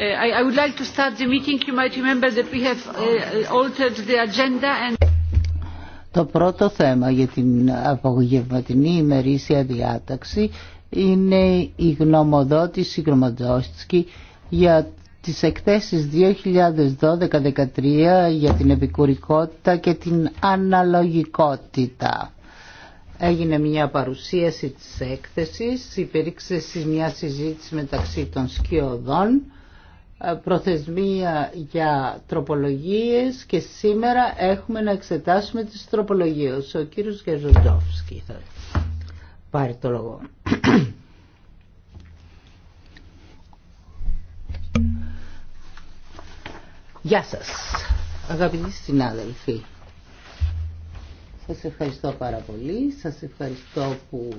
Uh, I would like to start the meeting. You might remember that we have uh, altered the agenda and... Το πρώτο θέμα για την απογευματινή ημερήσια διάταξη είναι η γνωμοδότηση Γκρομαντζόσκη για τις εκθέσεις 2012-2013 για την επικουρικότητα και την αναλογικότητα. Έγινε μια παρουσίαση της έκθεσης, υπήρξε μια συζήτηση μεταξύ των σκιωδών προθεσμία για τροπολογίες και σήμερα έχουμε να εξετάσουμε τις τροπολογίες. Ο κύριος Γεζοντόφσκι θα πάρει το λόγο. Γεια σας, αγαπητοί συνάδελφοι. Σας ευχαριστώ πάρα πολύ. Σας ευχαριστώ που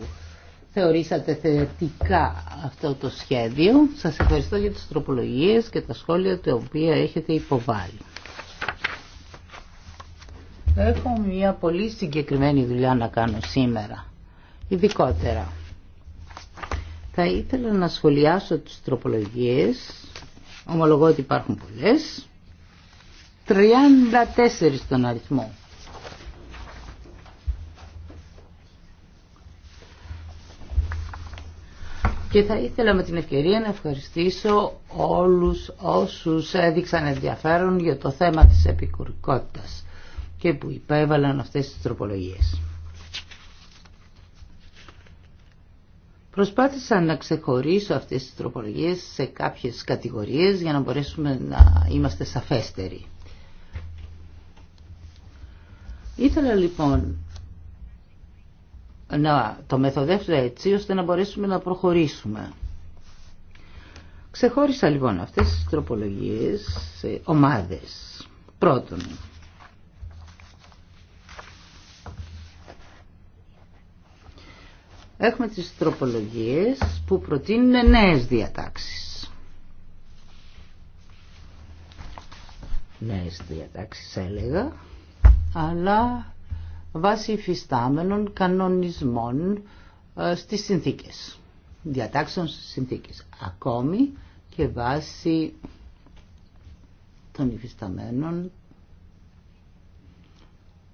θεωρήσατε θετικά αυτό το σχέδιο. Σας ευχαριστώ για τις τροπολογίες και τα σχόλια τα οποία έχετε υποβάλει. Έχω μια πολύ συγκεκριμένη δουλειά να κάνω σήμερα, ειδικότερα. Θα ήθελα να σχολιάσω τις τροπολογίες, ομολογώ ότι υπάρχουν πολλές, 34 στον αριθμό. και θα ήθελα με την ευκαιρία να ευχαριστήσω όλους όσους έδειξαν ενδιαφέρον για το θέμα της επικουρικότητας και που υπέβαλαν αυτές τις τροπολογίες. Προσπάθησα να ξεχωρίσω αυτές τις τροπολογίες σε κάποιες κατηγορίες για να μπορέσουμε να είμαστε σαφέστεροι. Ήθελα λοιπόν να το μεθοδεύσουμε έτσι ώστε να μπορέσουμε να προχωρήσουμε. Ξεχώρισα λοιπόν αυτές τις τροπολογίες σε ομάδες. Πρώτον, έχουμε τις τροπολογίες που προτείνουν νέες διατάξεις. Νέες διατάξεις έλεγα, αλλά βάσει υφιστάμενων κανονισμών ε, στις συνθήκες, διατάξεων στις συνθήκες. Ακόμη και βάσει των υφισταμένων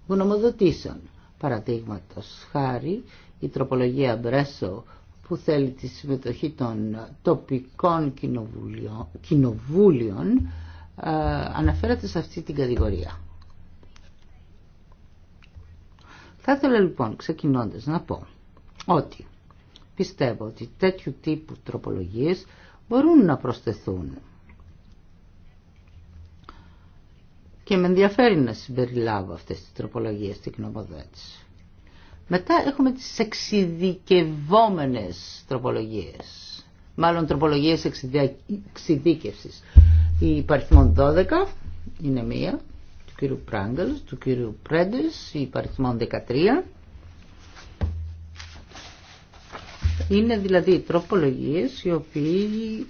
γνωμοδοτήσεων. Παραδείγματο χάρη η τροπολογία Μπρέσο που θέλει τη συμμετοχή των τοπικών κοινοβούλιων ε, αναφέρεται σε αυτή την κατηγορία. Θα ήθελα λοιπόν ξεκινώντας να πω ότι πιστεύω ότι τέτοιου τύπου τροπολογίες μπορούν να προσθεθούν και με ενδιαφέρει να συμπεριλάβω αυτές τις τροπολογίες στην κοινοποδότηση. Μετά έχουμε τις εξειδικευόμενες τροπολογίες, μάλλον τροπολογίες εξειδίκευσης. Η υπαριθμόν 12 είναι μία, κύριου Πράγκελ, του κύριου η υπαριθμών 13. Είναι δηλαδή τροπολογίες οι, οποίοι,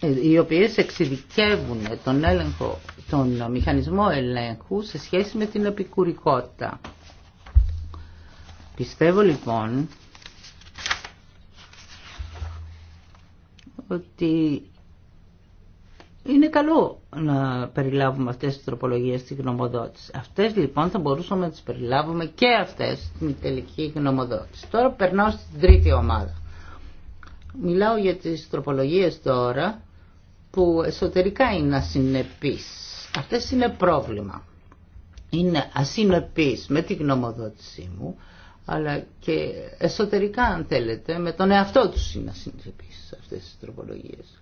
ε, οι οποίες εξειδικεύουν τον, έλεγχο, τον μηχανισμό ελέγχου σε σχέση με την επικουρικότητα. Πιστεύω λοιπόν ότι είναι καλό να περιλάβουμε αυτές τις τροπολογίες στη γνωμοδότηση. Αυτές λοιπόν θα μπορούσαμε να τις περιλάβουμε και αυτές στην τελική γνωμοδότηση. Τώρα περνάω στην τρίτη ομάδα. Μιλάω για τις τροπολογίες τώρα που εσωτερικά είναι ασυνεπείς. Αυτές είναι πρόβλημα. Είναι ασυνεπείς με τη γνωμοδότησή μου, αλλά και εσωτερικά αν θέλετε με τον εαυτό τους είναι ασυνεπείς αυτές τις τροπολογίες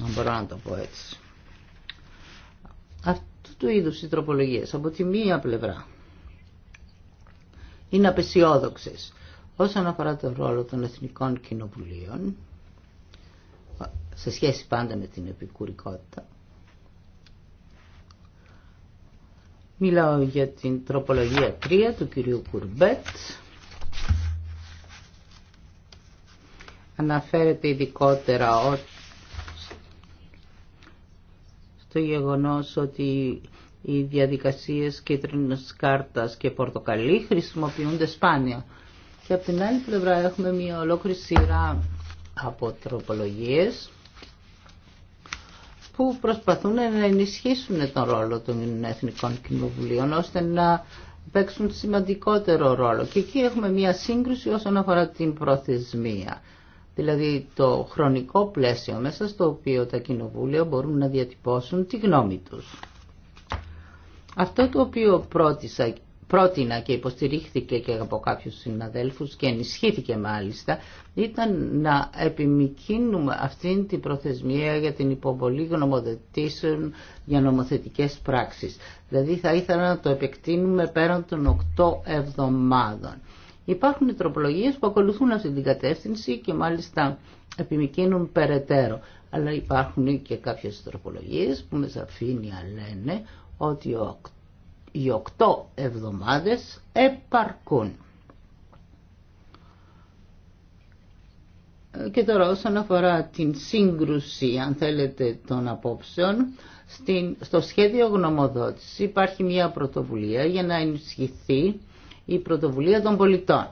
αν μπορώ να το πω έτσι. Αυτού του είδους οι τροπολογίες από τη μία πλευρά είναι απεσιόδοξες όσον αφορά τον ρόλο των εθνικών κοινοβουλίων σε σχέση πάντα με την επικουρικότητα. Μιλάω για την τροπολογία 3 του κυρίου Κουρμπέτ. Αναφέρεται ειδικότερα ότι το γεγονός ότι οι διαδικασίες κίτρινης κάρτας και πορτοκαλί χρησιμοποιούνται σπάνια. Και από την άλλη πλευρά έχουμε μια ολόκληρη σειρά από τροπολογίες που προσπαθούν να ενισχύσουν τον ρόλο των Εθνικών Κοινοβουλίων ώστε να παίξουν σημαντικότερο ρόλο. Και εκεί έχουμε μια σύγκρουση όσον αφορά την προθεσμία δηλαδή το χρονικό πλαίσιο μέσα στο οποίο τα κοινοβούλια μπορούν να διατυπώσουν τη γνώμη τους. Αυτό το οποίο πρότισα, πρότεινα και υποστηρίχθηκε και από κάποιους συναδέλφους και ενισχύθηκε μάλιστα ήταν να επιμηκύνουμε αυτήν την προθεσμία για την υποβολή γνωμοδετήσεων για νομοθετικές πράξεις. Δηλαδή θα ήθελα να το επεκτείνουμε πέραν των 8 εβδομάδων. Υπάρχουν τροπολογίε που ακολουθούν αυτή την κατεύθυνση και μάλιστα επιμηκύνουν περαιτέρω. Αλλά υπάρχουν και κάποιες τροπολογίε που με σαφήνεια λένε ότι οι οκτώ εβδομάδες επαρκούν. Και τώρα όσον αφορά την σύγκρουση, αν θέλετε, των απόψεων, στην, στο σχέδιο γνωμοδότηση υπάρχει μια πρωτοβουλία για να ενισχυθεί η πρωτοβουλία των πολιτών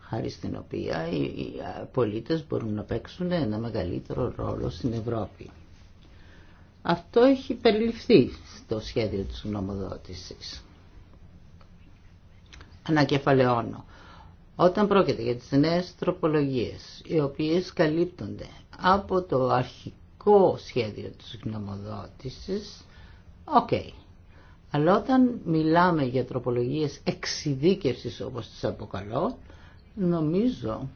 χάρη στην οποία οι πολίτες μπορούν να παίξουν ένα μεγαλύτερο ρόλο στην Ευρώπη. Αυτό έχει περιληφθεί στο σχέδιο της γνωμοδότησης. Ανακεφαλαιώνω. Όταν πρόκειται για τις νέες τροπολογίες, οι οποίες καλύπτονται από το αρχικό σχέδιο της γνωμοδότησης, οκ, αλλά όταν μιλάμε για τροπολογίες εξειδίκευσης όπως τις αποκαλώ, νομίζω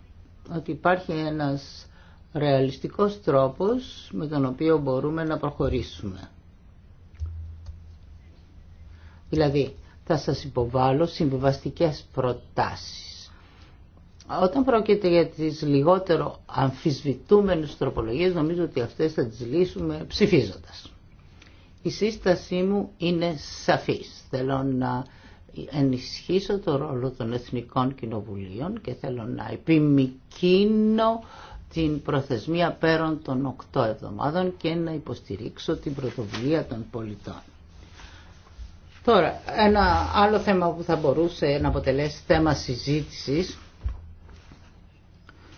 ότι υπάρχει ένας ρεαλιστικός τρόπος με τον οποίο μπορούμε να προχωρήσουμε. Δηλαδή, θα σας υποβάλω συμβιβαστικές προτάσεις. Όταν πρόκειται για τις λιγότερο αμφισβητούμενες τροπολογίες, νομίζω ότι αυτές θα τις λύσουμε ψηφίζοντας. Η σύστασή μου είναι σαφής. Θέλω να ενισχύσω το ρόλο των Εθνικών Κοινοβουλίων και θέλω να επιμικίνω την προθεσμία πέραν των 8 εβδομάδων και να υποστηρίξω την πρωτοβουλία των πολιτών. Τώρα, ένα άλλο θέμα που θα μπορούσε να αποτελέσει θέμα συζήτησης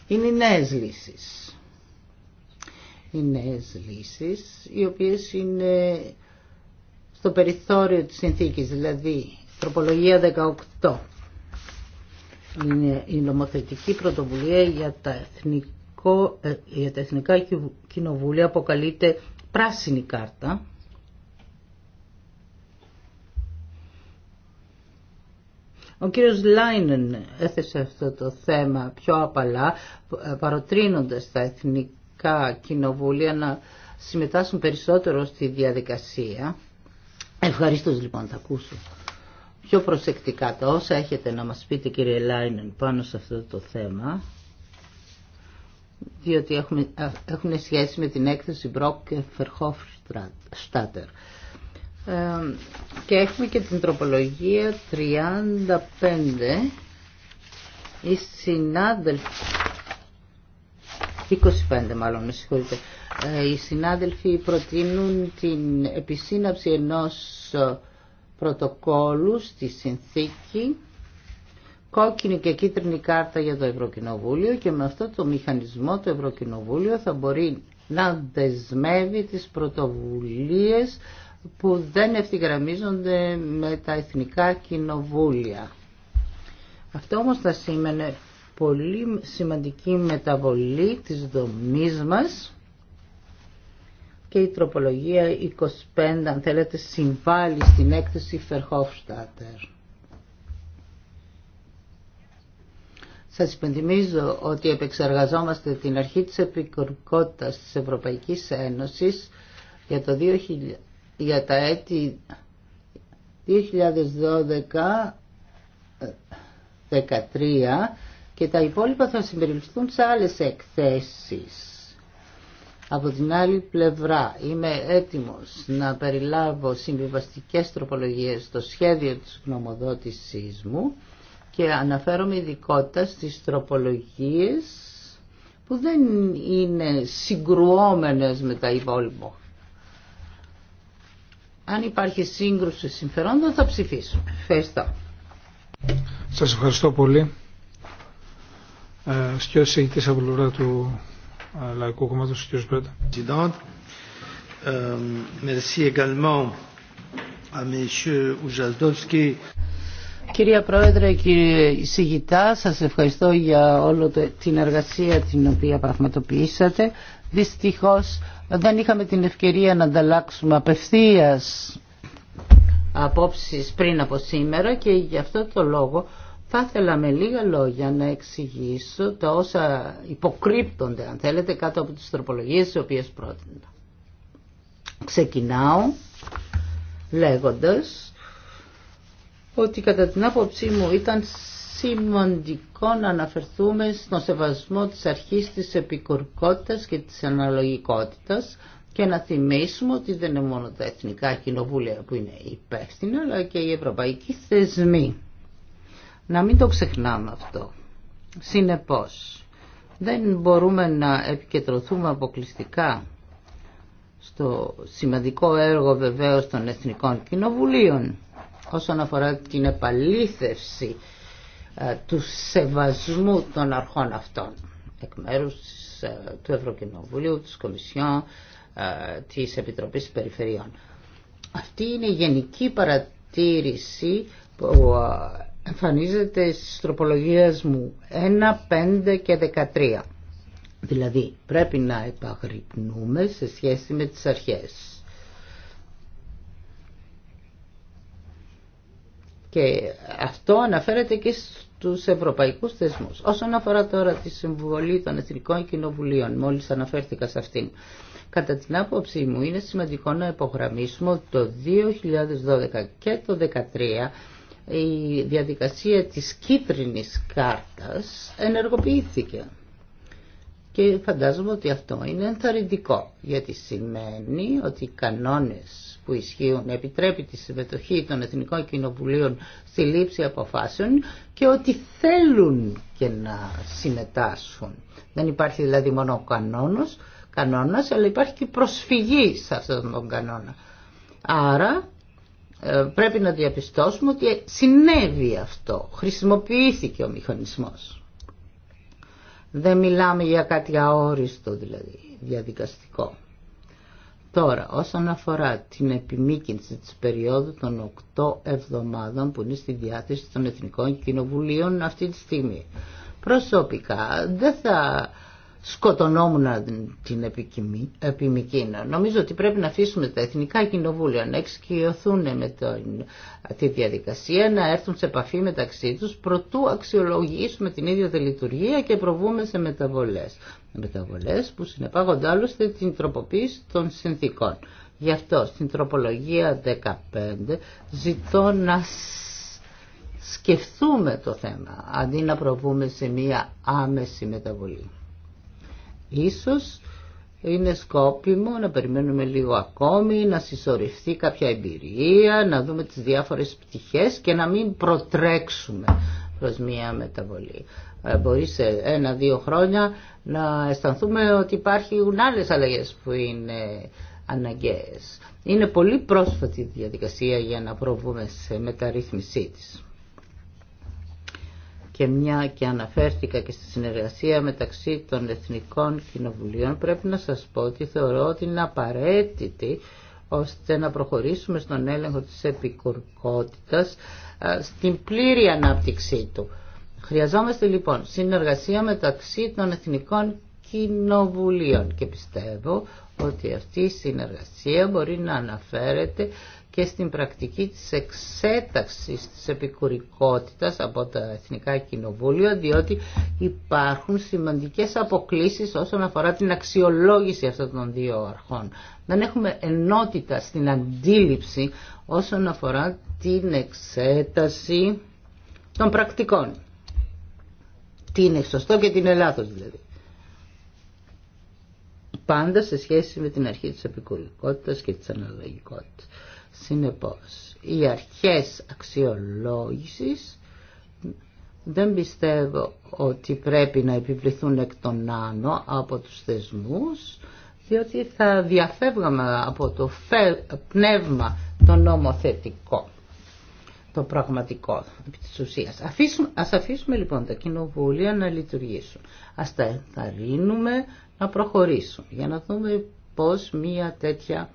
είναι οι νέες λύσεις οι νέες λύσεις, οι οποίες είναι στο περιθώριο της συνθήκης, δηλαδή τροπολογία 18. Είναι η νομοθετική πρωτοβουλία για τα, εθνικό, ε, για εθνικά κοινοβούλια αποκαλείται πράσινη κάρτα. Ο κύριος Λάινεν έθεσε αυτό το θέμα πιο απαλά, παροτρύνοντας τα εθνικά και κοινοβούλια να συμμετάσχουν περισσότερο στη διαδικασία. Ευχαριστώ λοιπόν θα ακούσω πιο προσεκτικά τα έχετε να μας πείτε κύριε Λάινεν πάνω σε αυτό το θέμα διότι έχουν, έχουν σχέση με την έκθεση Μπροκ και Φερχόφστάτερ. Ε, και έχουμε και την τροπολογία 35 οι συνάδελφοι 25 μάλλον, με συγχωρείτε. Ε, οι συνάδελφοι προτείνουν την επισύναψη ενός ε, πρωτοκόλου στη συνθήκη κόκκινη και κίτρινη κάρτα για το Ευρωκοινοβούλιο και με αυτό το μηχανισμό το Ευρωκοινοβούλιο θα μπορεί να δεσμεύει τις πρωτοβουλίες που δεν ευθυγραμμίζονται με τα εθνικά κοινοβούλια. Αυτό όμως θα σήμαινε πολύ σημαντική μεταβολή της δομής μας και η τροπολογία 25 αν θέλετε συμβάλλει στην έκθεση Φερχόφστατερ. Σας υπενθυμίζω ότι επεξεργαζόμαστε την αρχή της επικουρικότητας της Ευρωπαϊκής Ένωσης για, το 2000, για τα έτη 2012 13 και τα υπόλοιπα θα συμπεριληφθούν σε άλλες εκθέσεις. Από την άλλη πλευρά είμαι έτοιμος να περιλάβω συμβιβαστικές τροπολογίες στο σχέδιο της γνωμοδότησής μου και αναφέρομαι ειδικότητα στις τροπολογίες που δεν είναι συγκρουόμενες με τα υπόλοιπα. Αν υπάρχει σύγκρουση συμφερόντων θα ψηφίσω. Ευχαριστώ. Σας ευχαριστώ πολύ ο ε, από του ε, Λαϊκού Κομμάτου, ο κ. Πρέντα. Euh, Κυρία Πρόεδρε, κύριε Σιγητά, σας ευχαριστώ για όλη την εργασία την οποία πραγματοποιήσατε. Δυστυχώς δεν είχαμε την ευκαιρία να ανταλλάξουμε απευθείας απόψεις πριν από σήμερα και γι' αυτό το λόγο θα ήθελα με λίγα λόγια να εξηγήσω τα όσα υποκρύπτονται, αν θέλετε, κάτω από τις τροπολογίες τις οποίες πρότεινα. Ξεκινάω λέγοντας ότι κατά την άποψή μου ήταν σημαντικό να αναφερθούμε στον σεβασμό της αρχής της επικουρκότητας και της αναλογικότητας και να θυμίσουμε ότι δεν είναι μόνο τα εθνικά κοινοβούλια που είναι υπεύθυνα αλλά και οι ευρωπαϊκοί θεσμοί να μην το ξεχνάμε αυτό. Συνεπώς, δεν μπορούμε να επικεντρωθούμε αποκλειστικά στο σημαντικό έργο βεβαίως των Εθνικών Κοινοβουλίων όσον αφορά την επαλήθευση ε, του σεβασμού των αρχών αυτών εκ μέρους ε, του Ευρωκοινοβουλίου, της Κομισιόν, ε, της Επιτροπής Περιφερειών. Αυτή είναι η γενική παρατήρηση που εμφανίζεται στις τροπολογίες μου 1, 5 και 13. Δηλαδή πρέπει να επαγρυπνούμε σε σχέση με τις αρχές. Και αυτό αναφέρεται και στους ευρωπαϊκούς θεσμούς. Όσον αφορά τώρα τη συμβολή των Εθνικών Κοινοβουλίων, μόλις αναφέρθηκα σε αυτήν, κατά την άποψή μου είναι σημαντικό να υπογραμμίσουμε ότι το 2012 και το 2013 η διαδικασία της κίτρινης κάρτας ενεργοποιήθηκε. Και φαντάζομαι ότι αυτό είναι ενθαρρυντικό, γιατί σημαίνει ότι οι κανόνες που ισχύουν επιτρέπει τη συμμετοχή των Εθνικών Κοινοβουλίων στη λήψη αποφάσεων και ότι θέλουν και να συμμετάσχουν. Δεν υπάρχει δηλαδή μόνο ο κανόνος, κανόνας, αλλά υπάρχει και προσφυγή σε αυτόν τον κανόνα. Άρα ε, πρέπει να διαπιστώσουμε ότι συνέβη αυτό, χρησιμοποιήθηκε ο μηχανισμός. Δεν μιλάμε για κάτι αόριστο δηλαδή, διαδικαστικό. Τώρα, όσον αφορά την επιμήκυνση της περίοδου των 8 εβδομάδων που είναι στη διάθεση των Εθνικών Κοινοβουλίων αυτή τη στιγμή, προσωπικά δεν θα σκοτωνόμουν την επιμικίνα. Νομίζω ότι πρέπει να αφήσουμε τα εθνικά κοινοβούλια να εξοικειωθούν με τη διαδικασία, να έρθουν σε επαφή μεταξύ τους, προτού αξιολογήσουμε την ίδια τη λειτουργία και προβούμε σε μεταβολές. Μεταβολές που συνεπάγονται άλλωστε την τροποποίηση των συνθήκων. Γι' αυτό στην τροπολογία 15 ζητώ να σκεφτούμε το θέμα, αντί να προβούμε σε μία άμεση μεταβολή. Ίσως είναι σκόπιμο να περιμένουμε λίγο ακόμη, να συσσωρευτεί κάποια εμπειρία, να δούμε τις διάφορες πτυχές και να μην προτρέξουμε προς μία μεταβολή. Ε, μπορεί σε ένα-δύο χρόνια να αισθανθούμε ότι υπάρχουν άλλες αλλαγές που είναι αναγκαίες. Είναι πολύ πρόσφατη η διαδικασία για να προβούμε σε μεταρρύθμισή της και μια και αναφέρθηκα και στη συνεργασία μεταξύ των Εθνικών Κοινοβουλίων πρέπει να σας πω ότι θεωρώ ότι είναι απαραίτητη ώστε να προχωρήσουμε στον έλεγχο της επικουρκότητας στην πλήρη ανάπτυξή του. Χρειαζόμαστε λοιπόν συνεργασία μεταξύ των Εθνικών Κοινοβουλίων και πιστεύω ότι αυτή η συνεργασία μπορεί να αναφέρεται και στην πρακτική της εξέταξης της επικουρικότητας από τα Εθνικά Κοινοβούλια διότι υπάρχουν σημαντικές αποκλήσεις όσον αφορά την αξιολόγηση αυτών των δύο αρχών. Δεν έχουμε ενότητα στην αντίληψη όσον αφορά την εξέταση των πρακτικών. Τι είναι σωστό και τι είναι δηλαδή. Πάντα σε σχέση με την αρχή της επικουρικότητας και της αναλογικότητας. Συνεπώς, οι αρχές αξιολόγησης δεν πιστεύω ότι πρέπει να επιβληθούν εκ των άνω από τους θεσμούς, διότι θα διαφεύγαμε από το πνεύμα το νομοθετικό, το πραγματικό της ουσίας. Αφήσουμε, ας αφήσουμε λοιπόν τα κοινοβούλια να λειτουργήσουν. Ας τα ενθαρρύνουμε να προχωρήσουν για να δούμε πώς μία τέτοια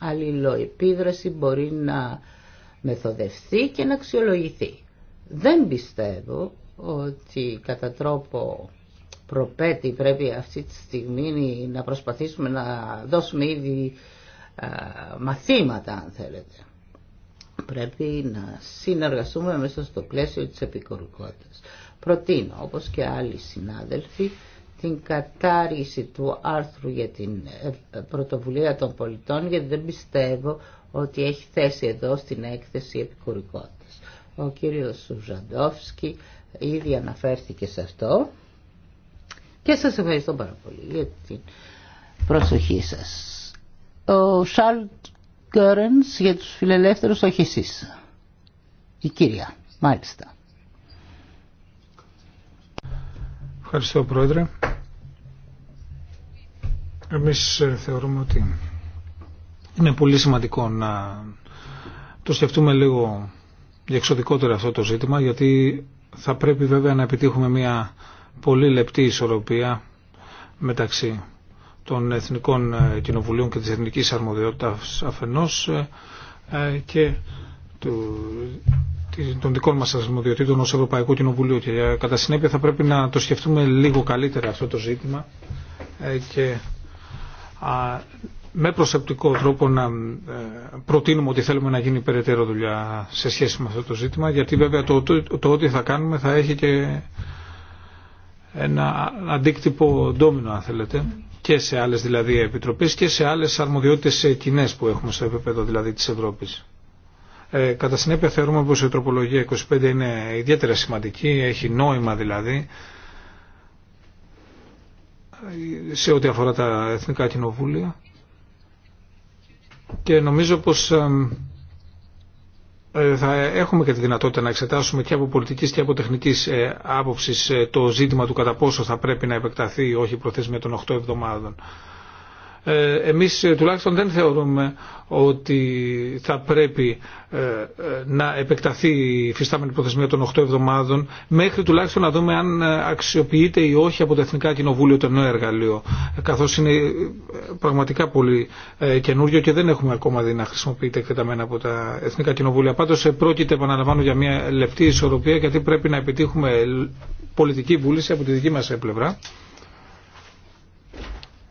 αλληλοεπίδραση μπορεί να μεθοδευτεί και να αξιολογηθεί. Δεν πιστεύω ότι κατά τρόπο προπέτη πρέπει αυτή τη στιγμή να προσπαθήσουμε να δώσουμε ήδη μαθήματα αν θέλετε. Πρέπει να συνεργαστούμε μέσα στο πλαίσιο της επικορικότητας. Προτείνω όπως και άλλοι συνάδελφοι την κατάργηση του άρθρου για την ε, πρωτοβουλία των πολιτών γιατί δεν πιστεύω ότι έχει θέση εδώ στην έκθεση επικουρικότητας. Ο κύριος Σουζαντόφσκι ήδη αναφέρθηκε σε αυτό και σας ευχαριστώ πάρα πολύ για την προσοχή σας. Ο Σαλ Κέρενς για τους φιλελεύθερους όχι εσείς. Η κυρία, μάλιστα. Ευχαριστώ Πρόεδρε. Εμείς ε, θεωρούμε ότι είναι πολύ σημαντικό να το σκεφτούμε λίγο διεξοδικότερα αυτό το ζήτημα γιατί θα πρέπει βέβαια να επιτύχουμε μια πολύ λεπτή ισορροπία μεταξύ των Εθνικών ε, Κοινοβουλίων και της Εθνικής Αρμοδιότητας αφενός ε, και του των δικών μα αρμοδιοτήτων ω Ευρωπαϊκό Κοινοβουλίου και ε, κατά συνέπεια θα πρέπει να το σκεφτούμε λίγο καλύτερα αυτό το ζήτημα ε, και με προσεπτικό τρόπο να ε, προτείνουμε ότι θέλουμε να γίνει περαιτέρω δουλειά σε σχέση με αυτό το ζήτημα γιατί βέβαια το, το, το ότι θα κάνουμε θα έχει και ένα αντίκτυπο ντόμινο αν θέλετε και σε άλλες δηλαδή επιτροπές και σε άλλες αρμοδιότητες κοινέ που έχουμε στο επίπεδο δηλαδή της Ευρώπης. Ε, κατά συνέπεια θεωρούμε πως η τροπολογία 25 είναι ιδιαίτερα σημαντική, έχει νόημα δηλαδή σε ό,τι αφορά τα εθνικά κοινοβούλια και νομίζω πως ε, θα έχουμε και τη δυνατότητα να εξετάσουμε και από πολιτικής και από τεχνικής ε, άποψης ε, το ζήτημα του κατά πόσο θα πρέπει να επεκταθεί όχι η προθεσμία των 8 εβδομάδων. Ε, εμείς ε, τουλάχιστον δεν θεωρούμε ότι θα πρέπει ε, να επεκταθεί η φυστάμενη προθεσμία των 8 εβδομάδων μέχρι τουλάχιστον να δούμε αν αξιοποιείται ή όχι από το Εθνικά Κοινοβούλιο το νέο εργαλείο καθώς είναι πραγματικά πολύ καινούριο και δεν έχουμε ακόμα δει να χρησιμοποιείται εκτεταμένα από τα Εθνικά Κοινοβούλια. Πάντως πρόκειται επαναλαμβάνω για μια λεπτή ισορροπία γιατί πρέπει να επιτύχουμε πολιτική βούληση από τη δική μας πλευρά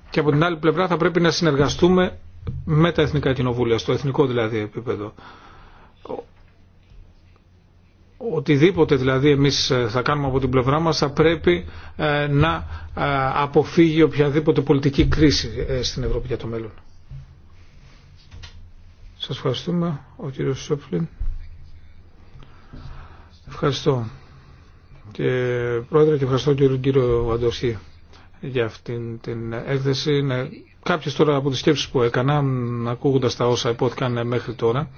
και από την άλλη πλευρά θα πρέπει να συνεργαστούμε με τα εθνικά κοινοβούλια, στο εθνικό δηλαδή επίπεδο. Οτιδήποτε δηλαδή εμείς ε, θα κάνουμε από την πλευρά μας θα πρέπει ε, να ε, αποφύγει οποιαδήποτε πολιτική κρίση στην Ευρώπη για το μέλλον. Σας ευχαριστούμε, ο κύριος Σόπφλιν. Ευχαριστώ. Και πρόεδρε και ευχαριστώ κύριο Αντοσίου για αυτήν την έκθεση. Είναι κάποιες τώρα από τις σκέψεις που έκανα, ακούγοντας τα όσα υπόθηκαν μέχρι τώρα,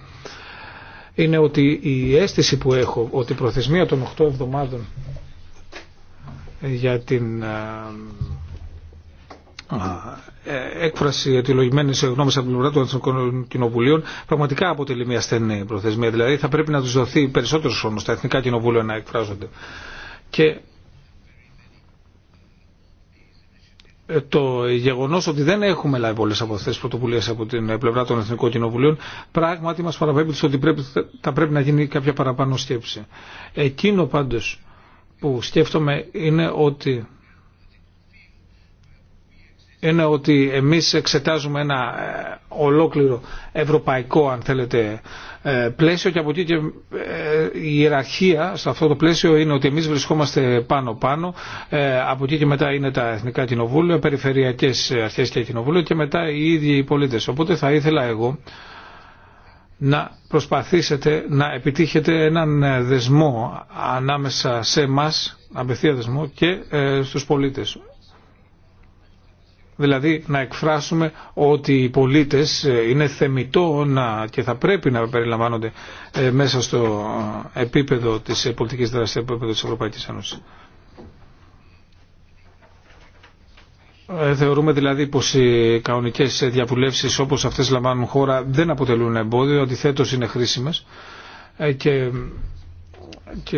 είναι ότι η αίσθηση που έχω ότι η προθεσμία των 8 εβδομάδων για την ε, έκφραση αιτιολογημένη γνώμη από την πλευρά των Εθνικών Κοινοβουλίων πραγματικά αποτελεί μια στενή προθεσμία. Δηλαδή θα πρέπει να του δοθεί περισσότερο χρόνο στα Εθνικά Κοινοβούλια να εκφράζονται. Και το γεγονό ότι δεν έχουμε λάβει πολλέ από αυτέ από την πλευρά των Εθνικών Κοινοβουλίων, πράγματι μα παραπέμπει ότι πρέπει, θα πρέπει να γίνει κάποια παραπάνω σκέψη. Εκείνο πάντω που σκέφτομαι είναι ότι είναι ότι εμείς εξετάζουμε ένα ε, ολόκληρο ευρωπαϊκό αν θέλετε ε, πλαίσιο και από εκεί και ε, η ιεραρχία σε αυτό το πλαίσιο είναι ότι εμείς βρισκόμαστε πάνω-πάνω από εκεί και μετά είναι τα Εθνικά Κοινοβούλια, Περιφερειακές Αρχές και Κοινοβούλια και μετά οι ίδιοι οι πολίτες. Οπότε θα ήθελα εγώ να προσπαθήσετε να επιτύχετε έναν δεσμό ανάμεσα σε εμά, απευθεία δεσμό και στους πολίτες δηλαδή να εκφράσουμε ότι οι πολίτες ε, είναι θεμητό να και θα πρέπει να περιλαμβάνονται ε, μέσα στο ε, επίπεδο της πολιτικής δράσης, τη επίπεδο της Ευρωπαϊκής Ένωσης. Θεωρούμε δηλαδή πως οι κανονικές διαβουλεύσεις όπως αυτές λαμβάνουν χώρα δεν αποτελούν εμπόδιο, αντιθέτως είναι χρήσιμες και, και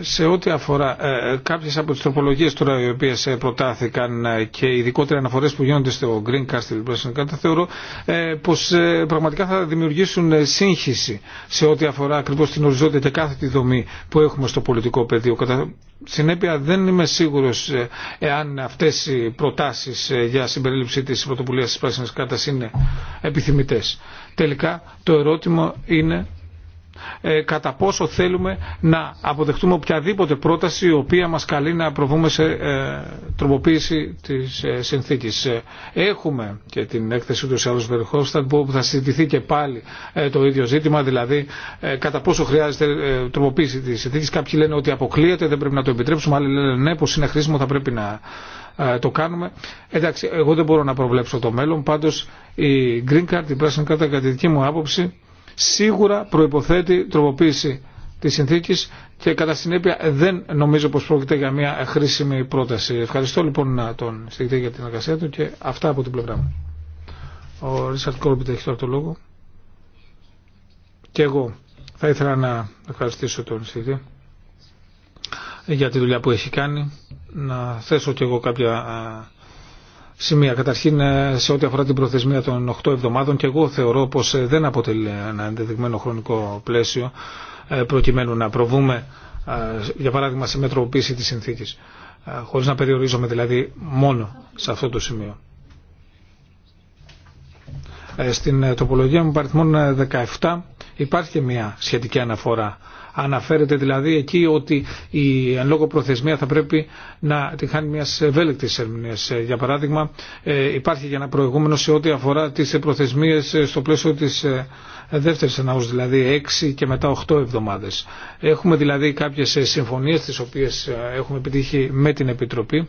σε ό,τι αφορά ε, κάποιες από τις τροπολογίες τώρα οι οποίες ε, προτάθηκαν ε, και ειδικότερα αναφορές που γίνονται στο Green Castle President Card θεωρώ ε, πως ε, πραγματικά θα δημιουργήσουν σύγχυση σε ό,τι αφορά ακριβώς την οριζόντια και κάθε τη δομή που έχουμε στο πολιτικό πεδίο. Κατά συνέπεια δεν είμαι σίγουρος εάν αυτές οι προτάσεις για συμπερίληψη της πρωτοβουλίας της Πράσινης Κάρτας είναι επιθυμητές. Τελικά το ερώτημα είναι ε, κατά πόσο θέλουμε να αποδεχτούμε οποιαδήποτε πρόταση η οποία μας καλεί να προβούμε σε ε, τροποποίηση της ε, συνθήκης. Έχουμε και την έκθεση του Σάλλου Βερχόφσταντ που θα συζητηθεί και πάλι το ίδιο ζήτημα, δηλαδή κατά πόσο χρειάζεται τροποποίηση της συνθήκης. Κάποιοι λένε ότι αποκλείεται, δεν πρέπει να το επιτρέψουμε, άλλοι λένε ναι, πως είναι χρήσιμο, θα πρέπει να το κάνουμε. Εντάξει, εγώ δεν μπορώ να προβλέψω το μέλλον, πάντως η Green Card, η πράσινη κάρτα κατά τη δική μου άποψη σίγουρα προϋποθέτει τροποποίηση της συνθήκης και κατά συνέπεια δεν νομίζω πως πρόκειται για μια χρήσιμη πρόταση. Ευχαριστώ λοιπόν τον συγκεκριτή για την εργασία του και αυτά από την πλευρά μου. Ο Ρίσαρτ Κόρμπιτ έχει τώρα το λόγο. Και εγώ θα ήθελα να ευχαριστήσω τον συγκεκριτή για τη δουλειά που έχει κάνει. Να θέσω και εγώ κάποια σημεία. Καταρχήν, ε, σε ό,τι αφορά την προθεσμία των 8 εβδομάδων, και εγώ θεωρώ πω ε, δεν αποτελεί ένα ενδεδειγμένο χρονικό πλαίσιο ε, προκειμένου να προβούμε, για παράδειγμα, σε μετροποίηση τη συνθήκη. Χωρί να περιορίζομαι δηλαδή μόνο σε αυτό το σημείο. Στην τοπολογία μου παριθμών 17 υπάρχει μια σχετική αναφορά Αναφέρεται δηλαδή εκεί ότι η εν λόγω προθεσμία θα πρέπει να τη χάνει μια ευέλικτη ερμηνεία. Ε, για παράδειγμα, ε, υπάρχει για ένα προηγούμενο σε ό,τι αφορά τι προθεσμίε ε, στο πλαίσιο τη δεύτερη εναού, δηλαδή 6 και μετά 8 εβδομάδε. Έχουμε δηλαδή κάποιε συμφωνίε τι οποίε έχουμε επιτύχει με την Επιτροπή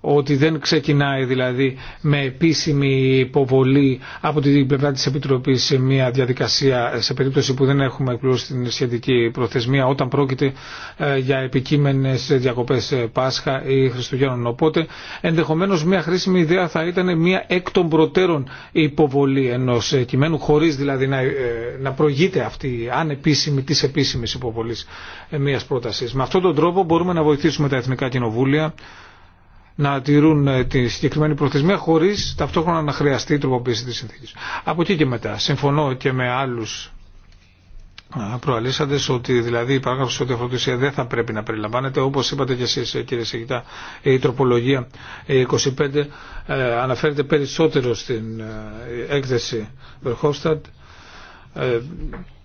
ότι δεν ξεκινάει δηλαδή με επίσημη υποβολή από την πλευρά της Επιτροπής σε μια διαδικασία σε περίπτωση που δεν έχουμε εκπληρώσει την σχετική προθεσμία όταν πρόκειται ε, για επικείμενες διακοπές ε, Πάσχα ή Χριστουγέννων. Οπότε ενδεχομένως μια χρήσιμη ιδέα θα ήταν μια εκ των προτέρων υποβολή ενός ε, κειμένου χωρίς δηλαδή να, να προηγείται αυτή η ανεπίσημη της επίσημης υποβολής μιας πρότασης. Με αυτόν τον τρόπο μπορούμε να βοηθήσουμε τα Εθνικά Κοινοβούλια να τηρούν ε, τη συγκεκριμένη προθεσμία χωρίς ταυτόχρονα να χρειαστεί η τροποποίηση της συνθήκης. Από εκεί και μετά, συμφωνώ και με άλλους ε, προαλήσαντες ότι δηλαδή η παράγραφος ότι αφορά δεν θα πρέπει να περιλαμβάνεται όπως είπατε και εσείς ε, κύριε Σιγητά η τροπολογία 25 αναφέρεται περισσότερο στην έκθεση Verhofstadt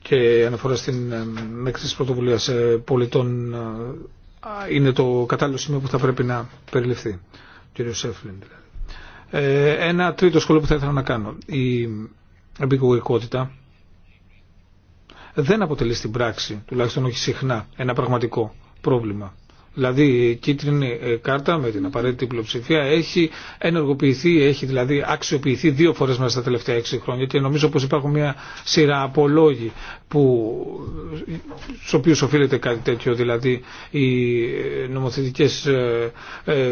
και αναφορά στην έκθεση πρωτοβουλία πολιτών είναι το κατάλληλο σημείο που θα πρέπει να περιληφθεί. Κύριο Σέφλιν δηλαδή. ε, ένα τρίτο σχόλιο που θα ήθελα να κάνω. Η επικοινωνικότητα δεν αποτελεί στην πράξη, τουλάχιστον όχι συχνά, ένα πραγματικό πρόβλημα. Δηλαδή η κίτρινη ε, κάρτα με την απαραίτητη πλειοψηφία έχει ενεργοποιηθεί, έχει δηλαδή αξιοποιηθεί δύο φορές μέσα στα τελευταία έξι χρόνια και νομίζω πως υπάρχουν μια σειρά από λόγοι που, στους οποίους οφείλεται κάτι τέτοιο. Δηλαδή οι ε, νομοθετικές ε, ε,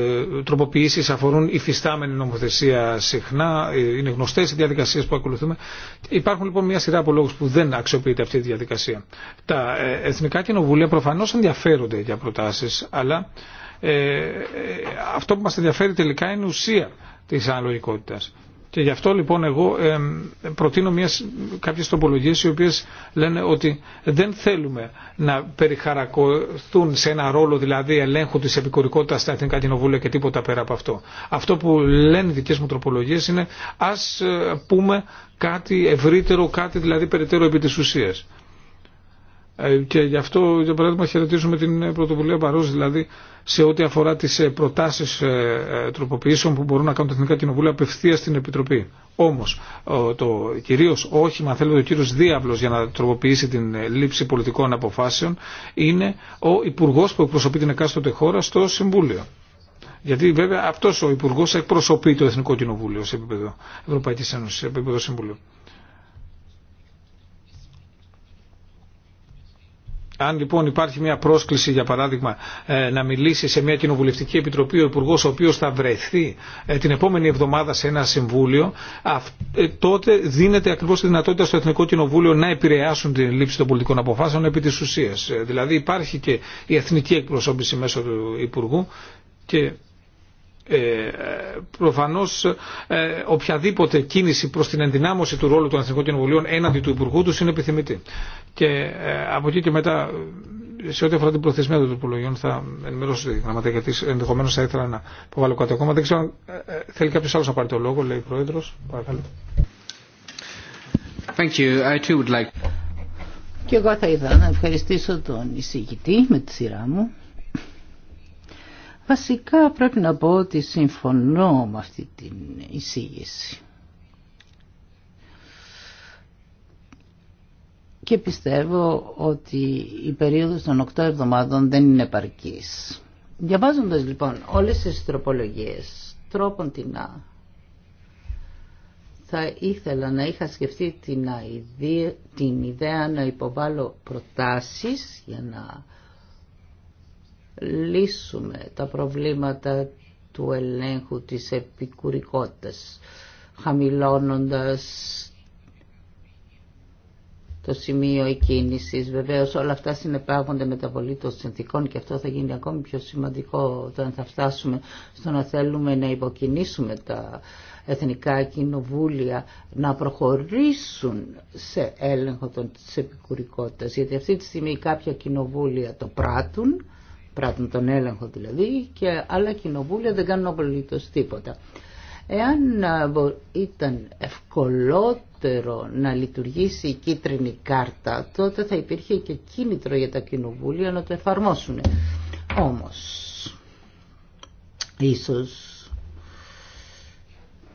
τροποποιήσεις αφορούν υφιστάμενη νομοθεσία συχνά, ε, είναι γνωστές οι διαδικασίες που ακολουθούμε. Υπάρχουν λοιπόν μια σειρά από λόγου που δεν αξιοποιείται αυτή η διαδικασία. Τα εθνικά κοινοβούλια προφανώ ενδιαφέρονται για προτάσεις αλλά ε, ε, αυτό που μας ενδιαφέρει τελικά είναι η ουσία της αναλογικότητας. Και γι' αυτό λοιπόν εγώ ε, προτείνω μιας, κάποιες τροπολογίες οι οποίες λένε ότι δεν θέλουμε να περιχαρακωθούν σε ένα ρόλο δηλαδή ελέγχου της επικορικότητας στα Εθνικά Κοινοβούλια και τίποτα πέρα από αυτό. Αυτό που λένε οι δικές μου τροπολογίες είναι ας ε, πούμε κάτι ευρύτερο, κάτι δηλαδή περαιτέρω επί της ουσίας. Ε, και γι' αυτό για παράδειγμα χαιρετίζουμε την ε, πρωτοβουλία Παρός δηλαδή σε ό,τι αφορά τις ε, προτάσεις τροποποιήσεων που μπορούν να κάνουν τα Εθνικά Κοινοβούλια απευθεία στην Επιτροπή. Όμως το κυρίως όχημα, αν θέλετε ο κύριος Διάβλος για να τροποποιήσει την λήψη πολιτικών αποφάσεων είναι ο Υπουργός που εκπροσωπεί την εκάστοτε χώρα στο Συμβούλιο. Γιατί βέβαια αυτός ο Υπουργός εκπροσωπεί το Εθνικό Κοινοβούλιο σε επίπεδο Ευρωπαϊκής Ένωσης, σε επίπεδο Συμβουλίου. Αν λοιπόν υπάρχει μια πρόσκληση, για παράδειγμα, ε, να μιλήσει σε μια κοινοβουλευτική επιτροπή ο Υπουργό, ο οποίο θα βρεθεί ε, την επόμενη εβδομάδα σε ένα συμβούλιο, ε, τότε δίνεται ακριβώ τη δυνατότητα στο Εθνικό Κοινοβούλιο να επηρεάσουν την λήψη των πολιτικών αποφάσεων επί τη ουσία. Δηλαδή υπάρχει και η εθνική εκπροσώπηση μέσω του Υπουργού και ε, προφανώς οποιαδήποτε κίνηση προς την ενδυνάμωση του ρόλου των Εθνικών Κοινοβουλίων έναντι του Υπουργού του είναι επιθυμητή και ε, από εκεί και μετά σε ό,τι αφορά την προθεσμία των τροπολογιών θα ενημερώσω τη γραμματεία γιατί ενδεχομένω θα ήθελα να υποβάλω κάτι ακόμα. Δεν ξέρω αν ε, ε, θέλει κάποιο άλλο να πάρει το λόγο, λέει ο Πρόεδρο. Παρακαλώ. Thank you. I too would like... Και εγώ θα ήθελα να ευχαριστήσω τον εισηγητή με τη σειρά μου. Βασικά πρέπει να πω ότι συμφωνώ με αυτή την εισήγηση. και πιστεύω ότι η περίοδος των 8 εβδομάδων δεν είναι επαρκής. Διαβάζοντας λοιπόν όλες τις τροπολογίες τρόπον την Α, θα ήθελα να είχα σκεφτεί την, την ιδέα να υποβάλω προτάσεις για να λύσουμε τα προβλήματα του ελέγχου της επικουρικότητας χαμηλώνοντας το σημείο εκκίνησης. Βεβαίως όλα αυτά συνεπάγονται με τα πολύ των συνθήκων και αυτό θα γίνει ακόμη πιο σημαντικό όταν θα φτάσουμε στο να θέλουμε να υποκινήσουμε τα εθνικά κοινοβούλια να προχωρήσουν σε έλεγχο των, της επικουρικότητας. Γιατί αυτή τη στιγμή κάποια κοινοβούλια το πράττουν, πράττουν τον έλεγχο δηλαδή, και άλλα κοινοβούλια δεν κάνουν απολύτως τίποτα. Εάν ε, ήταν ευκολότερο να λειτουργήσει η κίτρινη κάρτα, τότε θα υπήρχε και κίνητρο για τα κοινοβούλια να το εφαρμόσουν. Όμως, ίσως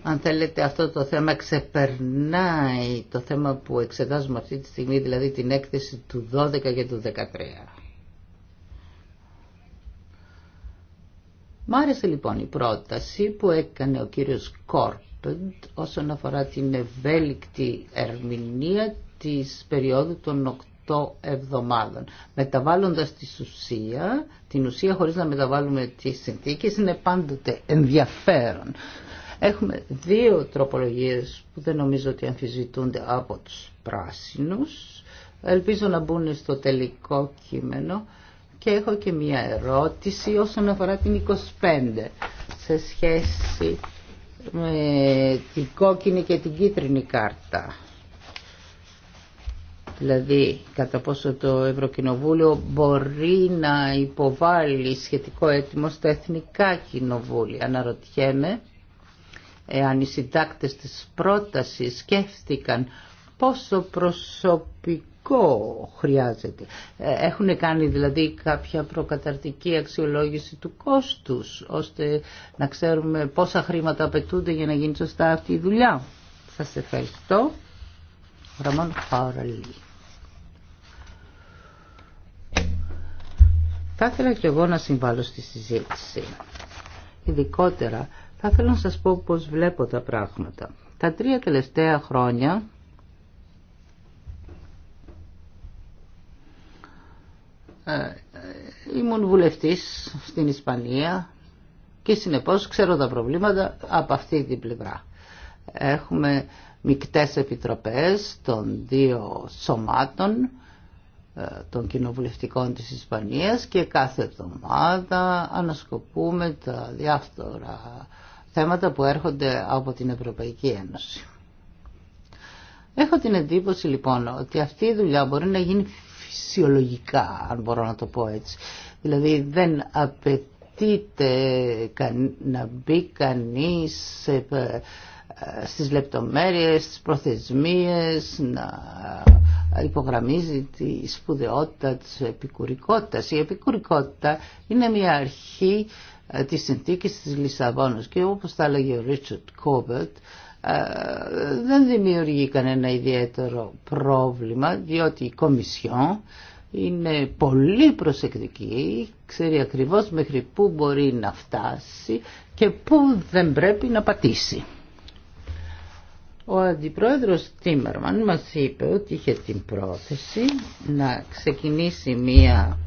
αν θέλετε αυτό το θέμα ξεπερνάει το θέμα που εξετάζουμε αυτή τη στιγμή, δηλαδή την έκθεση του 12 και του 13. Μ' άρεσε λοιπόν η πρόταση που έκανε ο κύριος Κόρπ όσον αφορά την ευέλικτη ερμηνεία της περίοδου των 8 εβδομάδων. Μεταβάλλοντας τη ουσία, την ουσία χωρίς να μεταβάλουμε τις συνθήκες είναι πάντοτε ενδιαφέρον. Έχουμε δύο τροπολογίες που δεν νομίζω ότι αμφισβητούνται από τους πράσινους. Ελπίζω να μπουν στο τελικό κείμενο και έχω και μία ερώτηση όσον αφορά την 25 σε σχέση με την κόκκινη και την κίτρινη κάρτα. Δηλαδή κατά πόσο το Ευρωκοινοβούλιο μπορεί να υποβάλει σχετικό έτοιμο στα εθνικά κοινοβούλια. Αναρωτιέμαι εάν οι συντάκτες της πρότασης σκέφτηκαν πόσο προσωπικό χρειάζεται. Ε, έχουν κάνει δηλαδή κάποια προκαταρτική αξιολόγηση του κόστους ώστε να ξέρουμε πόσα χρήματα απαιτούνται για να γίνει σωστά αυτή η δουλειά. Σας ευχαριστώ. Ραμάν Χαραλή. Θα ήθελα και εγώ να συμβάλλω στη συζήτηση. Ειδικότερα θα ήθελα να σας πω πώς βλέπω τα πράγματα. Τα τρία τελευταία χρόνια Ε, ε, ήμουν βουλευτής στην Ισπανία και συνεπώς ξέρω τα προβλήματα από αυτή την πλευρά. Έχουμε μικτές επιτροπές των δύο σωμάτων ε, των κοινοβουλευτικών της Ισπανίας και κάθε εβδομάδα ανασκοπούμε τα διάφορα θέματα που έρχονται από την Ευρωπαϊκή Ένωση. Έχω την εντύπωση λοιπόν ότι αυτή η δουλειά μπορεί να γίνει φυσιολογικά, αν μπορώ να το πω έτσι. Δηλαδή δεν απαιτείται να μπει κανείς ε, στις λεπτομέρειες, στις προθεσμίες, να υπογραμμίζει τη σπουδαιότητα της επικουρικότητας. Η επικουρικότητα είναι μια αρχή ε, της συνθήκης της Λισαβόνας και όπως τα έλεγε ο Ρίτσορτ Κόβερτ, ε, δεν δημιουργεί κανένα ιδιαίτερο πρόβλημα διότι η Κομισιόν είναι πολύ προσεκτική, ξέρει ακριβώς μέχρι πού μπορεί να φτάσει και πού δεν πρέπει να πατήσει. Ο αντιπρόεδρος Τίμερμαν μας είπε ότι είχε την πρόθεση να ξεκινήσει μία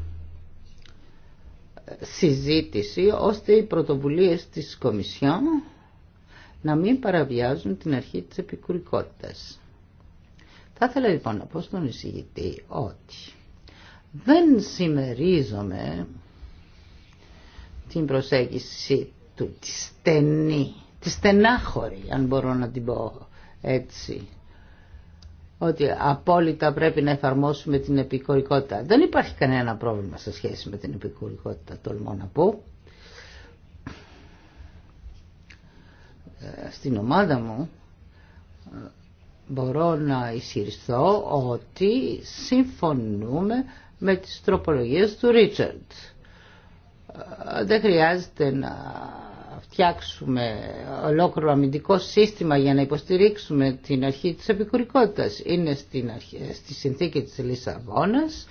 συζήτηση ώστε οι πρωτοβουλίες της Κομισιόν να μην παραβιάζουν την αρχή της επικουρικότητας. Θα ήθελα λοιπόν να πω στον εισηγητή ότι δεν συμμερίζομαι την προσέγγιση του, τη στενή, τη στενάχωρη αν μπορώ να την πω έτσι ότι απόλυτα πρέπει να εφαρμόσουμε την επικουρικότητα. Δεν υπάρχει κανένα πρόβλημα σε σχέση με την επικουρικότητα, τολμώ να πω. στην ομάδα μου ε, μπορώ να ισχυριστώ ότι συμφωνούμε με τις τροπολογίες του Ρίτσαρντ. Ε, δεν χρειάζεται να φτιάξουμε ολόκληρο αμυντικό σύστημα για να υποστηρίξουμε την αρχή της επικουρικότητας. Είναι στην, στη συνθήκη της Λισαβόνας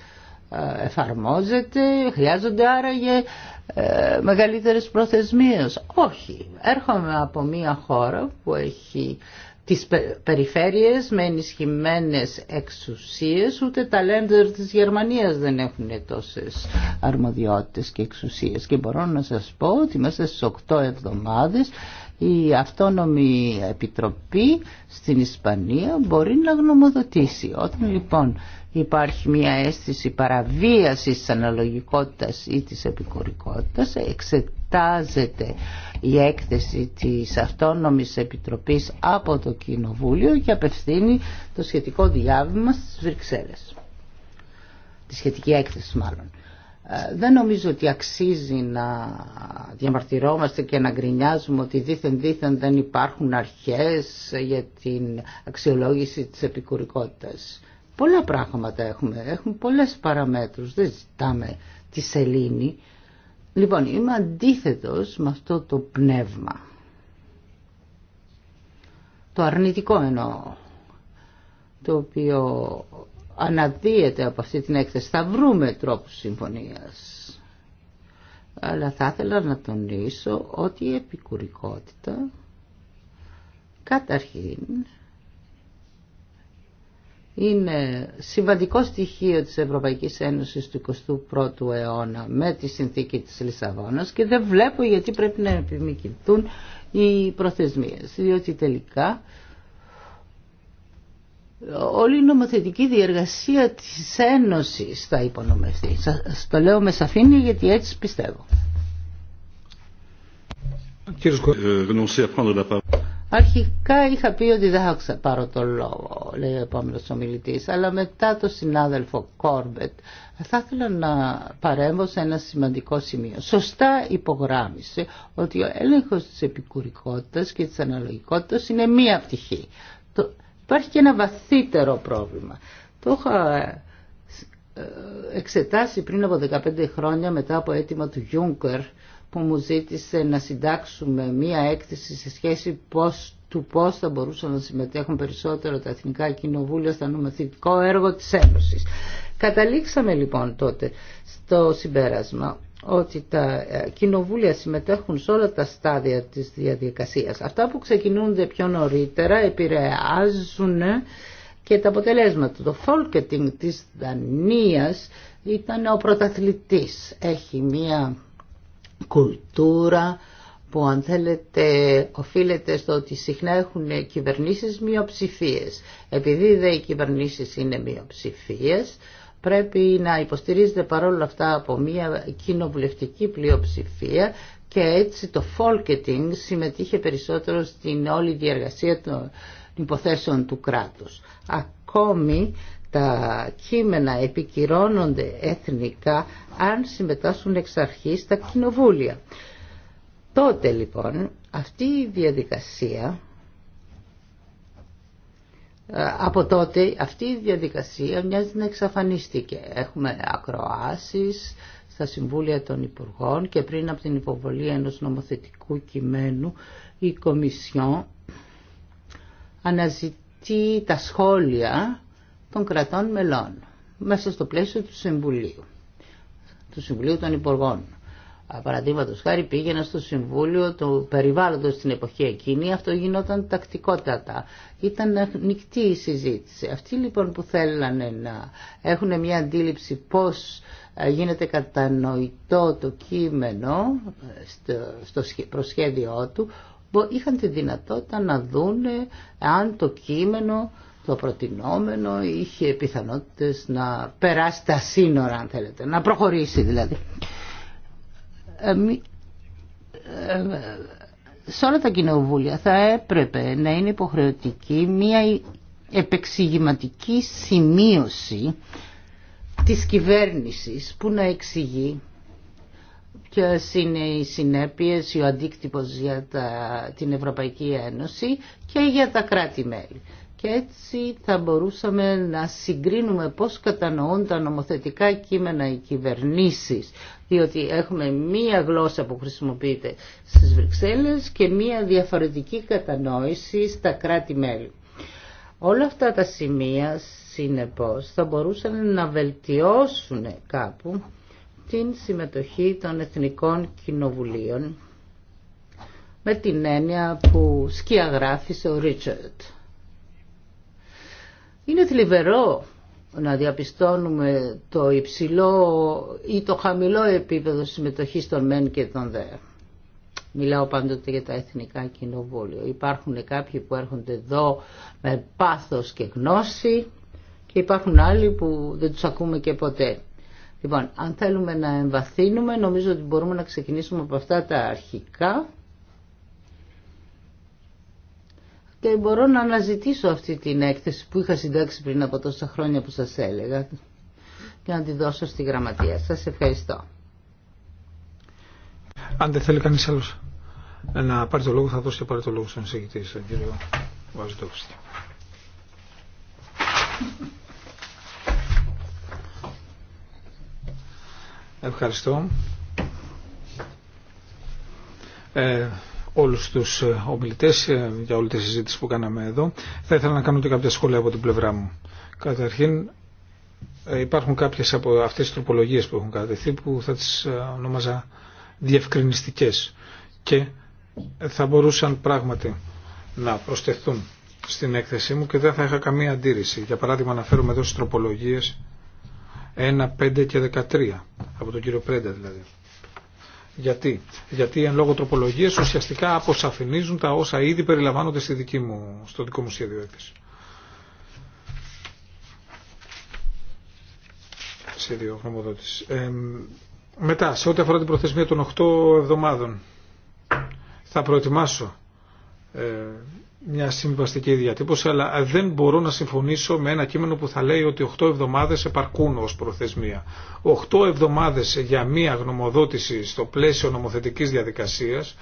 εφαρμόζεται, χρειάζονται άραγε ε, μεγαλύτερες προθεσμίες. Όχι. Έρχομαι από μια χώρα που έχει τις περιφέρειες με ενισχυμένες εξουσίες, ούτε τα λέντερ της Γερμανίας δεν έχουν τόσες αρμοδιότητες και εξουσίες. Και μπορώ να σας πω ότι μέσα στις 8 εβδομάδες η Αυτόνομη Επιτροπή στην Ισπανία μπορεί να γνωμοδοτήσει. Όταν λοιπόν υπάρχει μια αίσθηση παραβίασης της αναλογικότητας ή της επικορικότητας εξετάζεται η έκθεση της Αυτόνομης Επιτροπής από το Κοινοβούλιο και απευθύνει το σχετικό διάβημα στις Βρυξέλλες. Τη σχετική έκθεση μάλλον. Ε, δεν νομίζω ότι αξίζει να διαμαρτυρόμαστε και να γκρινιάζουμε ότι δήθεν δήθεν δεν υπάρχουν αρχές για την αξιολόγηση της επικουρικότητας. Πολλά πράγματα έχουμε, έχουμε πολλές παραμέτρους, δεν ζητάμε τη σελήνη. Λοιπόν, είμαι αντίθετος με αυτό το πνεύμα. Το αρνητικό εννοώ, το οποίο αναδύεται από αυτή την έκθεση. Θα βρούμε τρόπους συμφωνίας. Αλλά θα ήθελα να τονίσω ότι η επικουρικότητα καταρχήν είναι σημαντικό στοιχείο της Ευρωπαϊκής Ένωσης του 21ου αιώνα με τη συνθήκη της Λισαβόνας και δεν βλέπω γιατί πρέπει να επιμηκυνθούν οι προθεσμίες, διότι τελικά όλη η νομοθετική διεργασία της Ένωσης θα υπονομευτεί. Σας το λέω με σαφήνεια γιατί έτσι πιστεύω. Ε, Αρχικά είχα πει ότι δεν θα πάρω το λόγο, λέει ο επόμενο ομιλητή, αλλά μετά το συνάδελφο Κόρμπετ θα ήθελα να παρέμβω σε ένα σημαντικό σημείο. Σωστά υπογράμμισε ότι ο έλεγχο τη επικουρικότητα και τη αναλογικότητα είναι μία πτυχή. Το Υπάρχει και ένα βαθύτερο πρόβλημα. Το είχα ε, εξετάσει πριν από 15 χρόνια μετά από αίτημα του Γιούγκερ που μου ζήτησε να συντάξουμε μία έκθεση σε σχέση πώς, του πώς θα μπορούσαν να συμμετέχουν περισσότερο τα εθνικά κοινοβούλια στο νομοθετικό έργο της Ένωσης. Καταλήξαμε λοιπόν τότε στο συμπέρασμα ότι τα ε, κοινοβούλια συμμετέχουν σε όλα τα στάδια της διαδικασίας. Αυτά που ξεκινούνται πιο νωρίτερα επηρεάζουν ε, και τα αποτελέσματα. Το Folketing της Δανίας ήταν ο πρωταθλητής. Έχει μία κουλτούρα που αν θέλετε οφείλεται στο ότι συχνά έχουν κυβερνήσεις μειοψηφίες. Επειδή δε οι κυβερνήσεις είναι μειοψηφίες, πρέπει να υποστηρίζεται παρόλα αυτά από μια κοινοβουλευτική πλειοψηφία και έτσι το Folketing συμμετείχε περισσότερο στην όλη διαργασία των υποθέσεων του κράτους. Ακόμη τα κείμενα επικυρώνονται εθνικά αν συμμετάσχουν εξ αρχή τα κοινοβούλια. Τότε λοιπόν αυτή η διαδικασία ε, από τότε αυτή η διαδικασία μοιάζει να εξαφανίστηκε. Έχουμε ακροάσεις στα Συμβούλια των Υπουργών και πριν από την υποβολή ενός νομοθετικού κειμένου η Κομισιόν αναζητεί τα σχόλια των κρατών μελών μέσα στο πλαίσιο του Συμβουλίου, του Συμβουλίου των Υπουργών. Παραδείγματο χάρη πήγαινα στο Συμβούλιο του Περιβάλλοντο στην εποχή εκείνη, αυτό γινόταν τακτικότατα. Ήταν ανοιχτή η συζήτηση. Αυτοί λοιπόν που θέλανε να έχουν μια αντίληψη πώ ε, γίνεται κατανοητό το κείμενο ε, στο προσχέδιό του, είχαν τη δυνατότητα να δούνε αν το κείμενο το προτινόμενο είχε πιθανότητες να περάσει τα σύνορα αν θέλετε, να προχωρήσει δηλαδή. Ε, ε, ε, σε όλα τα κοινοβούλια θα έπρεπε να είναι υποχρεωτική μία επεξηγηματική σημείωση της κυβέρνησης που να εξηγεί ποιε είναι οι συνέπειες, ο αντίκτυπος για την Ευρωπαϊκή Ένωση και για τα κράτη-μέλη και έτσι θα μπορούσαμε να συγκρίνουμε πώς κατανοούν τα νομοθετικά κείμενα οι κυβερνήσεις διότι έχουμε μία γλώσσα που χρησιμοποιείται στις Βρυξέλλες και μία διαφορετική κατανόηση στα κράτη-μέλη. Όλα αυτά τα σημεία συνεπώς θα μπορούσαν να βελτιώσουν κάπου την συμμετοχή των Εθνικών Κοινοβουλίων με την έννοια που σκιαγράφησε ο Ρίτσαρτ. Είναι θλιβερό να διαπιστώνουμε το υψηλό ή το χαμηλό επίπεδο συμμετοχής των μεν και των δε. Μιλάω πάντοτε για τα εθνικά κοινοβούλια. Υπάρχουν κάποιοι που έρχονται εδώ με πάθος και γνώση και υπάρχουν άλλοι που δεν τους ακούμε και ποτέ. Λοιπόν, αν θέλουμε να εμβαθύνουμε, νομίζω ότι μπορούμε να ξεκινήσουμε από αυτά τα αρχικά και μπορώ να αναζητήσω αυτή την έκθεση που είχα συντάξει πριν από τόσα χρόνια που σας έλεγα και να τη δώσω στη γραμματεία. Σας ευχαριστώ. Αν δεν θέλει κανείς άλλος να πάρει το λόγο θα δώσει και πάρει το λόγο στον εισηγητή, στον κύριο Ευχαριστώ. Ε, όλους τους ε, ομιλητές ε, για όλη τη συζήτηση που κάναμε εδώ. Θα ήθελα να κάνω και κάποια σχόλια από την πλευρά μου. Καταρχήν ε, υπάρχουν κάποιες από αυτές τις τροπολογίες που έχουν κατατεθεί που θα τις ονόμαζα διευκρινιστικές και θα μπορούσαν πράγματι να προσθεθούν στην έκθεσή μου και δεν θα είχα καμία αντίρρηση. Για παράδειγμα αναφέρομαι εδώ στις τροπολογίες 1, 5 και 13 από τον κύριο Πρέντα δηλαδή. Γιατί, Γιατί εν λόγω τροπολογίε ουσιαστικά αποσαφηνίζουν τα όσα ήδη περιλαμβάνονται στη δική μου, στο δικό μου σχέδιο έκθεση. Σχέδιο Ε, μετά, σε ό,τι αφορά την προθεσμία των 8 εβδομάδων, θα προετοιμάσω ε, μια συμβαστική διατύπωση, αλλά δεν μπορώ να συμφωνήσω με ένα κείμενο που θα λέει ότι 8 εβδομάδες επαρκούν ως προθεσμία. 8 εβδομάδες για μία γνωμοδότηση στο πλαίσιο νομοθετικής διαδικασίας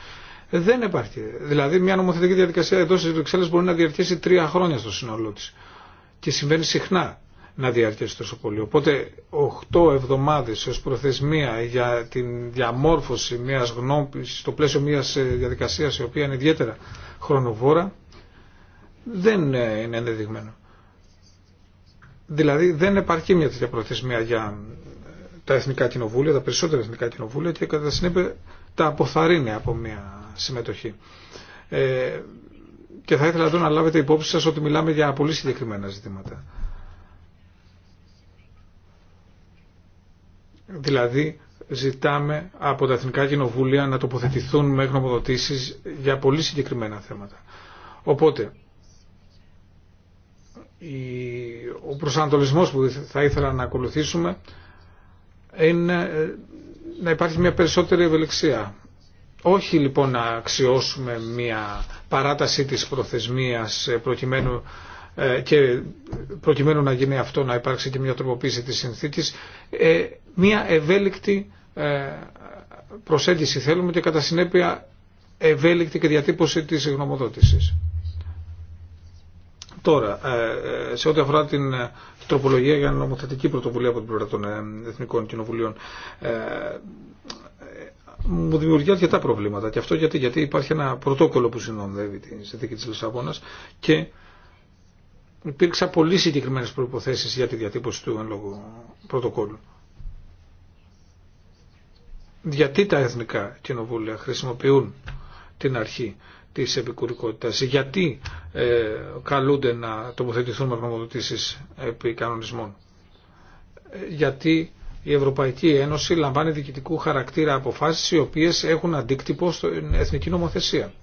δεν υπάρχει. Δηλαδή μια νομοθετική διαδικασία εδώ στις Βρυξέλλες μπορεί να διαρκέσει τρία χρόνια στο πλαισιο νομοθετικης διαδικασιας δεν υπαρχει δηλαδη μια νομοθετικη διαδικασια εδω στις βρυξελλες μπορει να διαρκεσει 3 χρονια στο συνολο της. Και συμβαίνει συχνά να διαρκέσει τόσο πολύ. Οπότε 8 εβδομάδες ως προθεσμία για την διαμόρφωση μιας γνώμη στο πλαίσιο μιας ε, διαδικασίας η οποία είναι ιδιαίτερα χρονοβόρα δεν ε, είναι ενδεδειγμένο. Δηλαδή δεν υπάρχει μια τέτοια προθεσμία για ε, τα εθνικά κοινοβούλια, τα περισσότερα εθνικά κοινοβούλια και κατά συνέπεια τα αποθαρρύνει από μια συμμετοχή. Ε, και θα ήθελα εδώ να λάβετε υπόψη σας ότι μιλάμε για πολύ συγκεκριμένα ζητήματα. Δηλαδή ζητάμε από τα εθνικά κοινοβούλια να τοποθετηθούν με γνωμοδοτήσεις για πολύ συγκεκριμένα θέματα. Οπότε ο προσανατολισμός που θα ήθελα να ακολουθήσουμε είναι ε, να υπάρχει μια περισσότερη ευελιξία. Όχι λοιπόν να αξιώσουμε μια παράταση της προθεσμίας ε, προκειμένου ε, και προκειμένου να γίνει αυτό να υπάρξει και μια τροποποίηση της συνθήκης μια ευέλικτη προσέγγιση θέλουμε και κατά συνέπεια ευέλικτη και διατύπωση της γνωμοδότησης. Τώρα, ε, ε, σε ό,τι αφορά την ε, τροπολογία για νομοθετική πρωτοβουλία από την πλευρά των Εθνικών Κοινοβουλίων, μου δημιουργεί αρκετά προβλήματα. Και αυτό γιατί, γιατί υπάρχει ένα πρωτόκολλο που συνοδεύει τη συνθήκη τη Λισαβόνα και υπήρξαν πολύ συγκεκριμένε προποθέσει για τη διατύπωση του εν λόγω πρωτοκόλλου. Γιατί τα εθνικά κοινοβούλια χρησιμοποιούν την αρχή της επικουρικότητας. Γιατί ε, καλούνται να τοποθετηθούν με γνωμοδοτήσεις επί κανονισμών. Γιατί η Ευρωπαϊκή Ένωση λαμβάνει διοικητικού χαρακτήρα αποφάσεις οι οποίες έχουν αντίκτυπο στην εθνική νομοθεσία.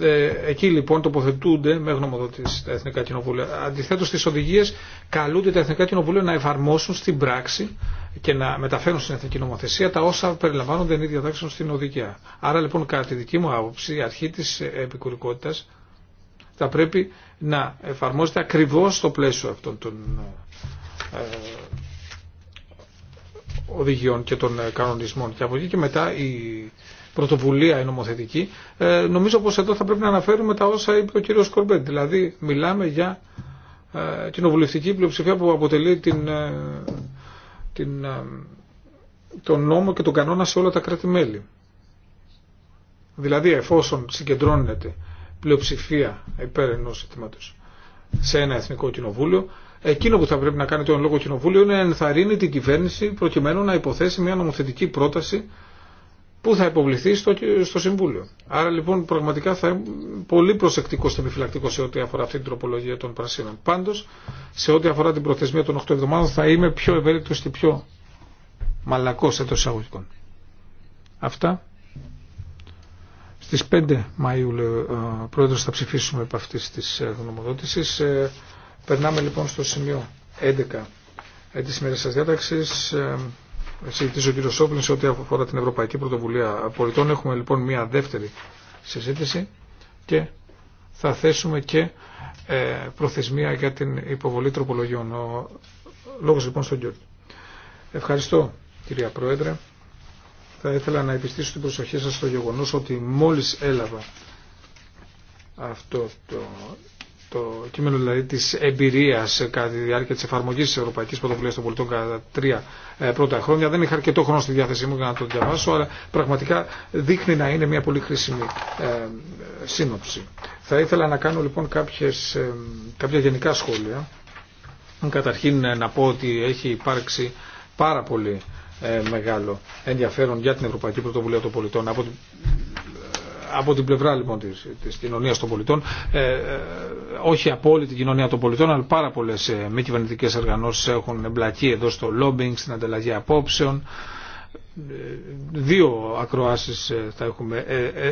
Ε, εκεί λοιπόν τοποθετούνται με γνωμοδότηση τα Εθνικά Κοινοβούλια. Αντιθέτως στις οδηγίες καλούνται τα Εθνικά Κοινοβούλια να εφαρμόσουν στην πράξη και να μεταφέρουν στην εθνική νομοθεσία τα όσα περιλαμβάνονται εν ίδια στην οδηγία. Άρα λοιπόν κατά τη δική μου άποψη η αρχή της επικουρικότητας θα πρέπει να εφαρμόζεται ακριβώς στο πλαίσιο αυτών των ε, οδηγιών και των ε, κανονισμών. Και από εκεί και μετά η πρωτοβουλία η νομοθετική, ε, νομίζω πως εδώ θα πρέπει να αναφέρουμε τα όσα είπε ο κύριος Κορμπέντ. Δηλαδή μιλάμε για κοινοβουλευτική πλειοψηφία που αποτελεί την την, ε, τον νόμο και τον κανόνα σε όλα τα κράτη-μέλη. Δηλαδή εφόσον συγκεντρώνεται πλειοψηφία υπέρ ενός αιτήματος σε ένα εθνικό κοινοβούλιο, εκείνο που θα πρέπει να κάνει το λόγο κοινοβούλιο είναι να ενθαρρύνει την κυβέρνηση προκειμένου να υποθέσει μια νομοθετική πρόταση που θα υποβληθεί στο, στο Συμβούλιο. Άρα λοιπόν πραγματικά θα είμαι πολύ προσεκτικό και επιφυλακτικό σε ό,τι αφορά αυτή την τροπολογία των πρασίνων. Πάντω, σε ό,τι αφορά την προθεσμία των 8 εβδομάδων, θα είμαι πιο ευέλικτο και πιο μαλακό εντό εισαγωγικών. Αυτά. Στι 5 Μαου, λέει ο ε, Πρόεδρο, θα ψηφίσουμε επ' αυτή τη ε, γνωμοδότηση. Ε, περνάμε λοιπόν στο σημείο 11 τη ημέρα σα διάταξη συζητήσει ο κύριο Σόπλιν σε ό,τι αφορά την Ευρωπαϊκή Πρωτοβουλία Πολιτών. Έχουμε λοιπόν μια δεύτερη συζήτηση και θα θέσουμε και ε, προθεσμία για την υποβολή τροπολογιών. Ο λόγος λοιπόν στον Γιώργο. Ευχαριστώ κυρία Πρόεδρε. Θα ήθελα να επιστήσω την προσοχή σας στο γεγονός ότι μόλις έλαβα αυτό το το κείμενο δηλαδή της εμπειρίας κατά τη διάρκεια της εφαρμογής της Ευρωπαϊκής Πρωτοβουλίας των Πολιτών κατά τρία ε, πρώτα χρόνια. Δεν είχα αρκετό χρόνο στη διάθεσή μου για να το διαβάσω, αλλά πραγματικά δείχνει να είναι μια πολύ χρήσιμη ε, σύνοψη. Θα ήθελα να κάνω λοιπόν κάποιες, ε, κάποια γενικά σχόλια. Καταρχήν να πω ότι έχει υπάρξει πάρα πολύ μεγάλο ενδιαφέρον για την Ευρωπαϊκή Πρωτοβουλία των Πολιτών από την πλευρά λοιπόν της, της κοινωνίας των πολιτών, ε, ε, όχι από όλη την κοινωνία των πολιτών, αλλά πάρα πολλές ε, μη κυβερνητικέ οργανώσεις έχουν εμπλακεί εδώ στο lobbying, στην ανταλλαγή απόψεων. Ε, δύο ακροάσεις ε, θα έχουμε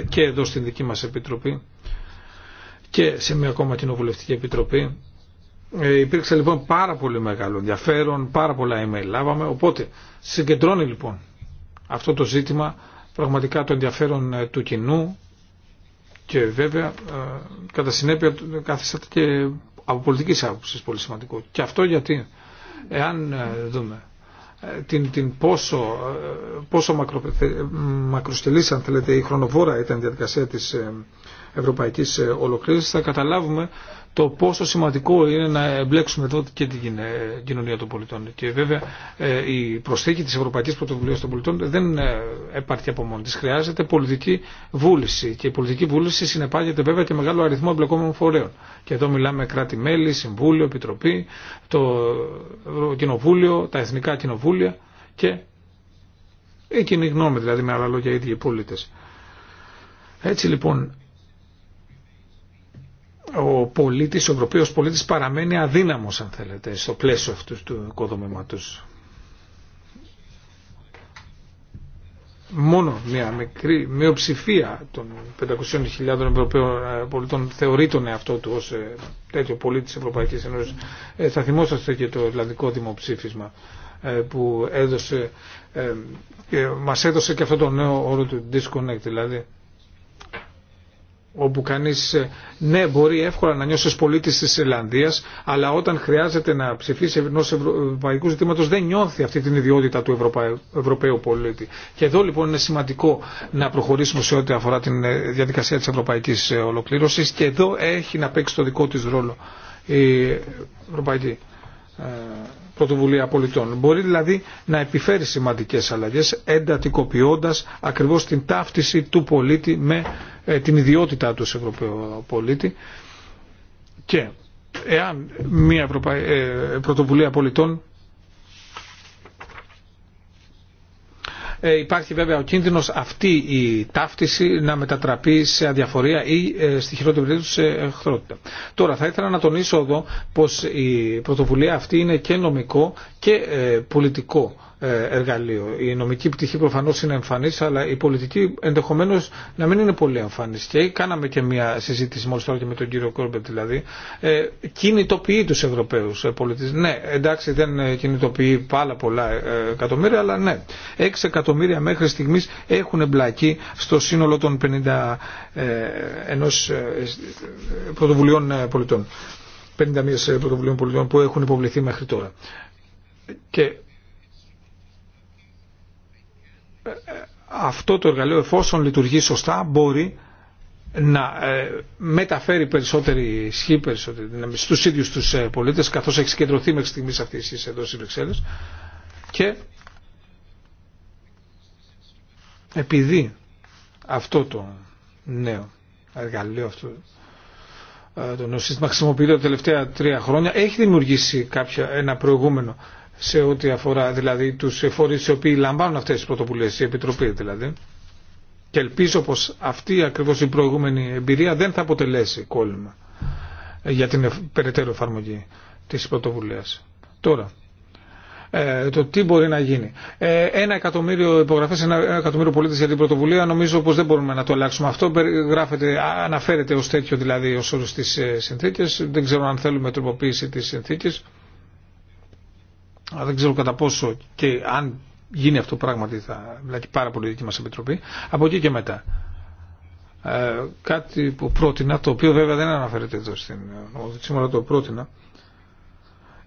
και εδώ στην δική μας Επιτροπή και σε μια ακόμα κοινοβουλευτική επιτροπή. Ε, υπήρξε λοιπόν πάρα πολύ μεγάλο ενδιαφέρον, πάρα πολλά email λάβαμε, οπότε συγκεντρώνει λοιπόν αυτό το ζήτημα πραγματικά το ενδιαφέρον του κοινού και βέβαια, ε, κατά συνέπεια, καθίσταται και από πολιτική άποψη πολύ σημαντικό. Και αυτό γιατί, εάν ε, δούμε ε, την, την πόσο, πόσο μακρο, αν θέλετε, η χρονοβόρα ήταν η διαδικασία της ευρωπαϊκής ολοκλήρωσης, θα καταλάβουμε το πόσο σημαντικό είναι να εμπλέξουμε εδώ και την ε, κοινωνία των πολιτών. Και βέβαια ε, η προσθήκη της Ευρωπαϊκής Πρωτοβουλίας των Πολιτών δεν ε, επαρκεί από μόνη της. Χρειάζεται πολιτική βούληση και η πολιτική βούληση συνεπάγεται βέβαια και μεγάλο αριθμό εμπλεκόμενων φορέων. Και εδώ μιλάμε κράτη-μέλη, Συμβούλιο, Επιτροπή, το Κοινοβούλιο, τα Εθνικά Κοινοβούλια και η κοινή γνώμη δηλαδή με άλλα λόγια οι ίδιοι πολίτες. Έτσι λοιπόν ο πολίτης, ο Ευρωπαίος πολίτης παραμένει αδύναμος αν θέλετε στο πλαίσιο αυτού του οικοδομήματος. Μόνο μια μικρή μειοψηφία των 500.000 Ευρωπαίων ε, πολιτών θεωρεί τον εαυτό του ως ε, τέτοιο πολίτη της Ευρωπαϊκής Ένωσης. Ε, θα θυμόσαστε και το Ιρλανδικό δημοψήφισμα που έδωσε, μας έδωσε και αυτό το νέο όρο του disconnect, δηλαδή όπου κανείς ε, ναι μπορεί εύκολα να νιώσει ως πολίτης της Ιρλανδίας αλλά όταν χρειάζεται να ψηφίσει ενός ευρωπαϊκού ζητήματος δεν νιώθει αυτή την ιδιότητα του Ευρωπαίου πολίτη. Και εδώ λοιπόν είναι σημαντικό να προχωρήσουμε σε ό,τι αφορά την ε, διαδικασία της ευρωπαϊκής ε, ολοκλήρωσης και εδώ έχει να παίξει το δικό της ρόλο η Ευρωπαϊκή πρωτοβουλία πολιτών. Μπορεί δηλαδή να επιφέρει σημαντικές αλλαγές εντατικοποιώντας ακριβώς την ταύτιση του πολίτη με ε, την ιδιότητα του Ευρωπαίου πολίτη και εάν μια ε, πρωτοβουλία πολιτών Ε, υπάρχει βέβαια ο κίνδυνος αυτή η ταύτιση να μετατραπεί σε αδιαφορία ή ε, στη χειρότερη περίπτωση σε εχθρότητα. Τώρα θα ήθελα να τονίσω εδώ πως η πρωτοβουλία αυτή είναι και νομικό και ε, πολιτικό ε, εργαλείο. Η νομική πτυχή προφανώς είναι εμφανής, αλλά η πολιτική ενδεχομένως να μην είναι πολύ εμφανής. Και κάναμε και μια συζήτηση μόλις τώρα και με τον κύριο Κόρμπετ δηλαδή. Ε, κινητοποιεί τους Ευρωπαίους ε, πολίτες. Ναι, εντάξει δεν κινητοποιεί πάρα πολλά εκατομμύρια, αλλά ναι. 6 εκατομμύρια μέχρι στιγμής έχουν εμπλακεί στο σύνολο των 50 ε, ενός πρωτοβουλειών πολιτών. 51 πρωτοβουλίων πολιτών που έχουν υποβληθεί μέχρι τώρα. Και ε, ε, αυτό το εργαλείο εφόσον λειτουργεί σωστά μπορεί να ε, μεταφέρει περισσότερη ισχύ, περισσότερη δύναμη στους ίδιους τους πολίτες καθώς έχει συγκεντρωθεί μέχρι στιγμής αυτή η ισχύ εδώ στις και επειδή αυτό το νέο εργαλείο, αυτό το νέο σύστημα χρησιμοποιείται τα τελευταία τρία χρόνια έχει δημιουργήσει κάποια, ένα προηγούμενο σε ό,τι αφορά δηλαδή τους φορείς οι οποίοι λαμβάνουν αυτές τις πρωτοβουλίες, η Επιτροπή δηλαδή. Και ελπίζω πως αυτή ακριβώς η προηγούμενη εμπειρία δεν θα αποτελέσει κόλλημα για την περαιτέρω εφαρμογή της πρωτοβουλίας. Τώρα, ε, το τι μπορεί να γίνει. Ε, ένα εκατομμύριο υπογραφέ, ένα εκατομμύριο πολίτε για την πρωτοβουλία, νομίζω πω δεν μπορούμε να το αλλάξουμε. Αυτό γράφεται, αναφέρεται ω τέτοιο δηλαδή ω όρο τη ε, συνθήκε. Δεν ξέρω αν θέλουμε τροποποίηση τη συνθήκη δεν ξέρω κατά πόσο και αν γίνει αυτό πράγματι θα βλάκει πάρα πολύ δική μας επιτροπή, από εκεί και μετά. Ε, κάτι που πρότεινα, το οποίο βέβαια δεν αναφέρεται εδώ στην νομοθετησία, αλλά το πρότεινα,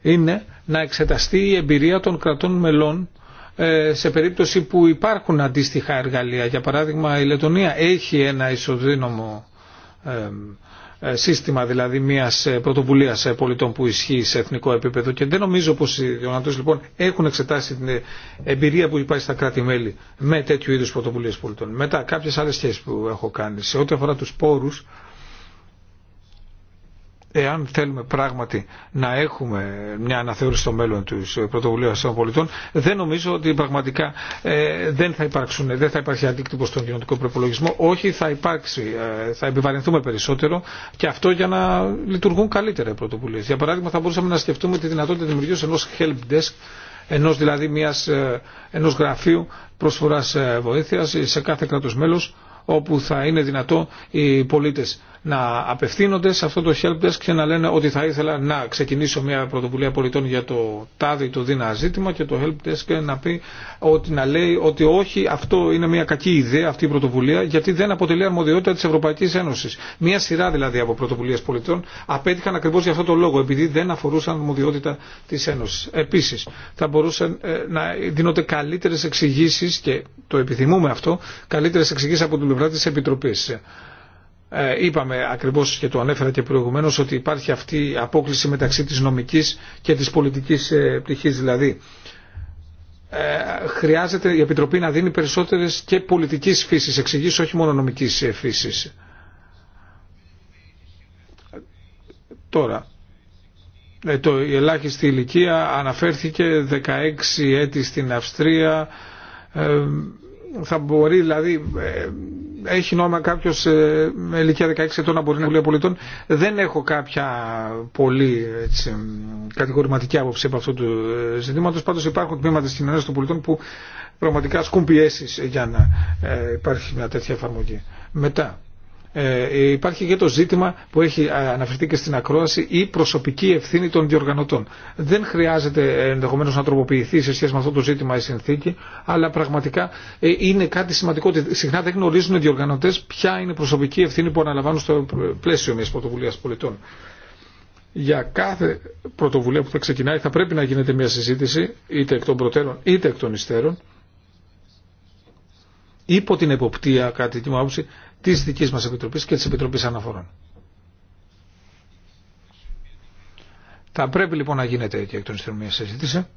είναι να εξεταστεί η εμπειρία των κρατών μελών ε, σε περίπτωση που υπάρχουν αντίστοιχα εργαλεία. Για παράδειγμα η Λετωνία έχει ένα ισοδύναμο ε, ε, σύστημα δηλαδή μια ε, πρωτοβουλία ε, πολιτών που ισχύει σε εθνικό επίπεδο και δεν νομίζω πω οι διοργανωτέ λοιπόν έχουν εξετάσει την εμπειρία που υπάρχει στα κράτη-μέλη με τέτοιου είδου πρωτοβουλίε πολιτών. Μετά, κάποιε άλλε σχέσει που έχω κάνει σε ό,τι αφορά του πόρου εάν θέλουμε πράγματι να έχουμε μια αναθεώρηση στο μέλλον τη πρωτοβουλίας των πολιτών, δεν νομίζω ότι πραγματικά ε, δεν θα υπάρξουν, δεν θα υπάρξει αντίκτυπο στον κοινωνικό προπολογισμό. Όχι, θα υπάρξει, ε, θα επιβαρυνθούμε περισσότερο και αυτό για να λειτουργούν καλύτερα οι πρωτοβουλίες. Για παράδειγμα, θα μπορούσαμε να σκεφτούμε τη δυνατότητα δημιουργία ενό help desk ενός δηλαδή μιας, ε, ενός γραφείου προσφοράς βοήθειας σε κάθε κράτος μέλος όπου θα είναι δυνατό οι πολίτες να απευθύνονται σε αυτό το helpdesk και να λένε ότι θα ήθελα να ξεκινήσω μια πρωτοβουλία πολιτών για το τάδι το δίνα ζήτημα και το helpdesk να πει ότι να λέει ότι όχι αυτό είναι μια κακή ιδέα αυτή η πρωτοβουλία γιατί δεν αποτελεί αρμοδιότητα της Ευρωπαϊκής Ένωσης. Μια σειρά δηλαδή από πρωτοβουλίες πολιτών απέτυχαν ακριβώς για αυτό το λόγο επειδή δεν αφορούσαν αρμοδιότητα της Ένωσης. Επίσης θα μπορούσαν ε, να δίνονται καλύτερες εξηγήσει και το επιθυμούμε αυτό, καλύτερες εξηγήσει από την πλευρά της Επιτροπής. Ε, είπαμε ακριβώς και το ανέφερα και προηγουμένως ότι υπάρχει αυτή η απόκληση μεταξύ της νομικής και της πολιτικής ε, πτυχής δηλαδή ε, χρειάζεται η Επιτροπή να δίνει περισσότερες και πολιτικής φύσης εξηγήσει όχι μόνο νομικής φύσης τώρα το, η ελάχιστη ηλικία αναφέρθηκε 16 έτη στην Αυστρία θα μπορεί δηλαδή έχει νόημα κάποιο ε, με ηλικία 16 ετών να μπορεί να είναι πολιτών. Δεν έχω κάποια πολύ έτσι, κατηγορηματική άποψη από αυτού του ε, ζητήματο. Πάντω υπάρχουν τμήματα τη κοινωνία των πολιτών που πραγματικά ασκούν πιέσει για να ε, υπάρχει μια τέτοια εφαρμογή. Μετά, ε, υπάρχει και το ζήτημα που έχει ε, αναφερθεί και στην ακρόαση η προσωπική ευθύνη των διοργανωτών. Δεν χρειάζεται ενδεχομένω να τροποποιηθεί σε σχέση με αυτό το ζήτημα η συνθήκη, αλλά πραγματικά ε, είναι κάτι σημαντικό ότι συχνά δεν γνωρίζουν οι διοργανωτέ ποια είναι η προσωπική ευθύνη που αναλαμβάνουν στο πλαίσιο μια πρωτοβουλία πολιτών. Για κάθε πρωτοβουλία που θα ξεκινάει θα πρέπει να γίνεται μια συζήτηση είτε εκ των προτέρων είτε εκ των υστέρων υπό την εποπτεία, κάτι την άποψη, της δικής μας Επιτροπής και της Επιτροπής Αναφορών. Θα πρέπει λοιπόν να γίνεται και εκ των υστέρων μια συζήτηση.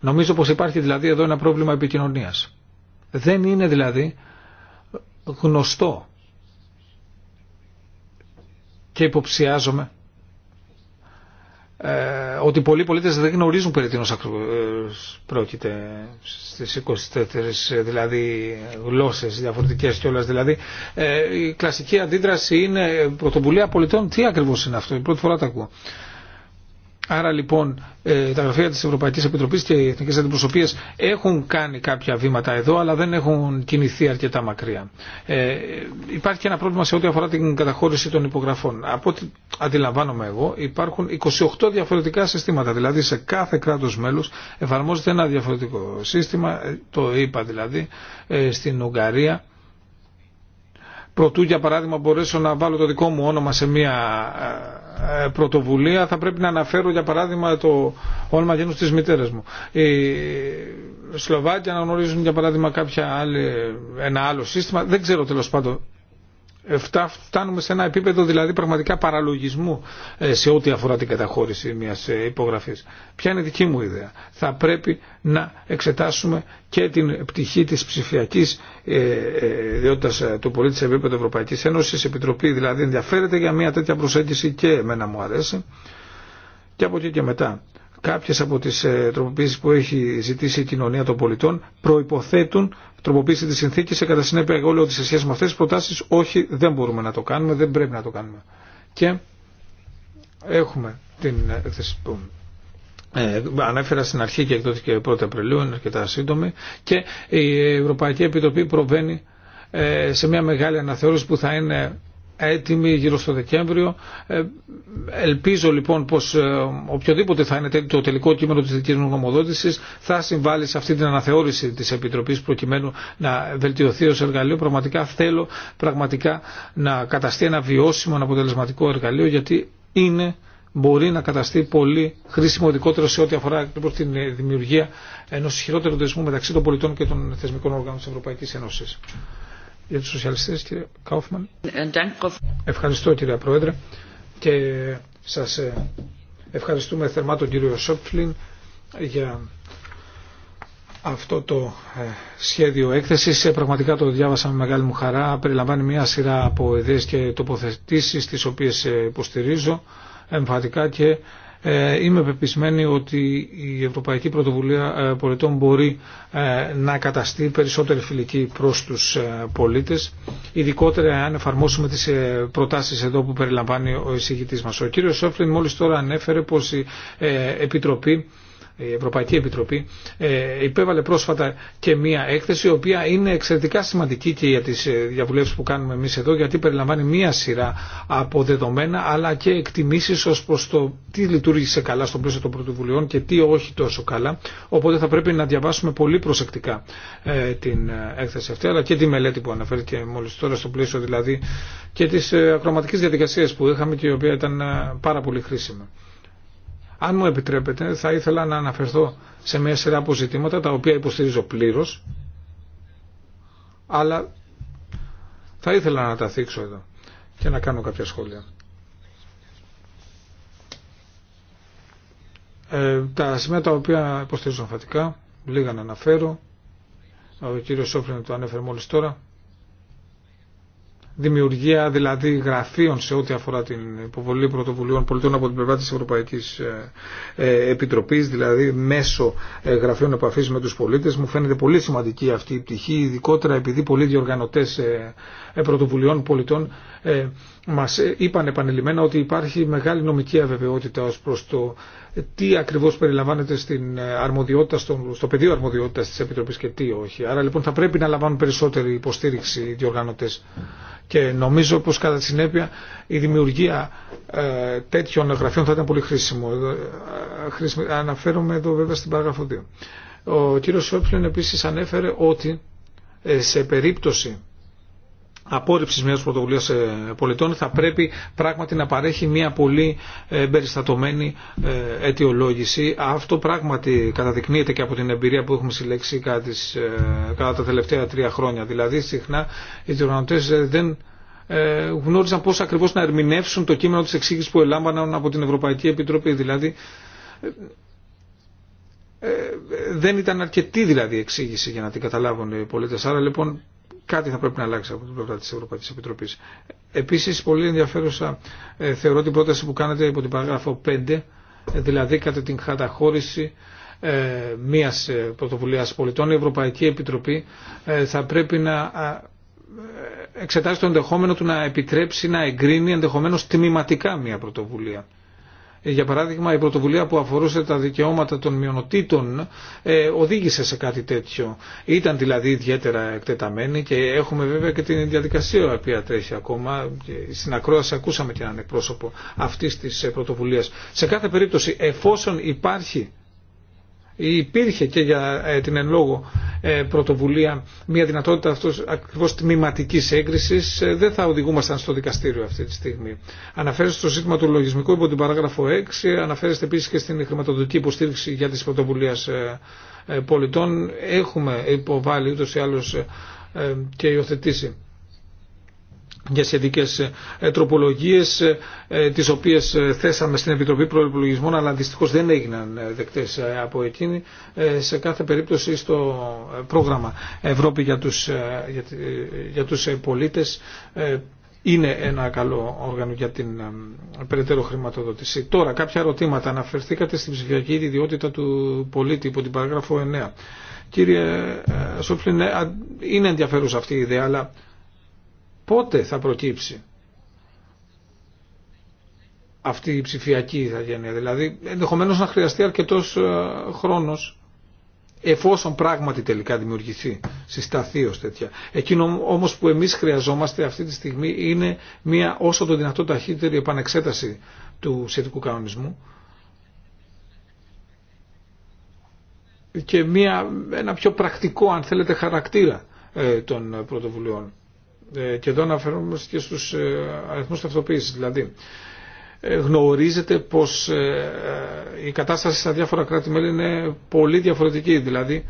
Νομίζω πως υπάρχει δηλαδή εδώ ένα πρόβλημα επικοινωνίας. Δεν είναι δηλαδή γνωστό και υποψιάζομαι ε, ότι πολλοί πολίτες δεν γνωρίζουν περί τίνος ε, πρόκειται στις 24 ε, δηλαδή γλώσσες διαφορετικές και δηλαδή η κλασική αντίδραση είναι πρωτοβουλία πολιτών τι ακριβώς είναι αυτό, η πρώτη φορά τα ακούω Άρα λοιπόν ε, τα γραφεία της Ευρωπαϊκής Επιτροπής και οι εθνικές αντιπροσωπείες έχουν κάνει κάποια βήματα εδώ αλλά δεν έχουν κινηθεί αρκετά μακριά. Ε, υπάρχει και ένα πρόβλημα σε ό,τι αφορά την καταχώρηση των υπογραφών. Από ό,τι αντιλαμβάνομαι εγώ υπάρχουν 28 διαφορετικά συστήματα. Δηλαδή σε κάθε κράτος μέλους εφαρμόζεται ένα διαφορετικό σύστημα, ε, το είπα δηλαδή, ε, στην Ουγγαρία. Προτού για παράδειγμα μπορέσω να βάλω το δικό μου όνομα σε μια ε, πρωτοβουλία θα πρέπει να αναφέρω για παράδειγμα το όνομα γένους της μητέρας μου. Οι να γνωρίζουν για παράδειγμα κάποια άλλη, ένα άλλο σύστημα. Δεν ξέρω τέλος πάντων φτάνουμε σε ένα επίπεδο δηλαδή πραγματικά παραλογισμού ε, σε ό,τι αφορά την καταχώρηση μιας ε, υπογραφής. Ποια είναι δική μου ιδέα. Θα πρέπει να εξετάσουμε και την πτυχή της ψηφιακής ε, ιδιότητας του πολίτη σε επίπεδο Ευρωπαϊκής Ένωσης. Η Επιτροπή δηλαδή ενδιαφέρεται για μια τέτοια προσέγγιση και εμένα μου αρέσει. Και από εκεί και μετά κάποιες από τις ε, τροποποίησεις που έχει ζητήσει η κοινωνία των πολιτών προϋποθέτουν τροποποίηση της συνθήκης και κατά συνέπεια εγώ λέω ότι σε σχέση με αυτές τις προτάσεις όχι δεν μπορούμε να το κάνουμε, δεν πρέπει να το κάνουμε. Και έχουμε την έκθεση ε, που ε, ανέφερα στην αρχή και εκδόθηκε 1η Απριλίου, είναι αρκετά σύντομη και η Ευρωπαϊκή Επιτροπή προβαίνει σε μια μεγάλη αναθεώρηση που θα είναι έτοιμη γύρω στο Δεκέμβριο. Ε, ελπίζω λοιπόν πως ε, οποιοδήποτε θα είναι το τελικό κείμενο της δικής μου νομοδότησης θα συμβάλλει σε αυτή την αναθεώρηση της Επιτροπής προκειμένου να βελτιωθεί ως εργαλείο. Πραγματικά θέλω πραγματικά να καταστεί ένα βιώσιμο, ένα αποτελεσματικό εργαλείο γιατί είναι μπορεί να καταστεί πολύ χρήσιμο ειδικότερο σε ό,τι αφορά ακριβώς την ε, δημιουργία ενός ισχυρότερου δεσμού μεταξύ των πολιτών και των θεσμικών οργάνων της Ευρωπαϊκής Ένωσης για τους σοσιαλιστές κύριε Κάουφμαν. Ε, Ευχαριστώ κύριε Πρόεδρε και σας ε, ευχαριστούμε θερμά τον κύριο Σόπφλιν για αυτό το ε, σχέδιο έκθεσης. Πραγματικά το διάβασα με μεγάλη μου χαρά. Περιλαμβάνει μια σειρά από ιδέες και τοποθετήσεις τις οποίες υποστηρίζω εμφαντικά και ε, είμαι πεπισμένη ότι η Ευρωπαϊκή Πρωτοβουλία ε, Πολιτών μπορεί ε, να καταστεί περισσότερη φιλική προς τους πολίτες, ειδικότερα αν εφαρμόσουμε τις προτάσεις εδώ που περιλαμβάνει ο εισηγητής μας. Ο κύριος Σόφλιν μόλις τώρα ανέφερε πως η Επιτροπή η Ευρωπαϊκή Επιτροπή ε, υπέβαλε πρόσφατα και μία έκθεση η οποία είναι εξαιρετικά σημαντική και για τις ε, διαβουλεύσεις που κάνουμε εμείς εδώ γιατί περιλαμβάνει μία σειρά από δεδομένα αλλά και εκτιμήσεις ως προς το τι λειτουργήσε καλά στον πλαίσιο των πρωτοβουλειών και τι όχι τόσο καλά οπότε θα πρέπει να διαβάσουμε πολύ προσεκτικά ε, την έκθεση αυτή αλλά και τη μελέτη που αναφέρθηκε μόλις τώρα στο πλαίσιο δηλαδή και τις ακροματικές διαδικασίες που είχαμε και η οποία ήταν πάρα πολύ χρήσιμη. Αν μου επιτρέπετε, θα ήθελα να αναφερθώ σε μια σειρά από τα οποία υποστηρίζω πλήρω, αλλά θα ήθελα να τα θίξω εδώ και να κάνω κάποια σχόλια. Ε, τα σημεία τα οποία υποστηρίζω εμφατικά, λίγα να αναφέρω, ο κύριος Σόφριν το ανέφερε μόλις τώρα, δημιουργία δηλαδή γραφείων σε ό,τι αφορά την υποβολή πρωτοβουλίων πολιτών από την πλευρά της Ευρωπαϊκής ε, ε, Επιτροπής, δηλαδή μέσω ε, γραφείων επαφής με τους πολίτες. Μου φαίνεται πολύ σημαντική αυτή η πτυχή, ειδικότερα επειδή πολλοί διοργανωτές πρωτοβουλειών πολιτών μας είπαν επανειλημμένα ότι υπάρχει μεγάλη νομική αβεβαιότητα ως προς το τι ακριβώς περιλαμβάνεται στην ε, αρμοδιότητα, στο, στο πεδίο αρμοδιότητας της Επιτροπής και τι όχι. Άρα λοιπόν θα πρέπει να λαμβάνουν περισσότερη υποστήριξη οι διοργανωτές. Και νομίζω πως κατά συνέπεια η δημιουργία ε, τέτοιων γραφείων θα ήταν πολύ χρήσιμο. Ε, αναφέρομαι εδώ βέβαια στην παράγραφο 2. Ο κύριος Σόπλιον επίσης ανέφερε ότι σε περίπτωση απόρριψη μια πρωτοβουλία ε, πολιτών θα πρέπει πράγματι να παρέχει μια πολύ περιστατωμένη ε, αιτιολόγηση. Αυτό πράγματι καταδεικνύεται και από την εμπειρία που έχουμε συλλέξει κατά ε, τα τελευταία τρία χρόνια. Δηλαδή συχνά οι διοργανωτέ δεν γνώριζαν πώ ακριβώ να ερμηνεύσουν το κείμενο τη εξήγηση που ελάμβαναν από την Ευρωπαϊκή Επιτροπή. Δηλαδή δεν ήταν αρκετή δηλαδή εξήγηση για να την καταλάβουν οι πολίτες. Άρα λοιπόν κάτι θα πρέπει να αλλάξει από την πλευρά της Ευρωπαϊκής Επιτροπής. Επίσης, πολύ ενδιαφέρουσα ε, θεωρώ την πρόταση που κάνετε υπό την παράγραφο 5, ε, δηλαδή κατά την καταχώρηση ε, μίας πρωτοβουλίας πολιτών, η Ευρωπαϊκή Επιτροπή θα πρέπει να εξετάσει το ενδεχόμενο του να επιτρέψει να εγκρίνει ενδεχομένως τμηματικά μια πρωτοβουλία για παράδειγμα η πρωτοβουλία που αφορούσε τα δικαιώματα των μειονοτήτων ε, οδήγησε σε κάτι τέτοιο. Ήταν δηλαδή ιδιαίτερα εκτεταμένη και έχουμε βέβαια και την διαδικασία η οποία τρέχει ακόμα. Στην ακρόαση ακούσαμε και έναν εκπρόσωπο αυτής της πρωτοβουλίας. Σε κάθε περίπτωση εφόσον υπάρχει υπήρχε και για ε, την εν λόγω ε, πρωτοβουλία μια δυνατότητα αυτός ακριβώς τμήματικής έγκρισης ε, δεν θα οδηγούμασταν στο δικαστήριο αυτή τη στιγμή. Αναφέρεστε στο ζήτημα του λογισμικού υπό την παράγραφο 6, αναφέρεστε επίσης και στην χρηματοδοτική υποστήριξη για τις πρωτοβουλίες πολιτών. Έχουμε υποβάλει ούτως ή άλλως και υιοθετήσει για σχετικέ ε, τροπολογίε, ε, ε, τι οποίε θέσαμε στην Επιτροπή Προεπιλογισμών αλλά δυστυχώ δεν έγιναν δεκτέ από εκείνη σε κάθε περίπτωση στο πρόγραμμα Ευρώπη για του για, τους πολίτες είναι ένα καλό όργανο για την περαιτέρω χρηματοδότηση. Τώρα κάποια ερωτήματα. Αναφερθήκατε στην ψηφιακή ιδιότητα του πολίτη υπό την παράγραφο 9. Κύριε Σόφλιν, είναι ενδιαφέρουσα αυτή η ιδέα, αλλά πότε θα προκύψει αυτή η ψηφιακή ηθαγένεια. Δηλαδή ενδεχομένως να χρειαστεί αρκετός ε, χρόνος εφόσον πράγματι τελικά δημιουργηθεί, συσταθεί ως τέτοια. Εκείνο όμως που εμείς χρειαζόμαστε αυτή τη στιγμή είναι μια όσο το δυνατό ταχύτερη επανεξέταση του σχετικού κανονισμού και μια, ένα πιο πρακτικό αν θέλετε χαρακτήρα ε, των πρωτοβουλειών. Ε, και εδώ αναφερόμαστε και στους ε, αριθμούς ταυτοποίησης. Δηλαδή, ε, γνωρίζετε πως η κατάσταση στα διάφορα κράτη-μέλη είναι πολύ διαφορετική. Δηλαδή,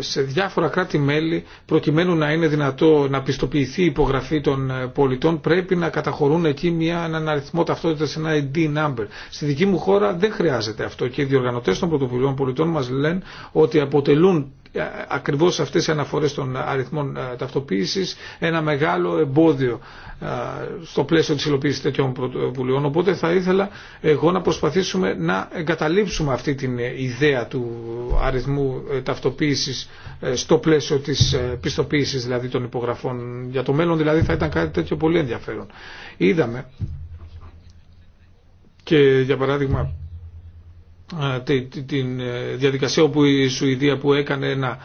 σε διάφορα κράτη-μέλη προκειμένου να είναι δυνατό να πιστοποιηθεί η υπογραφή των πολιτών πρέπει να καταχωρούν εκεί μια, έναν αριθμό ταυτότητας, ένα ID number. Στη δική μου χώρα δεν χρειάζεται αυτό και οι διοργανωτές των πρωτοβουλίων πολιτών μας λένε ότι αποτελούν ε, ακριβώς αυτές οι αναφορές των αριθμών ε, ταυτοποίησης ένα μεγάλο εμπόδιο ε, στο πλαίσιο της υλοποίησης τέτοιων πρωτοβουλειών. Οπότε θα ήθελα εγώ να προσπαθήσουμε να εγκαταλείψουμε αυτή την ιδέα του αριθμού ταυτοποίησης στο πλαίσιο της πιστοποίησης δηλαδή των υπογραφών. Για το μέλλον δηλαδή θα ήταν κάτι τέτοιο πολύ ενδιαφέρον. Είδαμε και για παράδειγμα την ε, διαδικασία όπου η Σουηδία που έκανε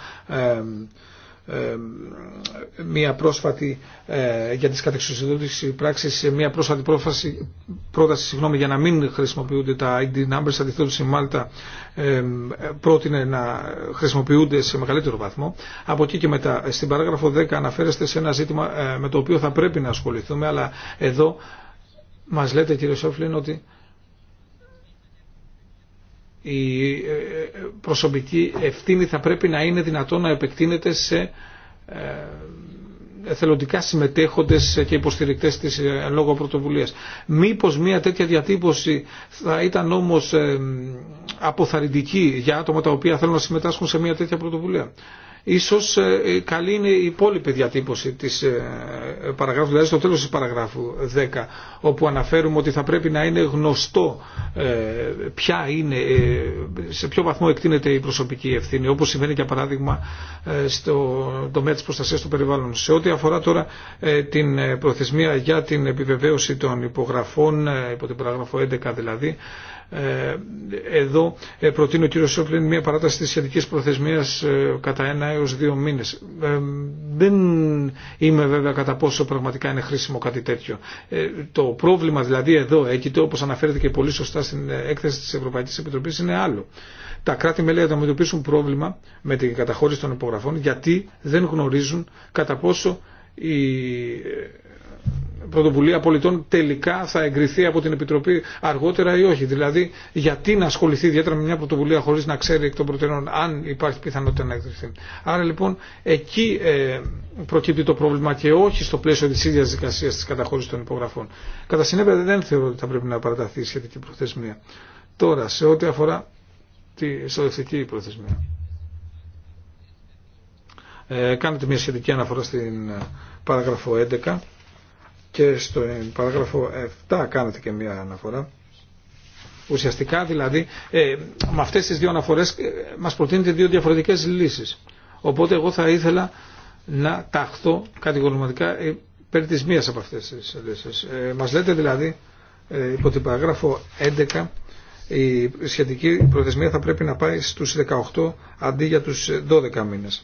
μια πρόσφατη ε, για τις κατεξουσιοδότηση πράξεις ε, μια πρόσφατη πρόφαση, πρόταση συγγνώμη, για να μην χρησιμοποιούνται τα ID numbers αντιθέτως η Μάλτα πρότεινε να χρησιμοποιούνται σε μεγαλύτερο βαθμό από εκεί και μετά στην παράγραφο 10 αναφέρεστε σε ένα ζήτημα με το οποίο θα πρέπει να ασχοληθούμε αλλά εδώ μας λέτε κύριε Σόφλιν ότι η ε, προσωπική ευθύνη θα πρέπει να είναι δυνατόν να επεκτείνεται σε ε, εθελοντικά συμμετέχοντες και υποστηρικτές της ε, λόγω πρωτοβουλίας. Μήπως μια τέτοια διατύπωση θα ήταν όμως αποθαρρυντική για άτομα τα οποία θέλουν να συμμετάσχουν σε μια τέτοια πρωτοβουλία ίσως ε, καλή είναι η υπόλοιπη διατύπωση της ε, παραγράφου, δηλαδή στο τέλος της παραγράφου 10, όπου αναφέρουμε ότι θα πρέπει να είναι γνωστό ε, ποια είναι, σε ποιο βαθμό εκτείνεται η προσωπική ευθύνη, όπως συμβαίνει για παράδειγμα στο τομέα της προστασίας του περιβάλλοντος. Σε ό,τι αφορά τώρα την προθεσμία για την επιβεβαίωση των υπογραφών, υπό την παραγράφο 11 δηλαδή, ε, εδώ ε, προτείνει ο κύριος Σόφλιν μια παράταση της σχετική προθεσμίας ε, κατά ένα έως δύο μήνες. Δεν είμαι βέβαια κατά πόσο πραγματικά είναι χρήσιμο κάτι τέτοιο. Το πρόβλημα δηλαδή εδώ, εκεί το όπως αναφέρεται και πολύ σωστά στην έκθεση της Ευρωπαϊκής Επιτροπής είναι άλλο. Τα κράτη-μέλη αντιμετωπίσουν πρόβλημα με την καταχώρηση των υπογραφών γιατί δεν γνωρίζουν κατά πόσο η πρωτοβουλία πολιτών τελικά θα εγκριθεί από την Επιτροπή αργότερα ή όχι. Δηλαδή, γιατί να ασχοληθεί ιδιαίτερα με μια πρωτοβουλία χωρί να ξέρει εκ των προτεραιών αν υπάρχει πιθανότητα να εγκριθεί. Άρα λοιπόν εκεί ε, προκύπτει το πρόβλημα και όχι στο πλαίσιο τη ίδια δικασία τη καταχώρηση των υπογραφών. Κατά συνέπεια δεν θεωρώ ότι θα πρέπει να παραταθεί η σχετική προθεσμία. Τώρα, σε ό,τι αφορά τη σοδευτική προθεσμία. Ε, κάνετε μια σχετική αναφορά στην ε, παράγραφο 11 και στο παράγραφο 7 κάνετε και μια αναφορά. Ουσιαστικά δηλαδή ε, με αυτές τις δύο αναφορές ε, μας προτείνετε δύο διαφορετικές λύσεις. Οπότε εγώ θα ήθελα να ταχθώ κατηγορηματικά περί της μίας από αυτές τις λύσεις. Ε, μας λέτε δηλαδή ε, υπό την παράγραφο 11 η σχετική προθεσμία θα πρέπει να πάει στους 18 αντί για τους 12 μήνες.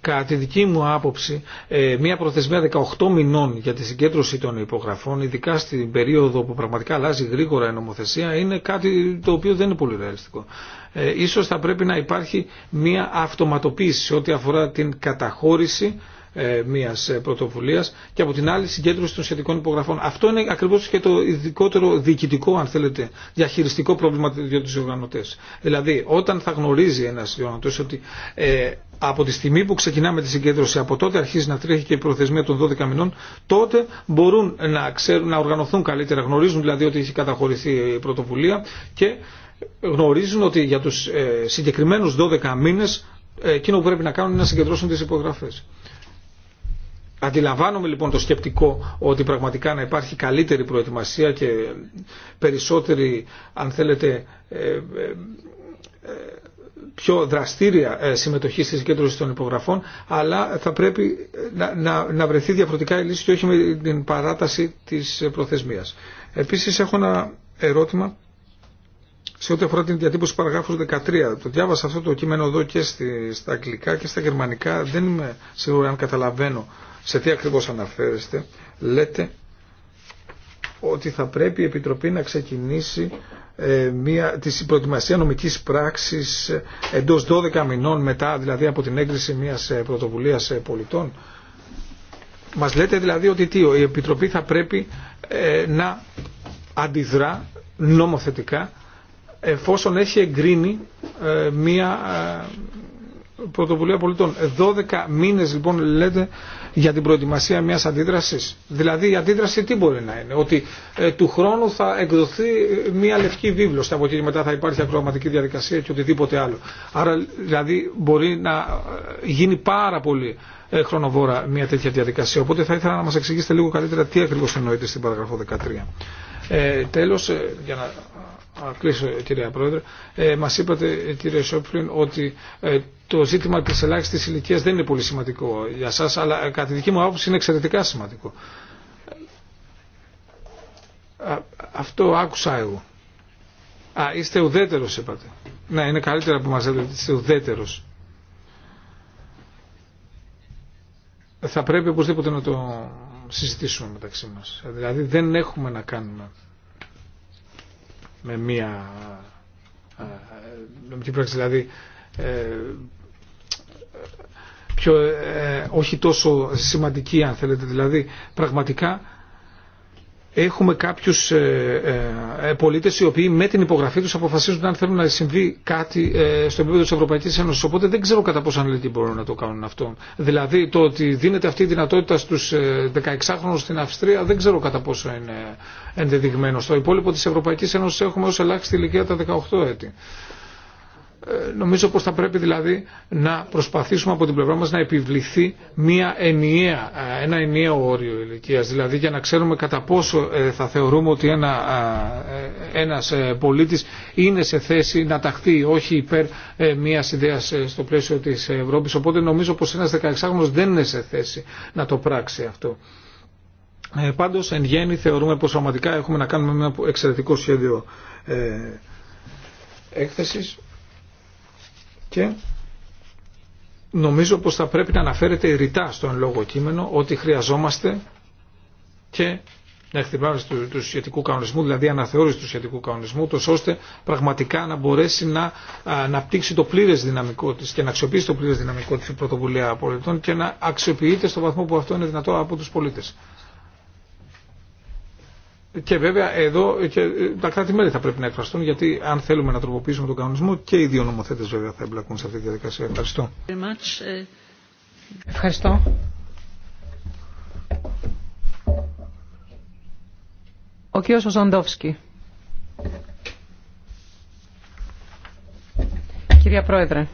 Κατά τη δική μου άποψη, ε, μια προθεσμία 18 μηνών για τη συγκέντρωση των υπογραφών, ειδικά στην περίοδο που πραγματικά αλλάζει γρήγορα η νομοθεσία, είναι κάτι το οποίο δεν είναι πολύ ρεαλιστικό. Ε, ίσως θα πρέπει να υπάρχει μια αυτοματοποίηση ό,τι αφορά την καταχώρηση ε, μια ε, πρωτοβουλία και από την άλλη συγκέντρωση των σχετικών υπογραφών. Αυτό είναι ακριβώ και το ειδικότερο διοικητικό, αν θέλετε, διαχειριστικό πρόβλημα για του διοργανωτέ. Δηλαδή, όταν θα γνωρίζει ένα διοργανωτή ότι ε, από τη στιγμή που ξεκινάμε τη συγκέντρωση, από τότε αρχίζει να τρέχει και η προθεσμία των 12 μηνών, τότε μπορούν να, ξέρουν, να οργανωθούν καλύτερα. Γνωρίζουν δηλαδή ότι έχει καταχωρηθεί η πρωτοβουλία και γνωρίζουν ότι για τους συγκεκριμένους 12 μήνες εκείνο που πρέπει να κάνουν είναι να συγκεντρώσουν τις υπογραφές. Αντιλαμβάνομαι λοιπόν το σκεπτικό ότι πραγματικά να υπάρχει καλύτερη προετοιμασία και περισσότερη, αν θέλετε, ε, ε, ε, πιο δραστήρια συμμετοχή στη συγκέντρωση των υπογραφών, αλλά θα πρέπει να, να, να βρεθεί διαφορετικά η λύση και όχι με την παράταση της προθεσμίας. Επίσης έχω ένα ερώτημα σε ό,τι αφορά την διατύπωση παραγράφου 13. Το διάβασα αυτό το κείμενο εδώ και στα αγγλικά και στα γερμανικά. Δεν είμαι σίγουρο αν καταλαβαίνω σε τι ακριβώς αναφέρεστε, λέτε ότι θα πρέπει η Επιτροπή να ξεκινήσει ε, μια, της προετοιμασία νομικής πράξης ε, εντός 12 μηνών μετά, δηλαδή από την έγκριση μιας ε, πρωτοβουλίας ε, πολιτών. Μας λέτε δηλαδή ότι τι, η Επιτροπή θα πρέπει να αντιδρά νομοθετικά εφόσον έχει εγκρίνει μια πρωτοβουλία πολιτών. 12 μήνες λοιπόν λέτε για την προετοιμασία μιας αντίδρασης. Δηλαδή η αντίδραση τι μπορεί να είναι. Ότι ε, του χρόνου θα εκδοθεί μια λευκή βίβλος από εκεί και μετά θα υπάρχει ακροαματική διαδικασία και οτιδήποτε άλλο. Άρα δηλαδή μπορεί να ε, γίνει πάρα πολύ ε, χρονοβόρα μια τέτοια διαδικασία. Οπότε θα ήθελα να μας εξηγήσετε λίγο καλύτερα τι ακριβώς εννοείται στην παραγραφό 13. Ε, τέλος, για να κλείσω ε, κυρία Πρόεδρε, ε, μας είπατε ε, κύριε Σόπφλιν ότι ε, το ζήτημα της ελάχιστη ηλικία δεν είναι πολύ σημαντικό για σας, αλλά κατά τη δική μου άποψη είναι εξαιρετικά σημαντικό. αυτό άκουσα εγώ. Α, είστε ουδέτερο, είπατε. Ναι, είναι καλύτερα που μας λέτε ότι είστε ουδέτερο. Θα πρέπει οπωσδήποτε να το συζητήσουμε μεταξύ μα. Δηλαδή δεν έχουμε να κάνουμε με μία νομική πράξη, δηλαδή ε, πιο, ε, όχι τόσο σημαντική αν θέλετε, δηλαδή πραγματικά έχουμε κάποιους ε, ε, ε, πολίτε οι οποίοι με την υπογραφή τους αποφασίζουν αν θέλουν να συμβεί κάτι στο επίπεδο της Ευρωπαϊκής Ένωσης. Οπότε δεν ξέρω κατά πόσο αναλυτοί μπορούν να το κάνουν αυτό. Δηλαδή το ότι δίνεται αυτή η δυνατότητα στους 16χρονους στην Αυστρία δεν ξέρω κατά πόσο είναι ενδεδειγμένο. Στο υπόλοιπο τη Ευρωπαϊκή Ένωση έχουμε ως ελάχιστη ηλικία τα 18 έτη. Ε, νομίζω πως θα πρέπει δηλαδή να προσπαθήσουμε από την πλευρά μας να επιβληθεί μια ενιαία, ε, ένα ενιαίο όριο ηλικίας. Δηλαδή για να ξέρουμε κατά πόσο ε, θα θεωρούμε ότι ένα, ένας πολίτης είναι σε θέση να ταχθεί όχι υπέρ μιας ιδέας στο πλαίσιο της Ευρώπης. Οπότε νομίζω πως ένας 16χρονος δεν είναι σε θέση να το πράξει αυτό. Ε, πάντως εν γέννη θεωρούμε πως πραγματικά έχουμε να κάνουμε ένα εξαιρετικό σχέδιο ε, έκθεσης και νομίζω πως θα πρέπει να αναφέρεται ρητά εν λόγο κείμενο ότι χρειαζόμαστε και να εκτιμάμε του, του σχετικού κανονισμού, δηλαδή αναθεώρηση του σχετικού κανονισμού, τόσο ώστε πραγματικά να μπορέσει να αναπτύξει το πλήρε δυναμικό τη και να αξιοποιήσει το πλήρε δυναμικό τη η πρωτοβουλία πολιτών και να αξιοποιείται στο βαθμό που αυτό είναι δυνατό από του πολίτε. Και βέβαια εδώ και ε, τα κράτη-μέλη θα πρέπει να εκφραστούν γιατί αν θέλουμε να τροποποιήσουμε τον κανονισμό και οι δύο νομοθέτες βέβαια θα εμπλακούν σε αυτή τη διαδικασία. Ευχαριστώ. Ευχαριστώ. Ο κύριος Ζαντόφσκι. Κυρία Πρόεδρε.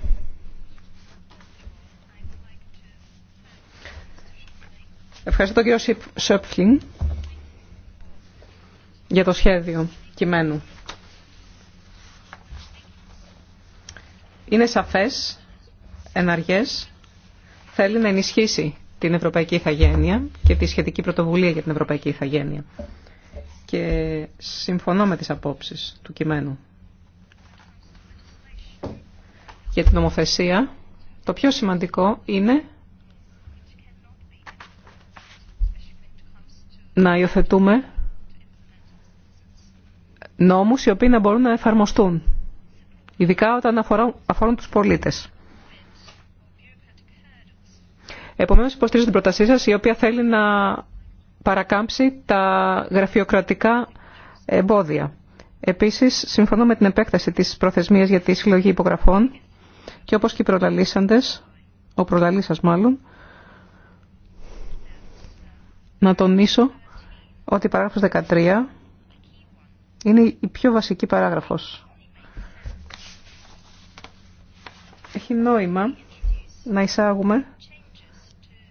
Ευχαριστώ τον κύριο Σεπφλίν για το σχέδιο κειμένου. Είναι σαφές, εναργές, θέλει να ενισχύσει την Ευρωπαϊκή Ιθαγένεια και τη σχετική πρωτοβουλία για την Ευρωπαϊκή Ιθαγένεια. Και συμφωνώ με τις απόψεις του κειμένου. Για την νομοθεσία, το πιο σημαντικό είναι να υιοθετούμε νόμους οι οποίοι να μπορούν να εφαρμοστούν, ειδικά όταν αφορούν, αφορούν τους πολίτες. Επομένως, υποστηρίζω την πρότασή σας, η οποία θέλει να παρακάμψει τα γραφειοκρατικά εμπόδια. Επίσης, συμφωνώ με την επέκταση της προθεσμίας για τη συλλογή υπογραφών και όπως και οι προλαλήσαντες, ο προλαλήσας μάλλον, να τονίσω ότι παράγραφος 13 είναι η πιο βασική παράγραφος. Έχει νόημα να εισάγουμε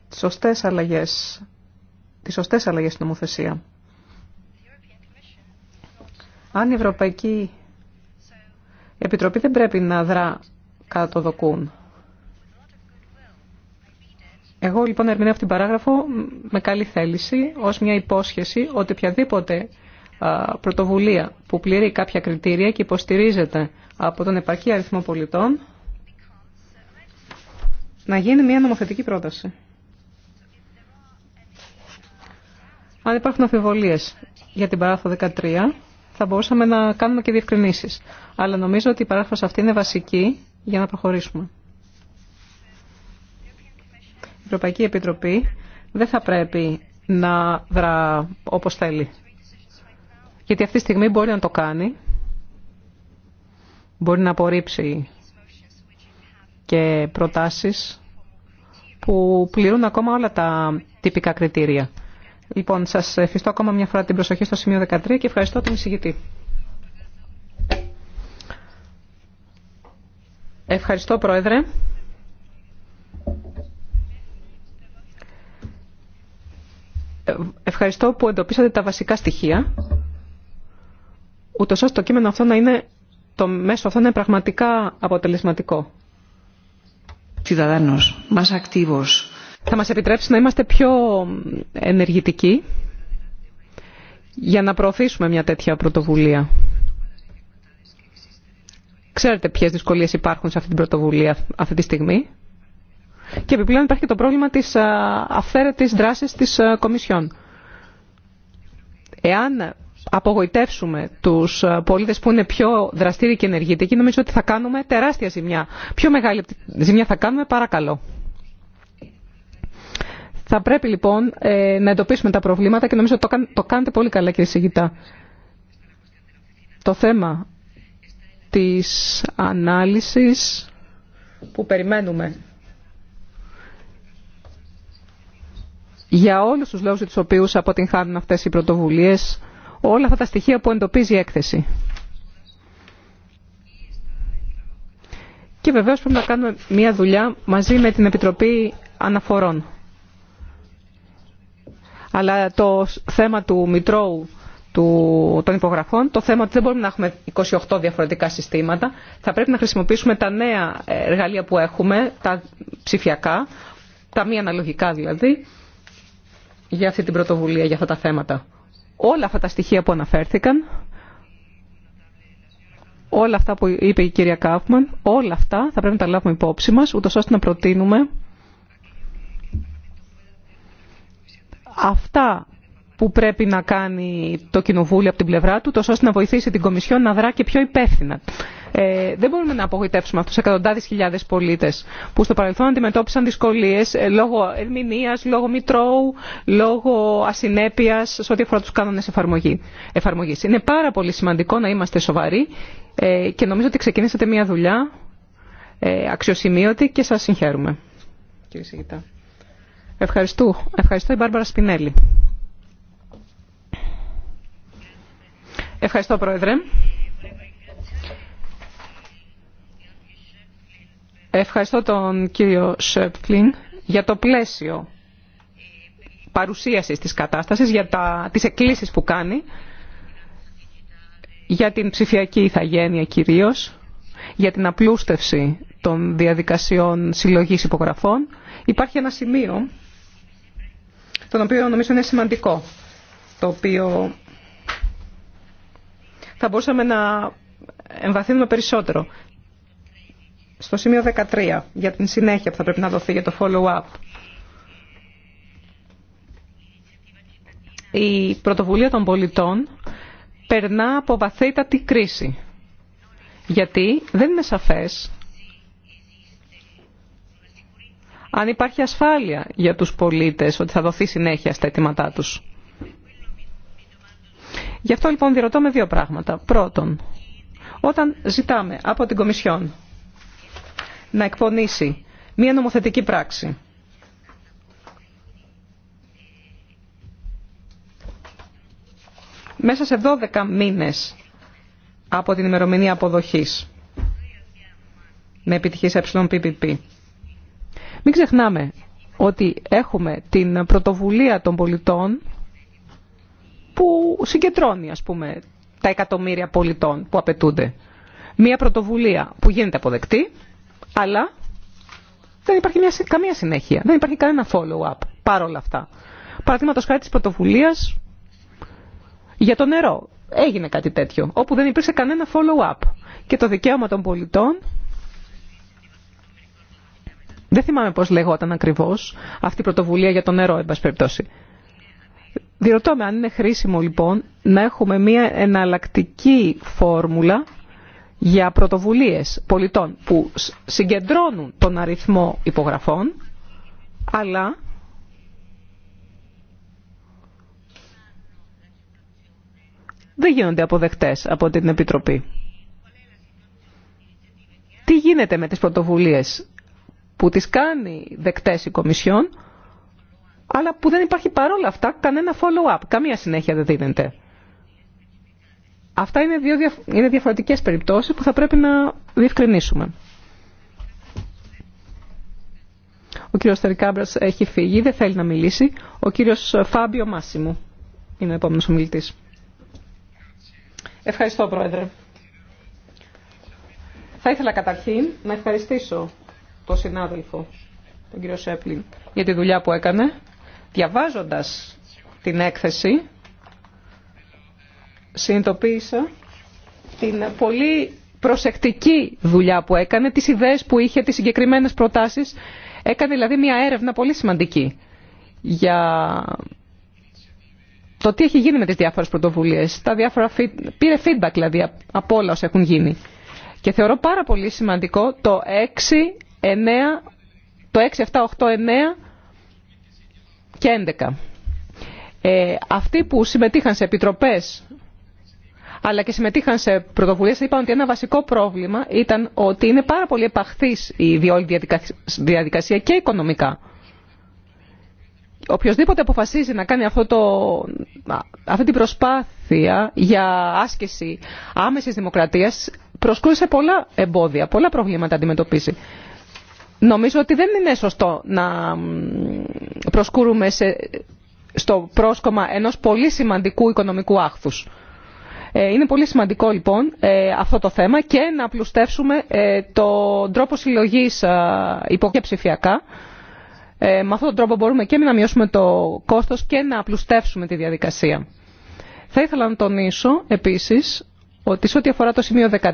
τις σωστές αλλαγές, τις σωστές αλλαγές στην νομοθεσία. Αν η Ευρωπαϊκή Επιτροπή δεν πρέπει να δρά κατά το δοκούν. Εγώ λοιπόν ερμηνεύω την παράγραφο με καλή θέληση ως μια υπόσχεση ότι οποιαδήποτε πρωτοβουλία που πληρεί κάποια κριτήρια και υποστηρίζεται από τον επαρκή αριθμό πολιτών να γίνει μια νομοθετική πρόταση. Αν υπάρχουν αμφιβολίες για την παράγραφο 13, θα μπορούσαμε να κάνουμε και διευκρινήσεις. Αλλά νομίζω ότι η παράθυρα αυτή είναι βασική για να προχωρήσουμε. Η Ευρωπαϊκή Επιτροπή δεν θα πρέπει να δρά όπως θέλει γιατί αυτή τη στιγμή μπορεί να το κάνει, μπορεί να απορρίψει και προτάσεις που πληρούν ακόμα όλα τα τυπικά κριτήρια. Λοιπόν, σας ευχαριστώ ακόμα μια φορά την προσοχή στο σημείο 13 και ευχαριστώ τον εισηγητή. Ευχαριστώ, Πρόεδρε. Ευχαριστώ που εντοπίσατε τα βασικά στοιχεία ούτως ώστε το κείμενο αυτό να είναι, το μέσο αυτό να είναι πραγματικά αποτελεσματικό. Μας Θα μας επιτρέψει να είμαστε πιο ενεργητικοί για να προωθήσουμε μια τέτοια πρωτοβουλία. Ξέρετε ποιες δυσκολίες υπάρχουν σε αυτή την πρωτοβουλία αυτή τη στιγμή. Και επιπλέον υπάρχει και το πρόβλημα της αφαίρετης δράσης της Κομισιόν. Εάν απογοητεύσουμε τους ε, πολίτες που είναι πιο δραστήριοι και ενεργητικοί, νομίζω ότι θα κάνουμε τεράστια ζημιά. Πιο μεγάλη ζημιά θα κάνουμε, παρακαλώ. Θα πρέπει λοιπόν ε, να εντοπίσουμε τα προβλήματα και νομίζω το, το κάνετε πολύ καλά κύριε Σιγητά. Το θέμα της ανάλυσης που περιμένουμε για όλους τους λόγους για τους οποίους αποτυγχάνουν αυτές οι πρωτοβουλίες όλα αυτά τα στοιχεία που εντοπίζει η έκθεση. Και βεβαίως πρέπει να κάνουμε μια δουλειά μαζί με την Επιτροπή Αναφορών. Αλλά το θέμα του Μητρώου του, των υπογραφών, το θέμα ότι δεν μπορούμε να έχουμε 28 διαφορετικά συστήματα. Θα πρέπει να χρησιμοποιήσουμε τα νέα εργαλεία που έχουμε, τα ψηφιακά, τα μη αναλογικά δηλαδή, για αυτή την πρωτοβουλία, για αυτά τα θέματα όλα αυτά τα στοιχεία που αναφέρθηκαν, όλα αυτά που είπε η κυρία Κάφμαν, όλα αυτά θα πρέπει να τα λάβουμε υπόψη μας, ούτως ώστε να προτείνουμε αυτά που πρέπει να κάνει το Κοινοβούλιο από την πλευρά του, τόσο ώστε να βοηθήσει την Κομισιόν να δρά και πιο υπεύθυνα. Ε, δεν μπορούμε να απογοητεύσουμε αυτούς τους εκατοντάδες χιλιάδες πολίτες που στο παρελθόν αντιμετώπισαν δυσκολίες ε, λόγω ερμηνείας, λόγω μητρώου, λόγω ασυνέπειας σε ό,τι αφορά τους κανόνες εφαρμογή, εφαρμογής. Είναι πάρα πολύ σημαντικό να είμαστε σοβαροί ε, και νομίζω ότι ξεκινήσατε μια δουλειά αξιοσημείωτη και σας συγχαίρουμε. Ευχαριστώ. Ευχαριστώ η Μπάρμπαρα Σπινέλη. Ευχαριστώ, Πρόεδρε. Ευχαριστώ τον κύριο Σέπφλιν για το πλαίσιο παρουσίασης της κατάστασης, για τα, τις εκκλήσεις που κάνει, για την ψηφιακή ηθαγένεια κυρίως, για την απλούστευση των διαδικασιών συλλογής υπογραφών. Υπάρχει ένα σημείο, το οποίο νομίζω είναι σημαντικό, το οποίο θα μπορούσαμε να εμβαθύνουμε περισσότερο στο σημείο 13 για την συνέχεια που θα πρέπει να δοθεί για το follow-up. Η πρωτοβουλία των πολιτών περνά από βαθύτατη κρίση. Γιατί δεν είναι σαφές αν υπάρχει ασφάλεια για τους πολίτες ότι θα δοθεί συνέχεια στα αιτήματά τους. Γι' αυτό λοιπόν διερωτώ με δύο πράγματα. Πρώτον, όταν ζητάμε από την Κομισιόν να εκπονήσει μία νομοθετική πράξη. Μέσα σε 12 μήνες από την ημερομηνία αποδοχής με επιτυχής ΕΠΠΠ. Μην ξεχνάμε ότι έχουμε την πρωτοβουλία των πολιτών που συγκεντρώνει ας πούμε τα εκατομμύρια πολιτών που απαιτούνται. Μία πρωτοβουλία που γίνεται αποδεκτή αλλά δεν υπάρχει μια, καμία συνέχεια. Δεν υπάρχει κανένα follow-up παρόλα αυτά. Παραδείγματο χάρη τη πρωτοβουλία για το νερό. Έγινε κάτι τέτοιο, όπου δεν υπήρξε κανένα follow-up. Και το δικαίωμα των πολιτών, δεν θυμάμαι πώς λεγόταν ακριβώ αυτή η πρωτοβουλία για το νερό, εν πάση περιπτώσει. με αν είναι χρήσιμο λοιπόν να έχουμε μια εναλλακτική φόρμουλα για πρωτοβουλίες πολιτών που συγκεντρώνουν τον αριθμό υπογραφών, αλλά δεν γίνονται αποδεκτές από την Επιτροπή. Τι γίνεται με τις πρωτοβουλίες που τις κάνει δεκτές η Κομισιόν, αλλά που δεν υπάρχει παρόλα αυτά κανένα follow-up, καμία συνέχεια δεν δίνεται. Αυτά είναι, δύο, είναι διαφορετικές περιπτώσεις που θα πρέπει να διευκρινίσουμε. Ο κύριος Θερικάμπρας έχει φύγει, δεν θέλει να μιλήσει. Ο κύριος Φάμπιο Μάσιμου είναι ο επόμενος ομιλητής. Ευχαριστώ, Πρόεδρε. Θα ήθελα καταρχήν να ευχαριστήσω τον συνάδελφο, τον κύριο Σέπλιν, για τη δουλειά που έκανε, διαβάζοντας την έκθεση συνειδητοποίησα την πολύ προσεκτική δουλειά που έκανε, τις ιδέες που είχε, τις συγκεκριμένες προτάσεις. Έκανε δηλαδή μια έρευνα πολύ σημαντική για το τι έχει γίνει με τις διάφορες πρωτοβουλίες. Τα διάφορα πήρε feedback δηλαδή από όλα όσα έχουν γίνει. Και θεωρώ πάρα πολύ σημαντικό το 6, 9, το 6, 7, 8, 9 και 11. Ε, αυτοί που συμμετείχαν σε επιτροπές αλλά και συμμετείχαν σε πρωτοβουλίε, είπαν ότι ένα βασικό πρόβλημα ήταν ότι είναι πάρα πολύ επαχθή η όλη διαδικασία και οικονομικά. Οποιοδήποτε αποφασίζει να κάνει αυτό το, αυτή την προσπάθεια για άσκηση άμεση δημοκρατία προσκούει σε πολλά εμπόδια, πολλά προβλήματα αντιμετωπίζει. Νομίζω ότι δεν είναι σωστό να προσκούρουμε στο πρόσκομα ενός πολύ σημαντικού οικονομικού άχθους. Ε, είναι πολύ σημαντικό λοιπόν ε, αυτό το θέμα και να απλουστεύσουμε ε, τον τρόπο συλλογής υποψηφιακά. Με αυτόν τον τρόπο μπορούμε και να μειώσουμε το κόστος και να απλουστεύσουμε τη διαδικασία. Θα ήθελα να τονίσω επίσης ότι σε ό,τι αφορά το σημείο 13,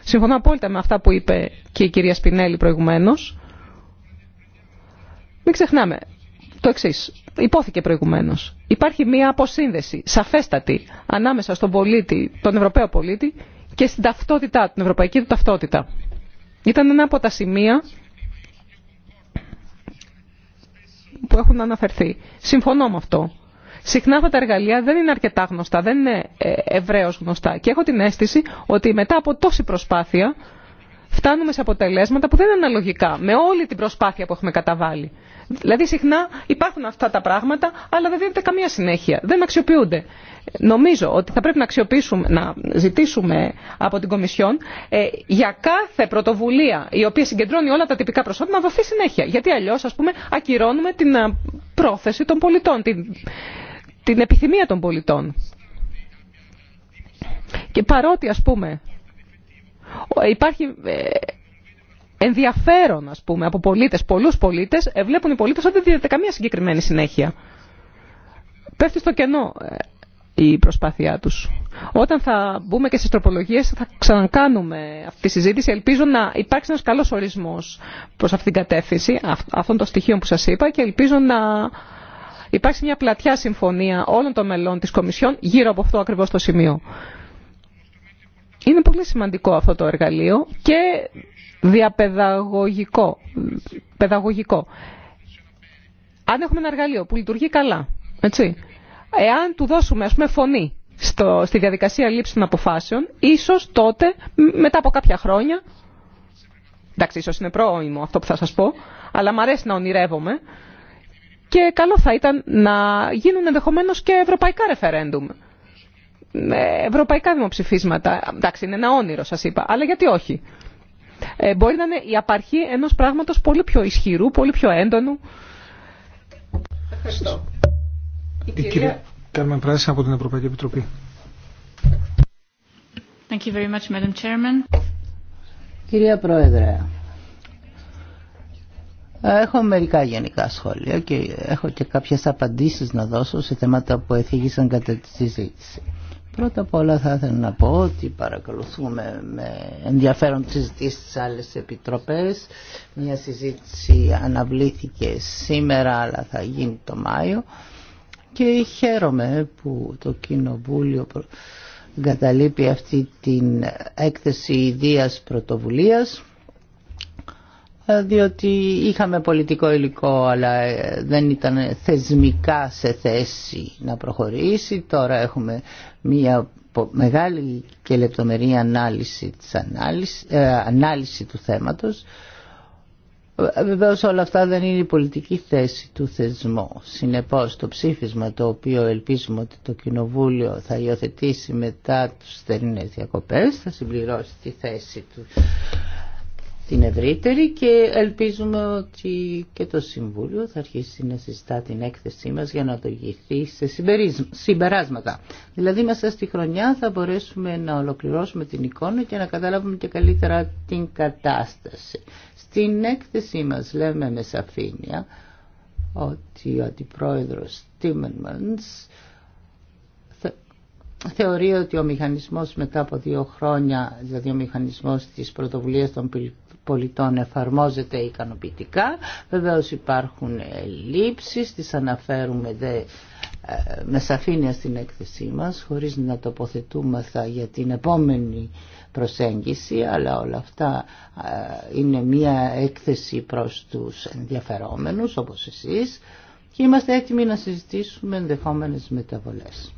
συμφωνώ απόλυτα με αυτά που είπε και η κυρία Σπινέλη προηγουμένως, μην ξεχνάμε, το εξή. Υπόθηκε προηγουμένω. Υπάρχει μια αποσύνδεση σαφέστατη ανάμεσα στον πολίτη, τον Ευρωπαίο πολίτη και στην ταυτότητά, την ευρωπαϊκή του ταυτότητα. Ήταν ένα από τα σημεία που έχουν αναφερθεί. Συμφωνώ με αυτό. Συχνά αυτά τα εργαλεία δεν είναι αρκετά γνωστά, δεν είναι ε, ευρέως γνωστά. Και έχω την αίσθηση ότι μετά από τόση προσπάθεια φτάνουμε σε αποτελέσματα που δεν είναι αναλογικά με όλη την προσπάθεια που έχουμε καταβάλει. Δηλαδή συχνά υπάρχουν αυτά τα πράγματα, αλλά δεν δίνεται καμία συνέχεια. Δεν αξιοποιούνται. Νομίζω ότι θα πρέπει να, αξιοποιήσουμε, να ζητήσουμε από την Κομισιόν ε, για κάθε πρωτοβουλία η οποία συγκεντρώνει όλα τα τυπικά προσόντα να δοθεί συνέχεια. Γιατί αλλιώς ας πούμε, ακυρώνουμε την ε, πρόθεση των πολιτών, την, την επιθυμία των πολιτών. Και παρότι, ας πούμε, Υπάρχει ε, ενδιαφέρον, πούμε, από πολίτες, πολλούς πολίτες, ε, βλέπουν οι πολίτες ότι δεν δίνεται καμία συγκεκριμένη συνέχεια. Πέφτει στο κενό ε, η προσπάθειά τους. Όταν θα μπούμε και στις τροπολογίες θα ξανακάνουμε αυτή τη συζήτηση. Ελπίζω να υπάρξει ένας καλός ορισμός προς αυτήν την κατεύθυνση αυτών των στοιχείων που σας είπα και ελπίζω να υπάρξει μια πλατιά συμφωνία όλων των μελών της Κομισιόν γύρω από αυτό ακριβώς το σημείο. Είναι πολύ σημαντικό αυτό το εργαλείο και διαπαιδαγωγικό. Αν έχουμε ένα εργαλείο που λειτουργεί καλά, έτσι, εάν του δώσουμε ας πούμε, φωνή στο, στη διαδικασία λήψη των αποφάσεων, ίσως τότε, μετά από κάποια χρόνια, εντάξει, ίσως είναι πρόημο αυτό που θα σας πω, αλλά μου αρέσει να ονειρεύομαι, και καλό θα ήταν να γίνουν ενδεχομένως και ευρωπαϊκά ρεφερέντουμ ε, ευρωπαϊκά δημοψηφίσματα. Εντάξει, είναι ένα όνειρο σας είπα, αλλά γιατί όχι. Ε, μπορεί να είναι η απαρχή ενό πράγματος πολύ πιο ισχυρού, πολύ πιο έντονου. Ευχαριστώ. Η, κυρία Κάρμεν από την Ευρωπαϊκή Επιτροπή. Thank you very much, Madam Chairman. Κυρία Πρόεδρε, έχω μερικά γενικά σχόλια και έχω και κάποιες απαντήσεις να δώσω σε θέματα που εθίγησαν κατά τη συζήτηση. Πρώτα απ' όλα θα ήθελα να πω ότι παρακολουθούμε με ενδιαφέρον τις συζητήσεις στις άλλες επιτροπές. Μια συζήτηση αναβλήθηκε σήμερα αλλά θα γίνει το Μάιο και χαίρομαι που το Κοινοβούλιο καταλείπει αυτή την έκθεση ιδίας πρωτοβουλίας διότι είχαμε πολιτικό υλικό αλλά ε, δεν ήταν θεσμικά σε θέση να προχωρήσει. Τώρα έχουμε μια μεγάλη και λεπτομερή ανάλυση, της ε, ανάλυση, του θέματος. Ε, Βεβαίω όλα αυτά δεν είναι η πολιτική θέση του θεσμού. Συνεπώς το ψήφισμα το οποίο ελπίζουμε ότι το Κοινοβούλιο θα υιοθετήσει μετά τους θερινές διακοπές θα συμπληρώσει τη θέση του την ευρύτερη και ελπίζουμε ότι και το Συμβούλιο θα αρχίσει να συζητά την έκθεσή μας για να το γυρθεί σε συμπεράσματα. Δηλαδή μέσα στη χρονιά θα μπορέσουμε να ολοκληρώσουμε την εικόνα και να καταλάβουμε και καλύτερα την κατάσταση. Στην έκθεσή μας λέμε με σαφήνεια ότι ο Αντιπρόεδρος Τίμερμανς θεωρεί ότι ο μηχανισμός μετά από δύο χρόνια, δηλαδή ο μηχανισμός της πρωτοβουλίας των πολιτών εφαρμόζεται ικανοποιητικά. Βεβαίως υπάρχουν λήψεις, τις αναφέρουμε δε ε, με σαφήνεια στην έκθεσή μας χωρίς να τοποθετούμεθα για την επόμενη προσέγγιση αλλά όλα αυτά ε, είναι μια έκθεση προς τους ενδιαφερόμενους όπως εσείς και είμαστε έτοιμοι να συζητήσουμε ενδεχόμενες μεταβολές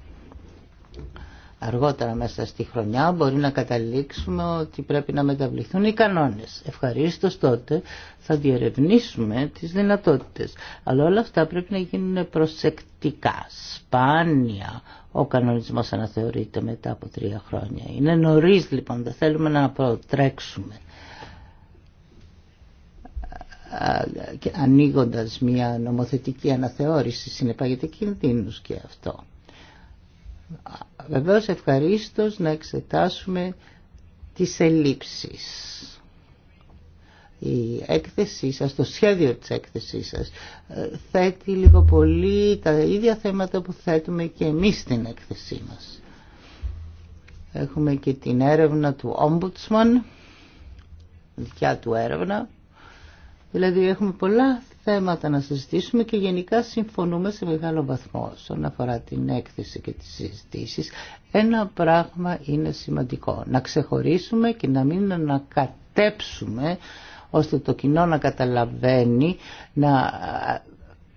αργότερα μέσα στη χρονιά μπορεί να καταλήξουμε ότι πρέπει να μεταβληθούν οι κανόνες. Ευχαρίστως τότε θα διερευνήσουμε τις δυνατότητες. Αλλά όλα αυτά πρέπει να γίνουν προσεκτικά. Σπάνια ο κανονισμός αναθεωρείται μετά από τρία χρόνια. Είναι νωρί λοιπόν, δεν θέλουμε να προτρέξουμε ανοίγοντας μια νομοθετική αναθεώρηση συνεπάγεται κινδύνους και αυτό Βεβαίως ευχαρίστως να εξετάσουμε τις ελλείψεις. Η έκθεσή σας, το σχέδιο της έκθεσής σας ε, θέτει λίγο πολύ τα ίδια θέματα που θέτουμε και εμείς στην έκθεσή μας. Έχουμε και την έρευνα του Ombudsman, δικιά του έρευνα, Δηλαδή έχουμε πολλά θέματα να συζητήσουμε και γενικά συμφωνούμε σε μεγάλο βαθμό όσον αφορά την έκθεση και τις συζητήσεις. Ένα πράγμα είναι σημαντικό, να ξεχωρίσουμε και να μην ανακατέψουμε ώστε το κοινό να καταλαβαίνει, να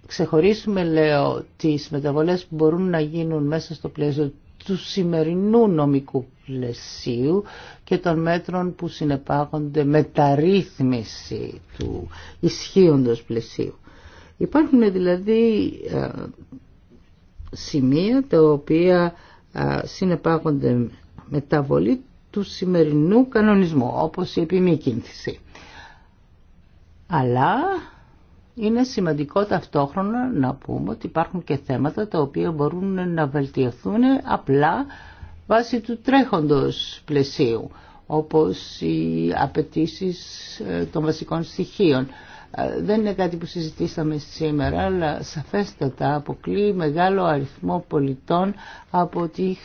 ξεχωρίσουμε λέω τις μεταβολές που μπορούν να γίνουν μέσα στο πλαίσιο του σημερινού νομικού πλαισίου και των μέτρων που συνεπάγονται μεταρρύθμιση του ισχύοντος πλαισίου. Υπάρχουν δηλαδή ε, σημεία τα οποία ε, συνεπάγονται μεταβολή του σημερινού κανονισμού, όπως η επιμήκυνθηση. Αλλά είναι σημαντικό ταυτόχρονα να πούμε ότι υπάρχουν και θέματα τα οποία μπορούν να βελτιωθούν απλά βάσει του τρέχοντος πλαισίου όπως οι απαιτήσει ε, των βασικών στοιχείων. Ε, δεν είναι κάτι που συζητήσαμε σήμερα, αλλά σαφέστατα αποκλείει μεγάλο αριθμό πολιτών από τη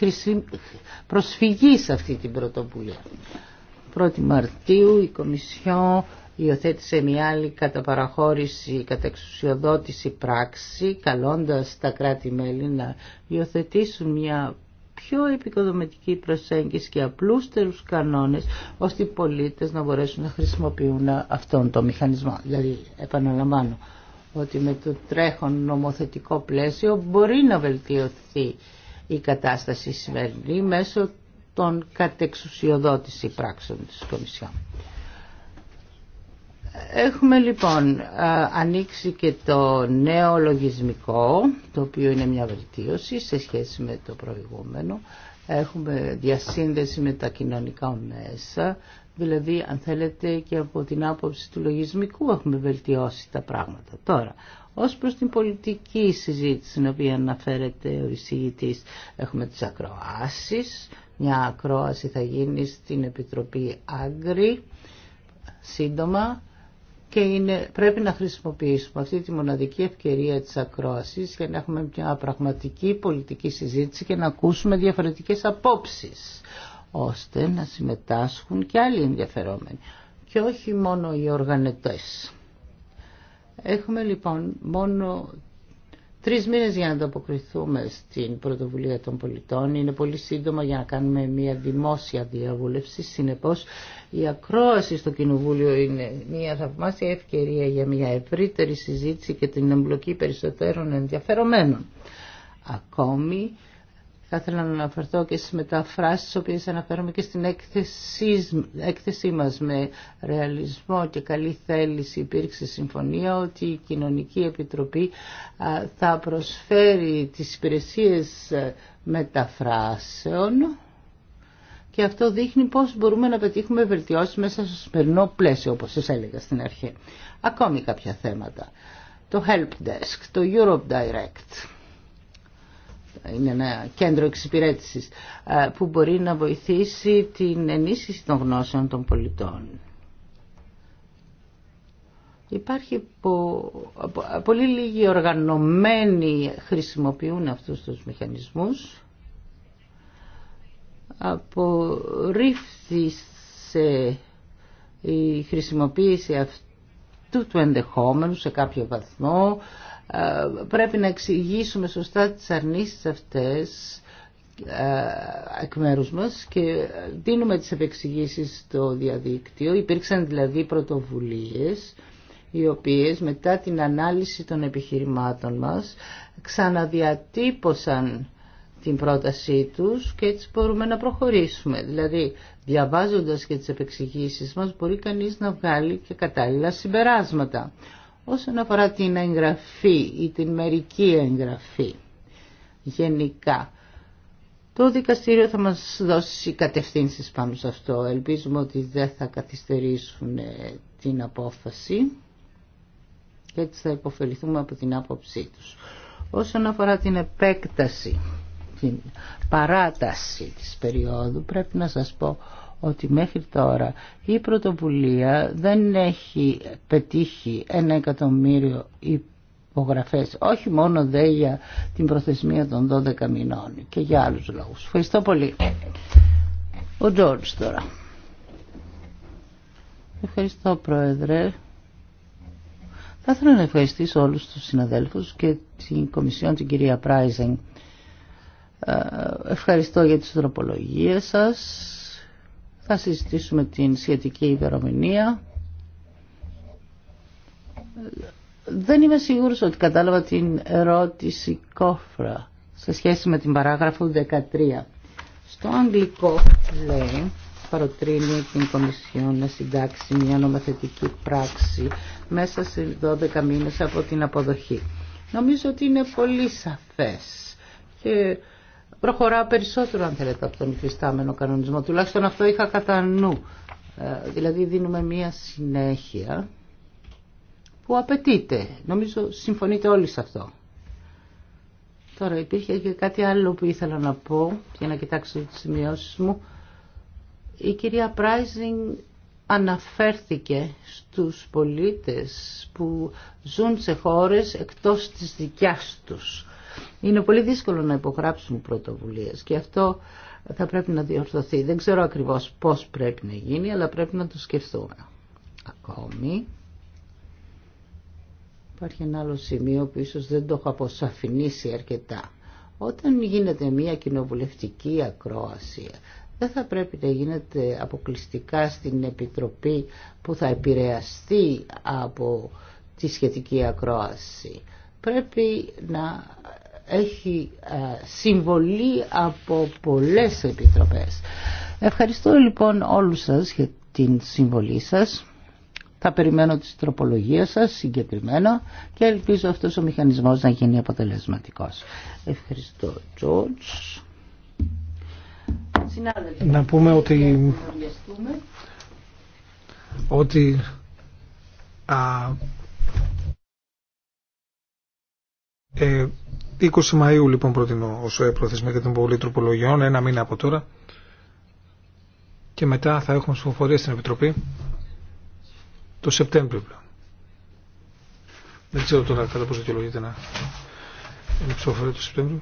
προσφυγή σε αυτή την πρωτοβουλία. 1η Μαρτίου η Κομισιόν υιοθέτησε μια άλλη καταπαραχώρηση, κατεξουσιοδότηση πράξη, καλώντας τα κράτη-μέλη να υιοθετήσουν μια πιο επικοδομητική προσέγγιση και απλούστερους κανόνες ώστε οι πολίτες να μπορέσουν να χρησιμοποιούν αυτόν τον μηχανισμό. Δηλαδή, επαναλαμβάνω, ότι με το τρέχον νομοθετικό πλαίσιο μπορεί να βελτιωθεί η κατάσταση σημερινή μέσω των κατεξουσιοδότηση πράξεων της Κομισιόν. Έχουμε λοιπόν ανοίξει και το νέο λογισμικό, το οποίο είναι μια βελτίωση σε σχέση με το προηγούμενο. Έχουμε διασύνδεση με τα κοινωνικά μέσα, δηλαδή αν θέλετε και από την άποψη του λογισμικού έχουμε βελτιώσει τα πράγματα. Τώρα, ως προς την πολιτική συζήτηση στην οποία αναφέρεται ο εισηγητής, έχουμε τις ακροάσεις, μια ακρόαση θα γίνει στην Επιτροπή Άγκρη, σύντομα και είναι, πρέπει να χρησιμοποιήσουμε αυτή τη μοναδική ευκαιρία της ακρόασης για να έχουμε μια πραγματική πολιτική συζήτηση και να ακούσουμε διαφορετικές απόψεις ώστε να συμμετάσχουν και άλλοι ενδιαφερόμενοι και όχι μόνο οι οργανωτές. Έχουμε λοιπόν μόνο Τρεις μήνες για να ανταποκριθούμε στην πρωτοβουλία των πολιτών είναι πολύ σύντομα για να κάνουμε μια δημόσια διαβούλευση. Συνεπώς η ακρόαση στο Κοινοβούλιο είναι μια θαυμάσια ευκαιρία για μια ευρύτερη συζήτηση και την εμπλοκή περισσότερων ενδιαφερομένων. Ακόμη θα ήθελα να αναφερθώ και στις μεταφράσεις, τις οποίες αναφέρομαι και στην έκθεσή, μας με ρεαλισμό και καλή θέληση. Υπήρξε συμφωνία ότι η Κοινωνική Επιτροπή θα προσφέρει τις υπηρεσίες ε, μεταφράσεων και αυτό δείχνει πώς μπορούμε να πετύχουμε βελτιώσεις μέσα στο σημερινό πλαίσιο, όπως σας έλεγα στην αρχή. Ακόμη κάποια θέματα. Το Help Desk, το Europe Direct είναι ένα κέντρο εξυπηρέτηση. Ε, που μπορεί να βοηθήσει την ενίσχυση των γνώσεων των πολιτών. Υπάρχει πο, πολύ λίγοι οργανωμένοι χρησιμοποιούν αυτούς τους μηχανισμούς. Απορρίφθησε η χρησιμοποίηση αυτού του ενδεχόμενου σε κάποιο βαθμό ε, πρέπει να εξηγήσουμε σωστά τις αρνήσεις αυτές ε, εκ μέρου μας και δίνουμε τις επεξηγήσεις στο διαδίκτυο. Υπήρξαν δηλαδή πρωτοβουλίες οι οποίες μετά την ανάλυση των επιχειρημάτων μας ξαναδιατύπωσαν την πρότασή τους και έτσι μπορούμε να προχωρήσουμε. Δηλαδή διαβάζοντας και τις επεξηγήσεις μας μπορεί κανείς να βγάλει και κατάλληλα συμπεράσματα. Όσον αφορά την εγγραφή ή την μερική εγγραφή γενικά, το δικαστήριο θα μας δώσει κατευθύνσεις πάνω σε αυτό. Ελπίζουμε ότι δεν θα καθυστερήσουν ε, την απόφαση και έτσι θα υποφεληθούμε από την άποψή τους. Όσον αφορά την επέκταση, την παράταση της περίοδου, πρέπει να σας πω ότι μέχρι τώρα η πρωτοβουλία δεν έχει πετύχει ένα εκατομμύριο υπογραφές, όχι μόνο δε για την προθεσμία των 12 μηνών και για άλλους λόγους. Ευχαριστώ πολύ. Ο Τζόρτς τώρα. Ευχαριστώ Πρόεδρε. Θα ήθελα να ευχαριστήσω όλους τους συναδέλφους και την Κομισιόν, την κυρία Πράιζεν. Ε, ευχαριστώ για τις τροπολογίες σας θα συζητήσουμε την σχετική ημερομηνία. Δεν είμαι σίγουρος ότι κατάλαβα την ερώτηση κόφρα σε σχέση με την παράγραφο 13. Στο αγγλικό λέει παροτρύνει την Κομισιόν να συντάξει μια νομοθετική πράξη μέσα σε 12 μήνες από την αποδοχή. Νομίζω ότι είναι πολύ σαφές και προχωρά περισσότερο αν θέλετε από τον υφιστάμενο κανονισμό. Τουλάχιστον αυτό είχα κατά νου. Ε, δηλαδή δίνουμε μία συνέχεια που απαιτείται. Νομίζω συμφωνείτε όλοι σε αυτό. Τώρα υπήρχε και κάτι άλλο που ήθελα να πω για να κοιτάξω τις σημειώσεις μου. Η κυρία Πράιζινγκ αναφέρθηκε στους πολίτες που ζουν σε χώρες εκτός της δικιάς τους είναι πολύ δύσκολο να υπογράψουν πρωτοβουλίες και αυτό θα πρέπει να διορθωθεί. Δεν ξέρω ακριβώς πώς πρέπει να γίνει, αλλά πρέπει να το σκεφτούμε. Ακόμη, υπάρχει ένα άλλο σημείο που ίσως δεν το έχω αποσαφηνίσει αρκετά. Όταν γίνεται μια κοινοβουλευτική ακρόαση, δεν θα πρέπει να γίνεται αποκλειστικά στην Επιτροπή που θα επηρεαστεί από τη σχετική ακρόαση. Πρέπει να έχει ε, συμβολή από πολλές επιτροπές. Ευχαριστώ λοιπόν όλους σας για την συμβολή σας. Θα περιμένω τις τροπολογίες σας συγκεκριμένα και ελπίζω αυτός ο μηχανισμός να γίνει αποτελεσματικός. Ευχαριστώ, George. να πούμε ότι, ότι α, ε, 20 Μαΐου λοιπόν προτείνω όσο ε, προθεσμία για τον πολύ τροπολογιών, ένα μήνα από τώρα. Και μετά θα έχουμε ψηφοφορία στην Επιτροπή το Σεπτέμβριο πλέον. Δεν ξέρω τώρα κατά πώς δικαιολογείται να είναι ψηφοφορία το Σεπτέμβριο.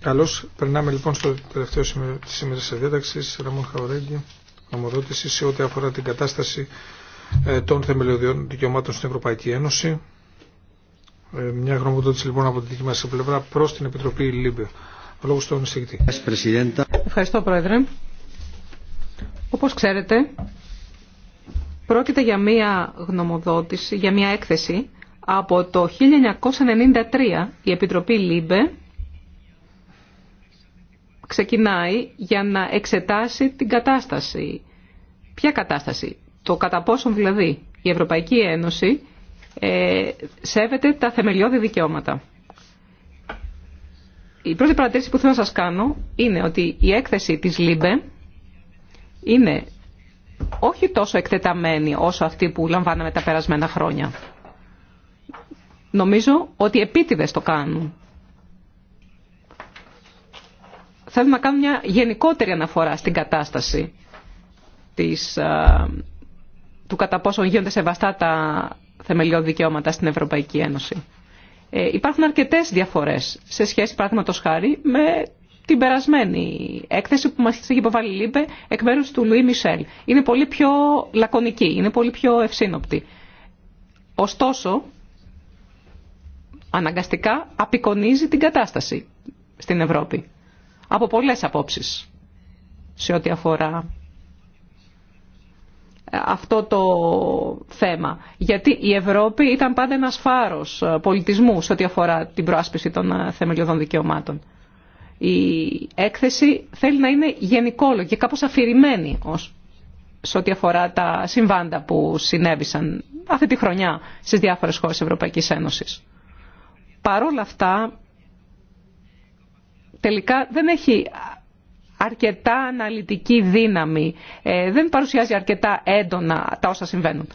Καλώς, περνάμε λοιπόν στο τελευταίο σημείο της σήμερας διάταξης, Ραμόν Χαουρέγγι, νομοδότηση σε ό,τι αφορά την κατάσταση ε, των θεμελιωδιών δικαιωμάτων στην Ευρωπαϊκή Ένωση. Ε, μια γνωμοδότηση λοιπόν από την δική μας πλευρά προς την Επιτροπή ΛΥΜΠΕ. Λόγω στον εισηγητή. Ευχαριστώ Πρόεδρε. Όπως ξέρετε, πρόκειται για μια γνωμοδότηση, για μια έκθεση από το 1993 η Επιτροπή ΛΥΜΠΕ ξεκινάει για να εξετάσει την κατάσταση. Ποια κατάσταση, το κατά πόσον δηλαδή η Ευρωπαϊκή Ένωση ε, σέβεται τα θεμελιώδη δικαιώματα. Η πρώτη παρατήρηση που θέλω να σας κάνω είναι ότι η έκθεση της ΛΥΜΠΕ είναι όχι τόσο εκτεταμένη όσο αυτή που λαμβάναμε τα περασμένα χρόνια. Νομίζω ότι επίτηδες το κάνουν. Θέλω να κάνουν μια γενικότερη αναφορά στην κατάσταση του κατά πόσο γίνονται σεβαστά τα θεμελιώδη δικαιώματα στην Ευρωπαϊκή Ένωση. Ε, υπάρχουν αρκετές διαφορές σε σχέση πράγματο χάρη με την περασμένη έκθεση που μα έχει υποβάλει Λίμπε εκ μέρου του Λουί Μισελ. Είναι πολύ πιο λακωνική, είναι πολύ πιο ευσύνοπτη. Ωστόσο, αναγκαστικά απεικονίζει την κατάσταση στην Ευρώπη. Από πολλές απόψεις σε ό,τι αφορά αυτό το θέμα. Γιατί η Ευρώπη ήταν πάντα ένας φάρος ε, πολιτισμού σε ό,τι αφορά την προάσπιση των ε, θεμελιωδών δικαιωμάτων. Η έκθεση θέλει να είναι γενικόλογη και κάπως αφηρημένη ως σε ό,τι αφορά τα συμβάντα που συνέβησαν αυτή τη χρονιά στις διάφορες χώρες της Ευρωπαϊκής Ένωσης. Παρ' όλα αυτά, τελικά δεν έχει αρκετά αναλυτική δύναμη, ε, δεν παρουσιάζει αρκετά έντονα τα όσα συμβαίνουν.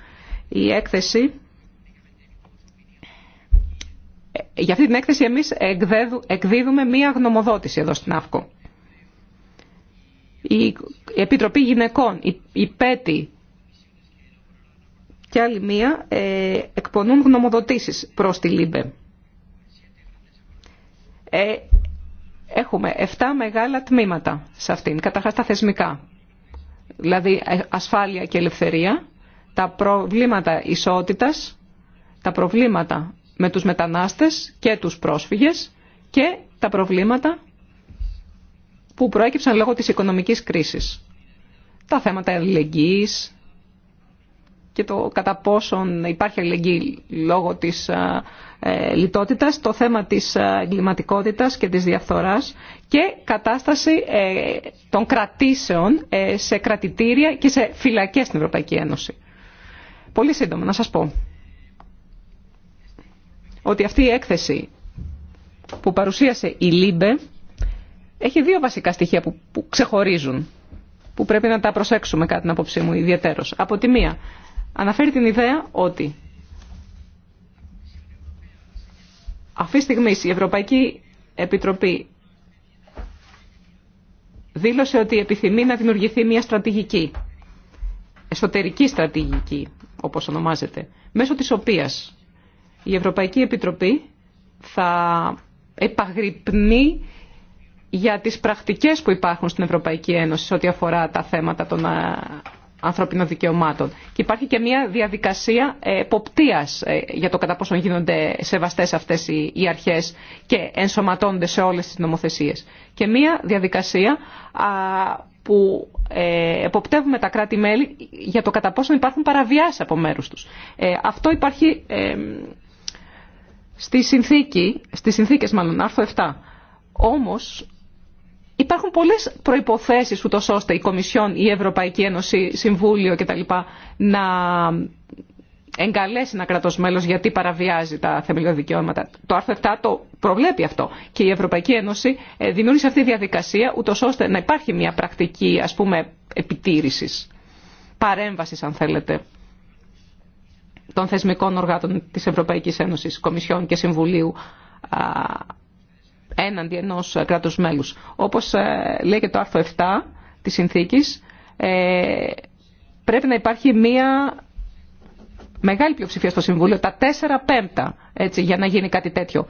Η έκθεση ε, για αυτή την έκθεση εμείς εκδίδουμε μία γνωμοδότηση εδώ στην ΑΦΚΟ. Η Επιτροπή Γυναικών, η ΠΕΤΗ και άλλη μία ε, εκπονούν γνωμοδοτήσεις προς τη ΛΥΜΠΕ. Έχουμε 7 μεγάλα τμήματα σε αυτήν. Καταρχάς τα θεσμικά, δηλαδή ε, ασφάλεια και ελευθερία, τα προβλήματα ισότητας, τα προβλήματα με τους μετανάστες και τους πρόσφυγες και τα προβλήματα που προέκυψαν λόγω της οικονομικής κρίσης. Τα θέματα αλληλεγγύης, και το κατά πόσον υπάρχει αλληλεγγύη λόγω της ε, ε λιτότητας, το θέμα της ε, εγκληματικότητας και της διαφθοράς και κατάσταση ε, των κρατήσεων σε κρατητήρια και σε φυλακές στην Ευρωπαϊκή Ένωση. Πολύ σύντομα να σας πω ότι αυτή η έκθεση που παρουσίασε η ΛΥΜΠΕ έχει δύο βασικά στοιχεία που, ξεχωρίζουν, που πρέπει να τα προσέξουμε κατά την απόψή μου ιδιαίτερος. Από τη μία, αναφέρει την ιδέα ότι αυτή τη στιγμή η Ευρωπαϊκή Επιτροπή δήλωσε ότι επιθυμεί να δημιουργηθεί μια στρατηγική, εσωτερική στρατηγική όπως ονομάζεται, μέσω της οποίας η Ευρωπαϊκή Επιτροπή θα επαγρυπνεί για τις πρακτικές που υπάρχουν στην Ευρωπαϊκή Ένωση σε ό,τι αφορά τα θέματα των ε, ανθρωπίνων δικαιωμάτων. Και υπάρχει και μια διαδικασία ε, εποπτείας ε, για το κατά πόσο γίνονται σεβαστές αυτές οι αρχές και ενσωματώνονται σε όλες τις νομοθεσίες. Και μια διαδικασία που ε, εποπτεύουμε τα κράτη-μέλη για το κατά πόσο υπάρχουν παραβιάσεις από μέρους τους. Αυτό υπάρχει στη συνθήκη, στις συνθήκες μάλλον, άρθρο 7. Όμως Υπάρχουν πολλέ προποθέσει ούτω ώστε η Κομισιόν, η Ευρωπαϊκή Ένωση, Συμβούλιο κτλ. να εγκαλέσει ένα κράτο μέλο γιατί παραβιάζει τα θεμελιώδη δικαιώματα. Το άρθρο 7 το προβλέπει αυτό και η Ευρωπαϊκή Ένωση ε, δημιούργησε αυτή τη διαδικασία ούτω ώστε να υπάρχει μια πρακτική ας πούμε επιτήρησης, παρέμβασης αν θέλετε των θεσμικών οργάτων της Ευρωπαϊκής Ένωσης, Κομισιόν και Συμβουλίου έναντι ενός κράτους μέλους. Όπως ε, λέει και το άρθρο 7 της συνθήκης, ε, πρέπει να υπάρχει μία μεγάλη πλειοψηφία στο Συμβούλιο, τα 4 πέμπτα, έτσι, για να γίνει κάτι τέτοιο.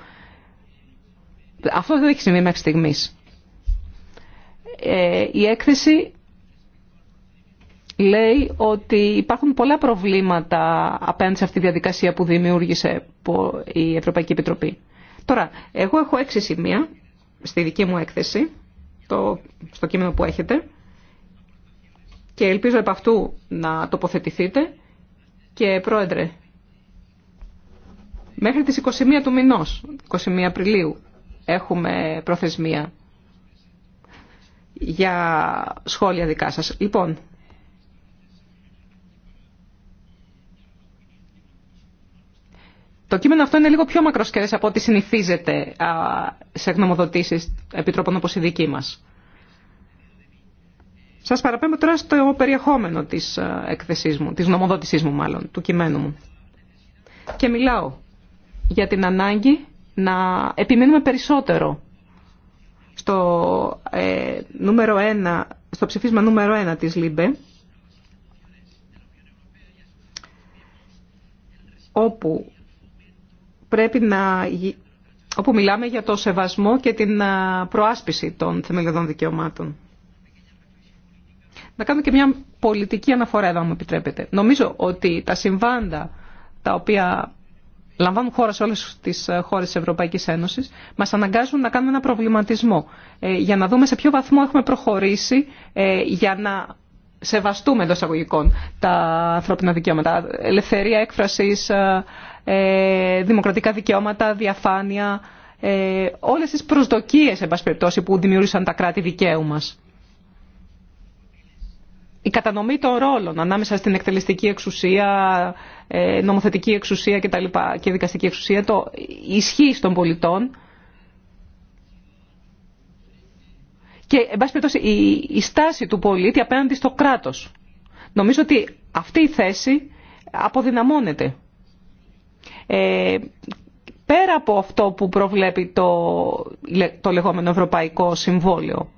Αυτό δεν έχει συμβεί μέχρι στιγμής. Ε, η έκθεση λέει ότι υπάρχουν πολλά προβλήματα απέναντι σε αυτή τη διαδικασία που δημιούργησε η Ευρωπαϊκή Επιτροπή. Τώρα, εγώ έχω έξι σημεία στη δική μου έκθεση, το, στο κείμενο που έχετε, και ελπίζω επ' αυτού να τοποθετηθείτε. Και πρόεδρε, μέχρι τις 21 του μηνός, 21 Απριλίου, έχουμε προθεσμία για σχόλια δικά σας. Λοιπόν, Το κείμενο αυτό είναι λίγο πιο μακροσκελέ από ό,τι συνηθίζεται σε γνωμοδοτήσει επιτρόπων όπω η δική μας. Σας παραπέμπω τώρα στο περιεχόμενο της εκθεσή μου, της γνωμοδότησής μου μάλλον, του κειμένου μου. Και μιλάω για την ανάγκη να επιμείνουμε περισσότερο στο, ε, νούμερο ένα στο ψηφίσμα νούμερο 1 της ΛΥΜΠΕ, όπου πρέπει να, όπου μιλάμε για το σεβασμό και την προάσπιση των θεμελιωδών δικαιωμάτων. Να κάνω και μια πολιτική αναφορά εδώ, αν μου επιτρέπετε. Νομίζω ότι τα συμβάντα τα οποία λαμβάνουν χώρα σε όλες τις χώρες της Ευρωπαϊκής Ένωσης, μας αναγκάζουν να κάνουμε ένα προβληματισμό ε, για να δούμε σε ποιο βαθμό έχουμε προχωρήσει ε, για να σεβαστούμε εντό αγωγικών τα ανθρώπινα δικαιώματα. Ελευθερία έκφρασης, ε, ε, δημοκρατικά δικαιώματα, διαφάνεια, ε, όλες τι προσδοκίες, εν που δημιούργησαν τα κράτη δικαίου μα. Η κατανομή των ρόλων ανάμεσα στην εκτελεστική εξουσία, νομοθετική εξουσία κτλ. και δικαστική εξουσία, το ισχύει στον πολιτών, και εν πάση περιπτώσει η, στάση του πολίτη απέναντι στο κράτος. Νομίζω ότι αυτή η θέση αποδυναμώνεται. Ε, πέρα από αυτό που προβλέπει το, το λεγόμενο Ευρωπαϊκό Συμβόλαιο.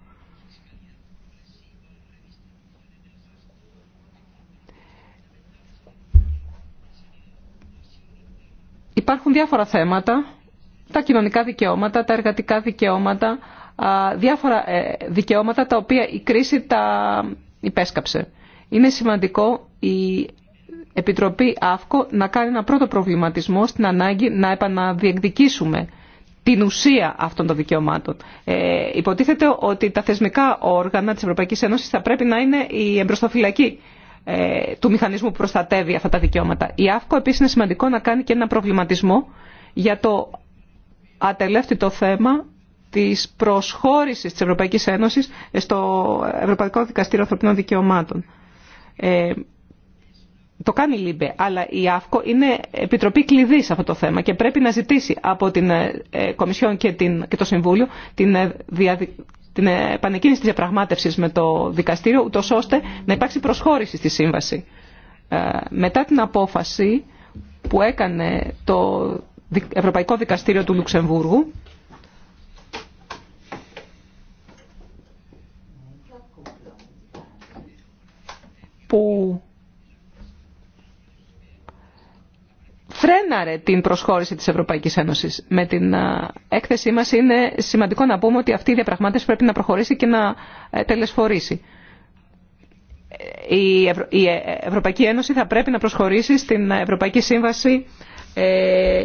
Υπάρχουν διάφορα θέματα, τα κοινωνικά δικαιώματα, τα εργατικά δικαιώματα, διάφορα ε, δικαιώματα τα οποία η κρίση τα υπέσκαψε. Είναι σημαντικό η Επιτροπή ΑΦΚΟ να κάνει ένα πρώτο προβληματισμό στην ανάγκη να επαναδιεκδικήσουμε την ουσία αυτών των δικαιωμάτων. Ε, υποτίθεται ότι τα θεσμικά όργανα της Ευρωπαϊκής Ένωσης θα πρέπει να είναι η εμπροστοφυλακή ε, του μηχανισμού που προστατεύει αυτά τα δικαιώματα. Η ΑΦΚΟ επίσης είναι σημαντικό να κάνει και ένα προβληματισμό για το ατελεύτητο θέμα της προσχώρησης της Ευρωπαϊκής Ένωσης στο Ευρωπαϊκό Δικαστήριο Ανθρωπινών Δικαιωμάτων. Ε, το κάνει η ΛΥΜΠΕ, αλλά η ΑΦΚΟ είναι επιτροπή κλειδί σε αυτό το θέμα και πρέπει να ζητήσει από την ε, Κομισιόν και, το Συμβούλιο την, ε, την επανεκκίνηση της διαπραγμάτευσης με το δικαστήριο, ούτως ώστε να υπάρξει προσχώρηση στη σύμβαση. μετά την απόφαση που έκανε το Ευρωπαϊκό Δικαστήριο του Λουξεμβούργου, που φρέναρε την προσχώρηση της Ευρωπαϊκής Ένωσης. Με την έκθεσή μας είναι σημαντικό να πούμε ότι αυτή η διαπραγμάτευση πρέπει να προχωρήσει και να ε, τελεσφορήσει. Ε, η ε, Ευρωπαϊκή Ένωση θα πρέπει να προσχωρήσει στην Ευρωπαϊκή Σύμβαση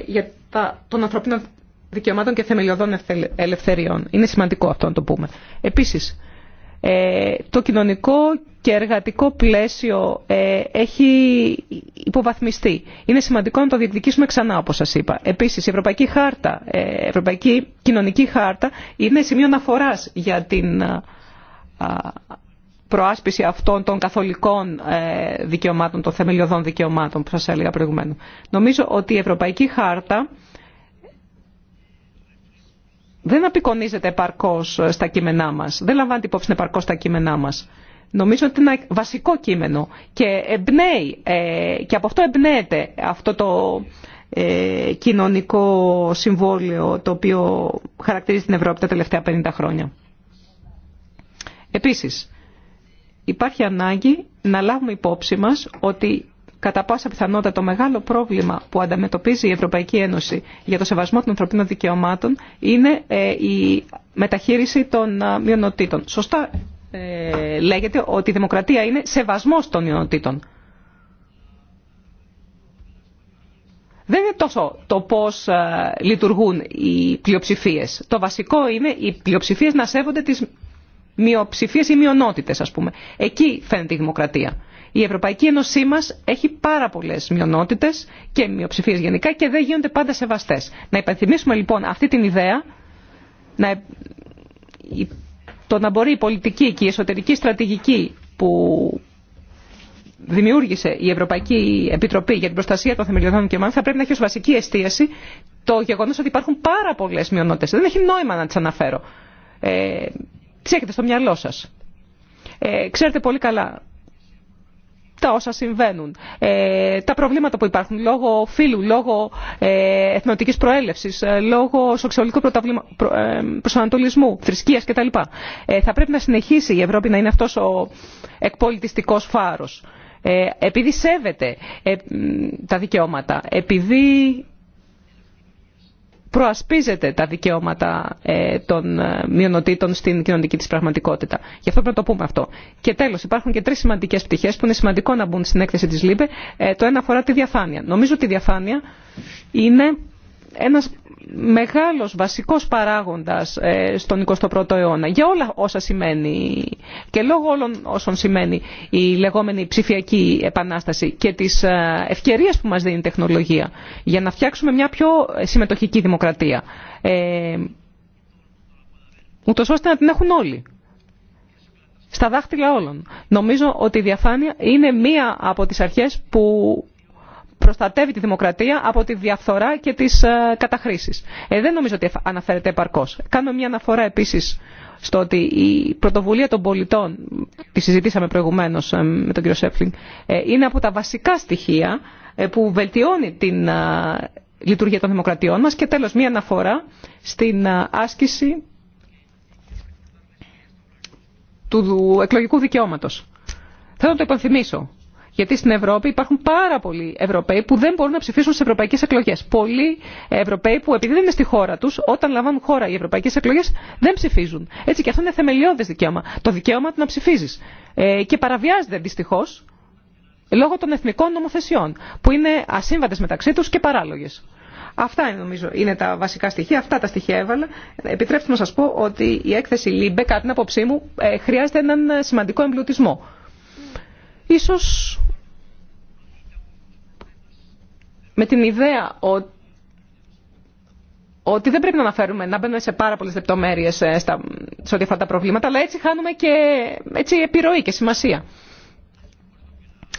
για τα, των ανθρωπίνων δικαιωμάτων και θεμελιωδών ελευθεριών. Είναι σημαντικό αυτό να το πούμε. Επίσης, ε, το κοινωνικό και εργατικό πλαίσιο ε, έχει υποβαθμιστεί. Είναι σημαντικό να το διεκδικήσουμε ξανά, όπως σας είπα. Επίσης, η Ευρωπαϊκή, Χάρτα, ε, Ευρωπαϊκή Κοινωνική Χάρτα είναι σημείο αναφορά για την προάσπιση αυτών των καθολικών δικαιωμάτων, των θεμελιωδών δικαιωμάτων που σας έλεγα προηγουμένως. Νομίζω ότι η Ευρωπαϊκή Χάρτα δεν απεικονίζεται επαρκώ ε, στα κείμενά μα. Δεν λαμβάνεται υπόψη επαρκώ στα κείμενά μα. Νομίζω ότι είναι ένα βασικό κείμενο και εμπνέει, ε, και από αυτό εμπνέεται αυτό το ε, κοινωνικό συμβόλαιο το οποίο χαρακτηρίζει την Ευρώπη τα τελευταία 50 χρόνια. Επίσης, υπάρχει ανάγκη να λάβουμε υπόψη μας ότι Κατά πάσα πιθανότητα το μεγάλο πρόβλημα που ανταμετωπίζει η Ευρωπαϊκή Ένωση για το σεβασμό των ανθρωπίνων δικαιωμάτων είναι ε, η μεταχείριση των ε, μειονοτήτων. Σωστά ε, λέγεται ότι η δημοκρατία είναι σεβασμός των μειονοτήτων. Δεν είναι τόσο το πώς λειτουργούν οι πλειοψηφίες. Το βασικό είναι οι πλειοψηφίες να σέβονται τις μειοψηφίες ή μειονότητες, ας πούμε. Εκεί φαίνεται η δημοκρατία. Η Ευρωπαϊκή Ένωσή μα έχει πάρα πολλέ μειονότητε και μειοψηφίε γενικά και δεν γίνονται πάντα σεβαστέ. Να υπενθυμίσουμε λοιπόν αυτή την ιδέα, να... Ε, το να μπορεί η πολιτική και η εσωτερική στρατηγική που δημιούργησε η Ευρωπαϊκή Επιτροπή για την Προστασία των Θεμελιωδών ομάδων θα πρέπει να έχει ως βασική εστίαση το γεγονό ότι υπάρχουν πάρα πολλέ μειονότητε. Δεν έχει νόημα να τι αναφέρω. Ε, τι έχετε στο μυαλό σα. Ε, ξέρετε πολύ καλά τα όσα συμβαίνουν, ε, τα προβλήματα που υπάρχουν λόγω φύλου, λόγω ε, εθνοτικής προέλευσης, ε, λόγω σοξιολικού προσανατολισμού, θρησκείας κτλ. Θα πρέπει να συνεχίσει η Ευρώπη να είναι αυτός ο εκπολιτιστικός φάρος. Επειδή σέβεται τα δικαιώματα, επειδή προασπίζεται τα δικαιώματα ε, των ε, μειονοτήτων στην κοινωνική της πραγματικότητα. Γι' αυτό πρέπει να το πούμε αυτό. Και τέλος, υπάρχουν και τρεις σημαντικές πτυχές που είναι σημαντικό να μπουν στην έκθεση της ΛΥΠΕ. Ε, το ένα αφορά τη διαφάνεια. Νομίζω ότι η διαφάνεια είναι ένας μεγάλος βασικός παράγοντας ε, στον 21ο αιώνα για όλα όσα σημαίνει και λόγω όλων όσων σημαίνει η λεγόμενη ψηφιακή επανάσταση και τις ε, ευκαιρίες που μας δίνει η τεχνολογία για να φτιάξουμε μια πιο ε, συμμετοχική δημοκρατία. Ε, ούτως ώστε να την έχουν όλοι. Στα δάχτυλα όλων. Νομίζω ότι η διαφάνεια είναι μία από τις αρχές που προστατεύει τη δημοκρατία από τη διαφθορά και τις ε, καταχρήσει. Ε, δεν νομίζω ότι αναφέρεται επαρκώ. Κάνω μια αναφορά επίσης στο ότι η πρωτοβουλία των πολιτών, τη συζητήσαμε προηγουμένως ε, με τον κύριο Σέφλινγκ, ε, είναι από τα βασικά στοιχεία που βελτιώνει την λειτουργία των δημοκρατιών μας και τέλος μια αναφορά στην άσκηση του εκλογικού δικαιώματος. Θέλω να το υπενθυμίσω γιατί στην Ευρώπη υπάρχουν πάρα πολλοί Ευρωπαίοι που δεν μπορούν να ψηφίσουν στι ευρωπαϊκέ εκλογέ. Πολλοί Ευρωπαίοι που επειδή δεν είναι στη χώρα του, όταν λαμβάνουν χώρα οι ευρωπαϊκέ εκλογέ, δεν ψηφίζουν. Έτσι και αυτό είναι θεμελιώδε δικαίωμα. Το δικαίωμα του να ψηφίζει. Ε, και παραβιάζεται δυστυχώ λόγω των εθνικών νομοθεσιών, που είναι ασύμβατε μεταξύ του και παράλογε. Αυτά νομίζω είναι τα βασικά στοιχεία. Αυτά τα στοιχεία έβαλα. Επιτρέψτε να σας πω ότι η έκθεση Λίμπε, κατά την άποψή μου, ε, χρειάζεται έναν σημαντικό εμπλουτισμό. Ίσως με την ιδέα ότι δεν πρέπει να αναφέρουμε, να μπαίνουμε σε πάρα πολλέ λεπτομέρειε ε, σε ό,τι αυτά τα προβλήματα, αλλά έτσι χάνουμε και έτσι επιρροή και σημασία.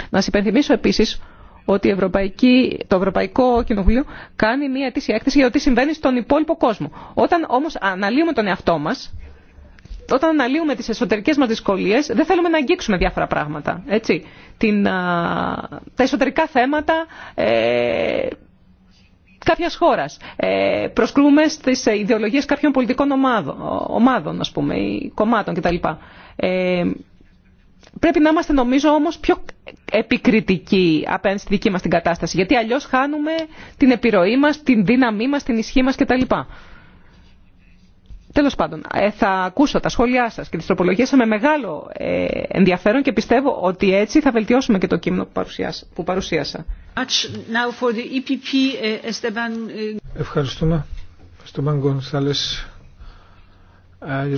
Να σα υπενθυμίσω επίση ότι Ευρωπαϊκή, το Ευρωπαϊκό Κοινοβούλιο κάνει μια αιτήσια έκθεση για το τι συμβαίνει στον υπόλοιπο κόσμο. Όταν όμω αναλύουμε τον εαυτό μα, όταν αναλύουμε τις εσωτερικές μας δυσκολίες, δεν θέλουμε να αγγίξουμε διάφορα πράγματα. Έτσι. Την, τα εσωτερικά θέματα ε, κάποιας χώρας. Ε, προσκρούμε στις ιδεολογίες κάποιων πολιτικών ομάδων, ομάδων πούμε, ή κομμάτων κτλ. Ε, πρέπει να είμαστε νομίζω όμως πιο επικριτικοί απέναντι στη δική μας την κατάσταση. Γιατί αλλιώς χάνουμε την επιρροή μας, την δύναμή μας, την ισχύ μας κτλ. Τέλος πάντων, ε, θα ακούσω τα σχόλιά σας και τις τροπολογίες με μεγάλο ε, ενδιαφέρον και πιστεύω ότι έτσι θα βελτιώσουμε και το κείμενο που παρουσίασα. Ευχαριστούμε. Στο Μάγκον Σάλες, για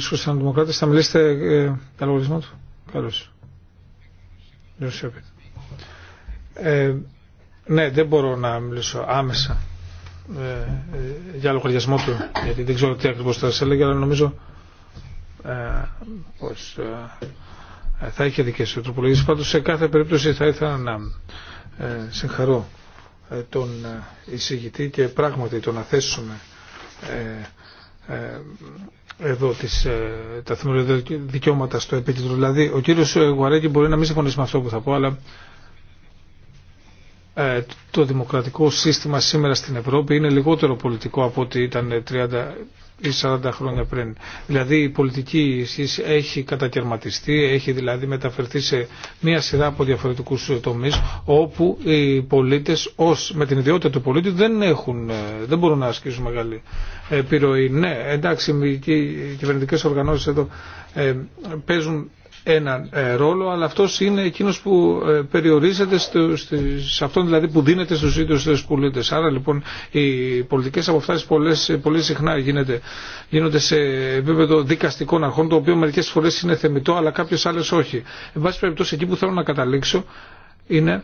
τους θα μιλήσετε ε, για λογαριασμό του. Καλώς. Ε, ναι, δεν μπορώ να μιλήσω άμεσα ε, ε, για λογαριασμό του, γιατί δεν ξέρω τι ακριβώς θα σας έλεγε, αλλά νομίζω ε, πως θα είχε δικές του τροπολογίες. Πάντως σε κάθε περίπτωση θα ήθελα να συγχαρώ τον εισηγητή και πράγματι το να θέσουμε εδώ τις, τα θεμελιώδη δικαιώματα στο επίκεντρο. Δηλαδή, ο κύριος Γουαρέκη μπορεί να μην συμφωνήσει με αυτό που θα πω, αλλά ε, το δημοκρατικό σύστημα σήμερα στην Ευρώπη είναι λιγότερο πολιτικό από ότι ήταν 30 ή 40 χρόνια πριν. Δηλαδή η πολιτική ισχύ έχει κατακαιρματιστεί, έχει δηλαδή μεταφερθεί σε μία σειρά από διαφορετικούς τομείς όπου οι πολίτες ως με την ιδιότητα του πολίτη δεν, έχουν, ε, δεν μπορούν να ασκήσουν μεγάλη επιρροή. Ναι, εντάξει, οι κυβερνητικές οργανώσεις εδώ ε, παίζουν έναν ε, ρόλο, αλλά αυτό είναι εκείνο που ε, περιορίζεται στο, σε αυτόν δηλαδή που δίνεται στου ίδιου του πολίτε. Άρα λοιπόν οι πολιτικέ αποφάσει πολύ συχνά γίνεται, γίνονται σε επίπεδο δικαστικών αρχών, το οποίο μερικέ φορέ είναι θεμητό, αλλά κάποιε άλλε όχι. Εν πάση περιπτώσει εκεί που θέλω να καταλήξω είναι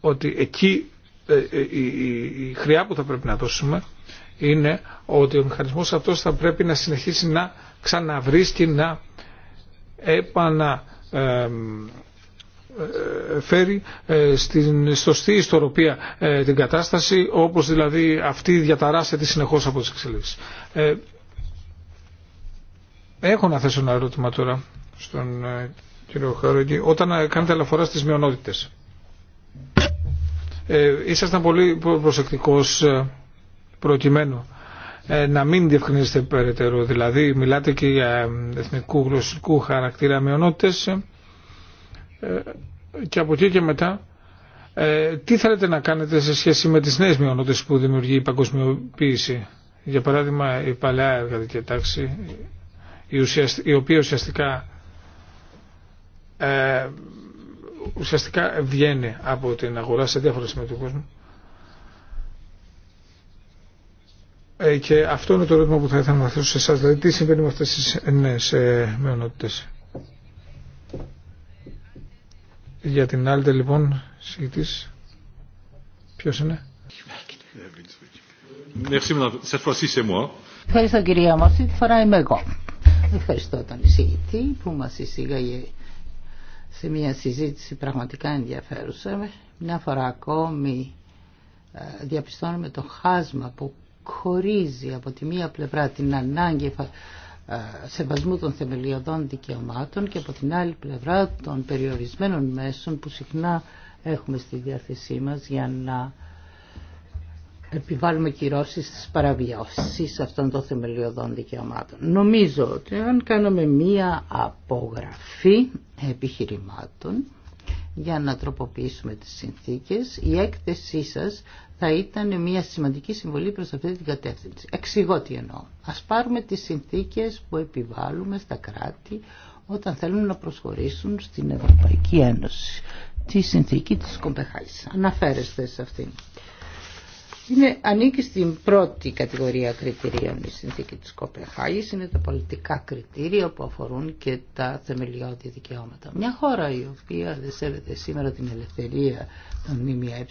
ότι εκεί ε, η χρειά που θα πρέπει να δώσουμε είναι ότι ο μηχανισμός αυτός θα πρέπει να συνεχίσει να ξαναβρίσκει, να επανα ε, φέρει ε, στην ιστορροπία ιστοροπία ε, την κατάσταση όπως δηλαδή αυτή διαταράσσεται συνεχώς από τις εξελίξεις. Έχω να θέσω ένα ερώτημα τώρα στον κύριο Χαρόγγι. Όταν κάνετε αναφορά στις μειονότητες ήσασταν πολύ προσεκτικός προκειμένου ε, να μην διευκρινίζεται περαιτέρω. Δηλαδή μιλάτε και για ε, εθνικού γλωσσικού χαρακτήρα μειονότητες ε, και από εκεί και μετά τι θέλετε να κάνετε σε σχέση με τις νέες μειονότητες που δημιουργεί η παγκοσμιοποίηση. Για παράδειγμα η παλαιά εργατική τάξη η οποία ουσιαστικά ουσιαστικά βγαίνει από την αγορά σε διάφορα συμμετοχή μου Ε, και αυτό είναι το ερώτημα που θα ήθελα να θέσω σε εσά. Δηλαδή, τι συμβαίνει με αυτέ τι νέε μειονότητε. Για την άλλη, λοιπόν, συγκητή. Ποιο είναι. Ευχαριστώ κυρία μου. Αυτή τη φορά είμαι εγώ. Ευχαριστώ τον εισηγητή που μας εισήγαγε σε μια συζήτηση πραγματικά ενδιαφέρουσα. Μια φορά ακόμη ε, διαπιστώνουμε το χάσμα που χωρίζει από τη μία πλευρά την ανάγκη σεβασμού των θεμελιωδών δικαιωμάτων και από την άλλη πλευρά των περιορισμένων μέσων που συχνά έχουμε στη διάθεσή μας για να επιβάλλουμε κυρώσεις στις παραβιώσεις αυτών των θεμελιωδών δικαιωμάτων. Νομίζω ότι αν κάνουμε μία απογραφή επιχειρημάτων για να τροποποιήσουμε τις συνθήκες. Η έκθεσή σας θα ήταν μια σημαντική συμβολή προς αυτή την κατεύθυνση. Εξηγώ τι εννοώ. Ας πάρουμε τις συνθήκες που επιβάλλουμε στα κράτη όταν θέλουν να προσχωρήσουν στην Ευρωπαϊκή Ένωση. Τη συνθήκη της Κομπεχάης. Αναφέρεστε σε αυτήν είναι, ανήκει στην πρώτη κατηγορία κριτηρίων η συνθήκη της Κοπεχάγης, είναι τα πολιτικά κριτήρια που αφορούν και τα θεμελιώδη δικαιώματα. Μια χώρα η οποία δεν σέβεται σήμερα την ελευθερία των ΜΜΕ,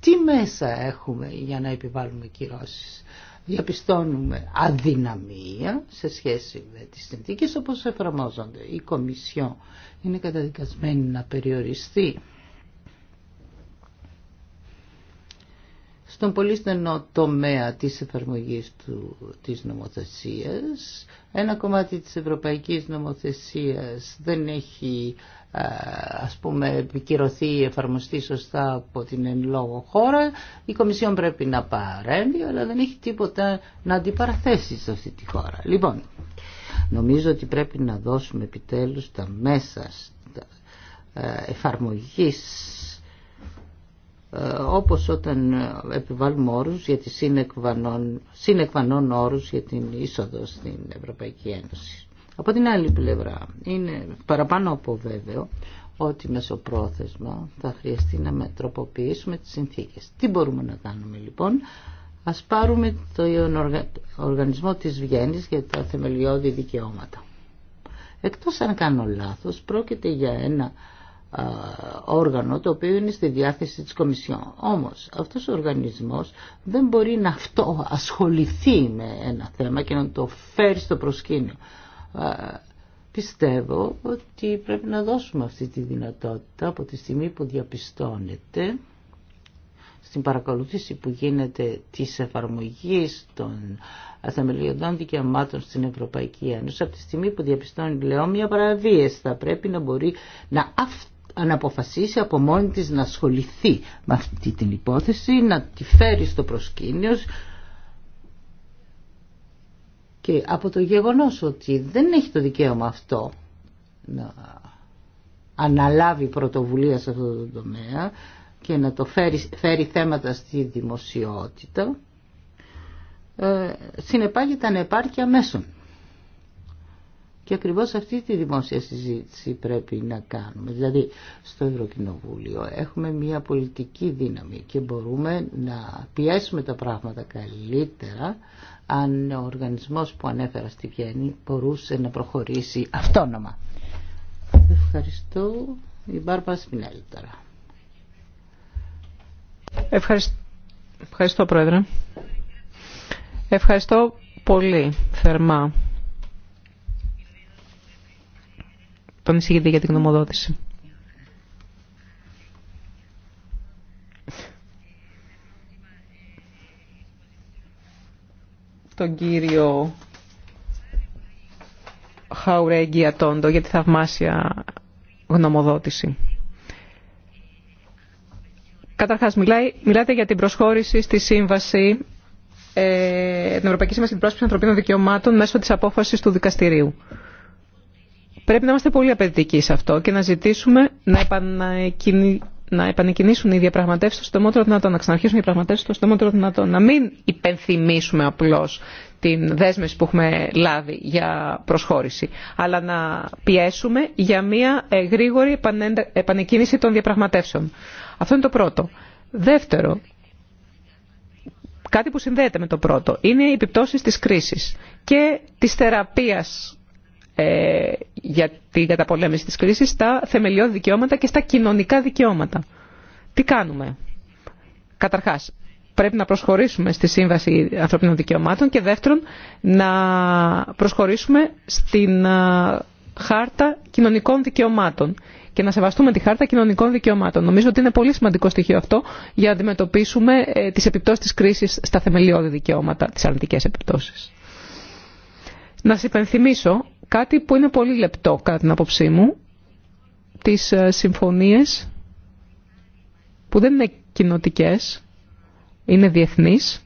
τι μέσα έχουμε για να επιβάλλουμε κυρώσεις. Διαπιστώνουμε αδυναμία σε σχέση με τις συνθήκες όπως εφαρμόζονται. Η Κομισιόν είναι καταδικασμένη να περιοριστεί στον πολύ στενό τομέα της εφαρμογής του, της νομοθεσίας. Ένα κομμάτι της ευρωπαϊκής νομοθεσίας δεν έχει ας πούμε επικυρωθεί ή εφαρμοστεί σωστά από την εν λόγω χώρα. Η Κομισιόν πρέπει να παρέμβει αλλά δεν έχει τίποτα να αντιπαραθέσει σε αυτή τη χώρα. Λοιπόν, νομίζω ότι πρέπει να δώσουμε επιτέλους τα μέσα εφαρμογής ε, όπως όταν επιβάλλουμε όρους για τις συνεκβανών, όρους για την είσοδο στην Ευρωπαϊκή Ένωση. Από την άλλη πλευρά είναι παραπάνω από βέβαιο ότι μεσοπρόθεσμα θα χρειαστεί να μετροποποιήσουμε τις συνθήκες. Τι μπορούμε να κάνουμε λοιπόν. Ας πάρουμε το οργανισμό της Βιέννης για τα θεμελιώδη δικαιώματα. Εκτός αν κάνω λάθος, πρόκειται για ένα όργανο το οποίο είναι στη διάθεση της Κομισιόν. Όμως αυτός ο οργανισμός δεν μπορεί να αυτό ασχοληθεί με ένα θέμα και να το φέρει στο προσκήνιο. Πιστεύω ότι πρέπει να δώσουμε αυτή τη δυνατότητα από τη στιγμή που διαπιστώνεται στην παρακολούθηση που γίνεται της εφαρμογής των θεμελιωδών δικαιωμάτων στην Ευρωπαϊκή Ένωση από τη στιγμή που διαπιστώνει λέω μια παραβίαση θα πρέπει να μπορεί να αυτό αν αποφασίσει από μόνη της να ασχοληθεί με αυτή την υπόθεση, να τη φέρει στο προσκήνιο και από το γεγονός ότι δεν έχει το δικαίωμα αυτό να αναλάβει πρωτοβουλία σε αυτό το τομέα και να το φέρει, φέρει θέματα στη δημοσιότητα, ε, συνεπάγεται ανεπάρκεια μέσων. Και ακριβώς αυτή τη δημόσια συζήτηση πρέπει να κάνουμε. Δηλαδή στο Ευρωκοινοβούλιο έχουμε μια πολιτική δύναμη και μπορούμε να πιέσουμε τα πράγματα καλύτερα αν ο οργανισμός που ανέφερα στη Βιέννη μπορούσε να προχωρήσει αυτόνομα. Ευχαριστώ. Η Μπάρμπα Σπινέλη τώρα. Ευχαριστώ, Ευχαριστώ Πρόεδρε. Ευχαριστώ πολύ θερμά τον εισηγητή για την γνωμοδότηση. Τον κύριο Χαουρέγγι Ατόντο για τη θαυμάσια γνωμοδότηση. Καταρχάς, μιλάτε για την προσχώρηση στη σύμβαση ε, την Ευρωπαϊκή Σύμβαση για την Ανθρωπίνων Δικαιωμάτων μέσω της απόφασης του δικαστηρίου. Πρέπει να είμαστε πολύ απαιτητικοί σε αυτό και να ζητήσουμε να, επανεκκινήσουν οι διαπραγματεύσει στο στομότερο δυνατόν, να ξαναρχίσουν οι διαπραγματεύσει στο στομότερο δυνατόν. Να μην υπενθυμίσουμε απλώ την δέσμευση που έχουμε λάβει για προσχώρηση, αλλά να πιέσουμε για μια ε, γρήγορη επανεκκίνηση των διαπραγματεύσεων. Αυτό είναι το πρώτο. Δεύτερο, κάτι που συνδέεται με το πρώτο, είναι οι επιπτώσεις της κρίσης και της θεραπείας ε, για την καταπολέμηση της κρίσης στα θεμελιώδη δικαιώματα και στα κοινωνικά δικαιώματα. Τι κάνουμε. Καταρχάς, πρέπει να προσχωρήσουμε στη Σύμβαση Ανθρωπίνων Δικαιωμάτων και δεύτερον, να προσχωρήσουμε στην ε, Χάρτα Κοινωνικών Δικαιωμάτων και να σεβαστούμε τη Χάρτα Κοινωνικών Δικαιωμάτων. Νομίζω ότι είναι πολύ σημαντικό στοιχείο αυτό για να αντιμετωπίσουμε ε, τις επιπτώσεις της κρίσης στα θεμελιώδη δικαιώματα, τις αρνητικές επιπτώσεις. Να σας υπενθυμίσω κάτι που είναι πολύ λεπτό κατά την άποψή μου, τις ε, συμφωνίες που δεν είναι κοινοτικέ, είναι διεθνείς,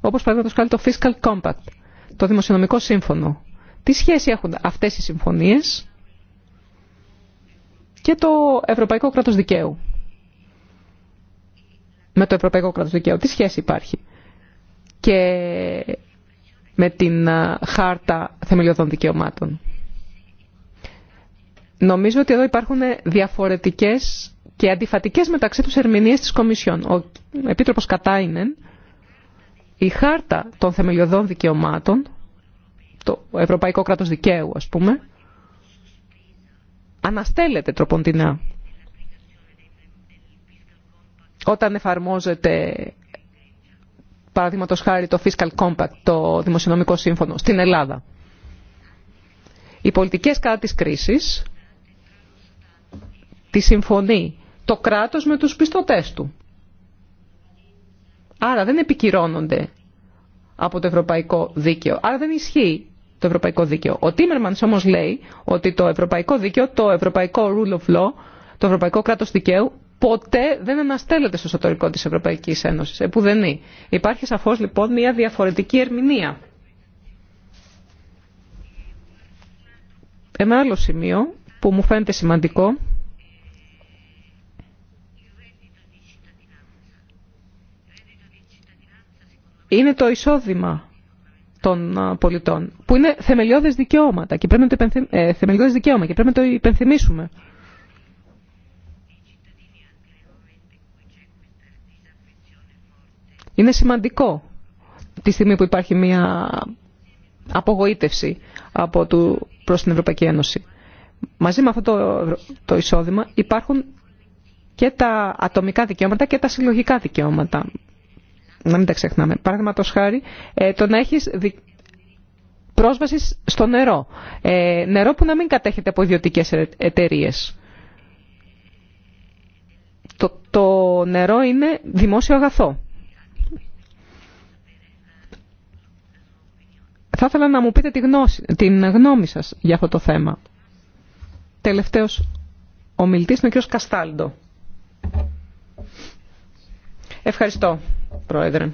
όπως παραδείγματος χάρη το Fiscal Compact, το Δημοσιονομικό Σύμφωνο. Τι σχέση έχουν αυτές οι συμφωνίες και το Ευρωπαϊκό Κράτος Δικαίου. Με το Ευρωπαϊκό Κράτος Δικαίου, τι σχέση υπάρχει. Και με την ε, Χάρτα Θεμελιωδών Δικαιωμάτων. Νομίζω ότι εδώ υπάρχουν διαφορετικές και αντιφατικές μεταξύ τους ερμηνείες της Κομισιόν. Ο Επίτροπος Κατάινεν, η Χάρτα των Θεμελιωδών Δικαιωμάτων, το Ευρωπαϊκό Κράτος Δικαίου ας πούμε, αναστέλλεται τροποντινά όταν εφαρμόζεται παραδείγματο χάρη το Fiscal Compact, το Δημοσιονομικό Σύμφωνο, στην Ελλάδα. Οι πολιτικές κατά της κρίσης τη συμφωνεί το κράτος με τους πιστωτέ του. Άρα δεν επικυρώνονται από το ευρωπαϊκό δίκαιο. Άρα δεν ισχύει το ευρωπαϊκό δίκαιο. Ο Τίμερμαν όμω λέει ότι το ευρωπαϊκό δίκαιο, το ευρωπαϊκό rule of law, το ευρωπαϊκό κράτος δικαίου ποτέ δεν αναστέλλεται στο εσωτερικό της Ευρωπαϊκής Ένωσης, επουδενή. Υπάρχει σαφώς λοιπόν μια διαφορετική ερμηνεία. Ένα άλλο σημείο που μου φαίνεται σημαντικό είναι το εισόδημα των πολιτών, που είναι θεμελιώδες δικαιώματα και πρέπει να το, ε, και πρέπει να το υπενθυμίσουμε. Είναι σημαντικό τη στιγμή που υπάρχει μια απογοήτευση από του, προς την Ευρωπαϊκή Ένωση. Μαζί με αυτό το, το εισόδημα υπάρχουν και τα ατομικά δικαιώματα και τα συλλογικά δικαιώματα. Να μην τα ξεχνάμε. Παραδείγματο χάρη, ε, το να έχεις πρόσβαση στο νερό. Ε, νερό που να μην κατέχεται από ιδιωτικέ εταιρείε. Το, το νερό είναι δημόσιο αγαθό. Θα ήθελα να μου πείτε τη την γνώμη σας για αυτό το θέμα. Τελευταίος ομιλητής είναι ο κ. Καστάλντο. Ευχαριστώ, Πρόεδρε.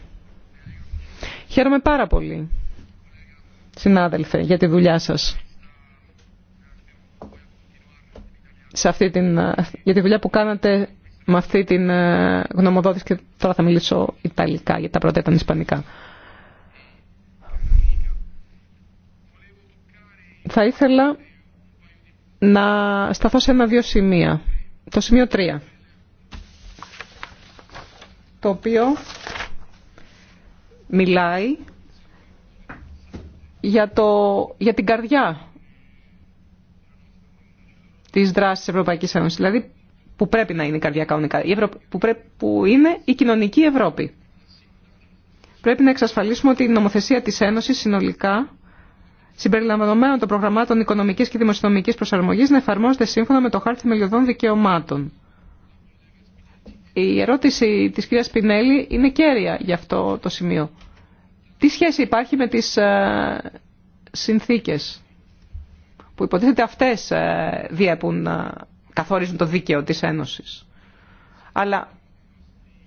Χαίρομαι πάρα πολύ, συνάδελφε, για τη δουλειά σας. Σε την, για τη δουλειά που κάνατε με αυτή την ε, γνωμοδότηση και τώρα θα μιλήσω Ιταλικά, γιατί τα πρώτα ήταν Ισπανικά. Θα ήθελα να σταθώ σε ένα-δύο σημεία. Το σημείο 3, το οποίο μιλάει για, την καρδιά της δράσης της Ευρωπαϊκής Ένωσης, δηλαδή που πρέπει να είναι η καρδιά κανονικά, που, που είναι η κοινωνική Ευρώπη. Πρέπει να εξασφαλίσουμε ότι η νομοθεσία της Ένωσης συνολικά συμπεριλαμβανομένων των προγραμμάτων οικονομικής και δημοσιονομικής προσαρμογής να εφαρμόζεται σύμφωνα με το χάρτη Μελιωδών δικαιωμάτων. Η ερώτηση της κυρία Πινέλη είναι κέρια για αυτό το σημείο. Τι σχέση υπάρχει με τις ε, συνθήκες που υποτίθεται αυτές ε, διέπουν, ε, καθορίζουν το δίκαιο της Ένωσης. Αλλά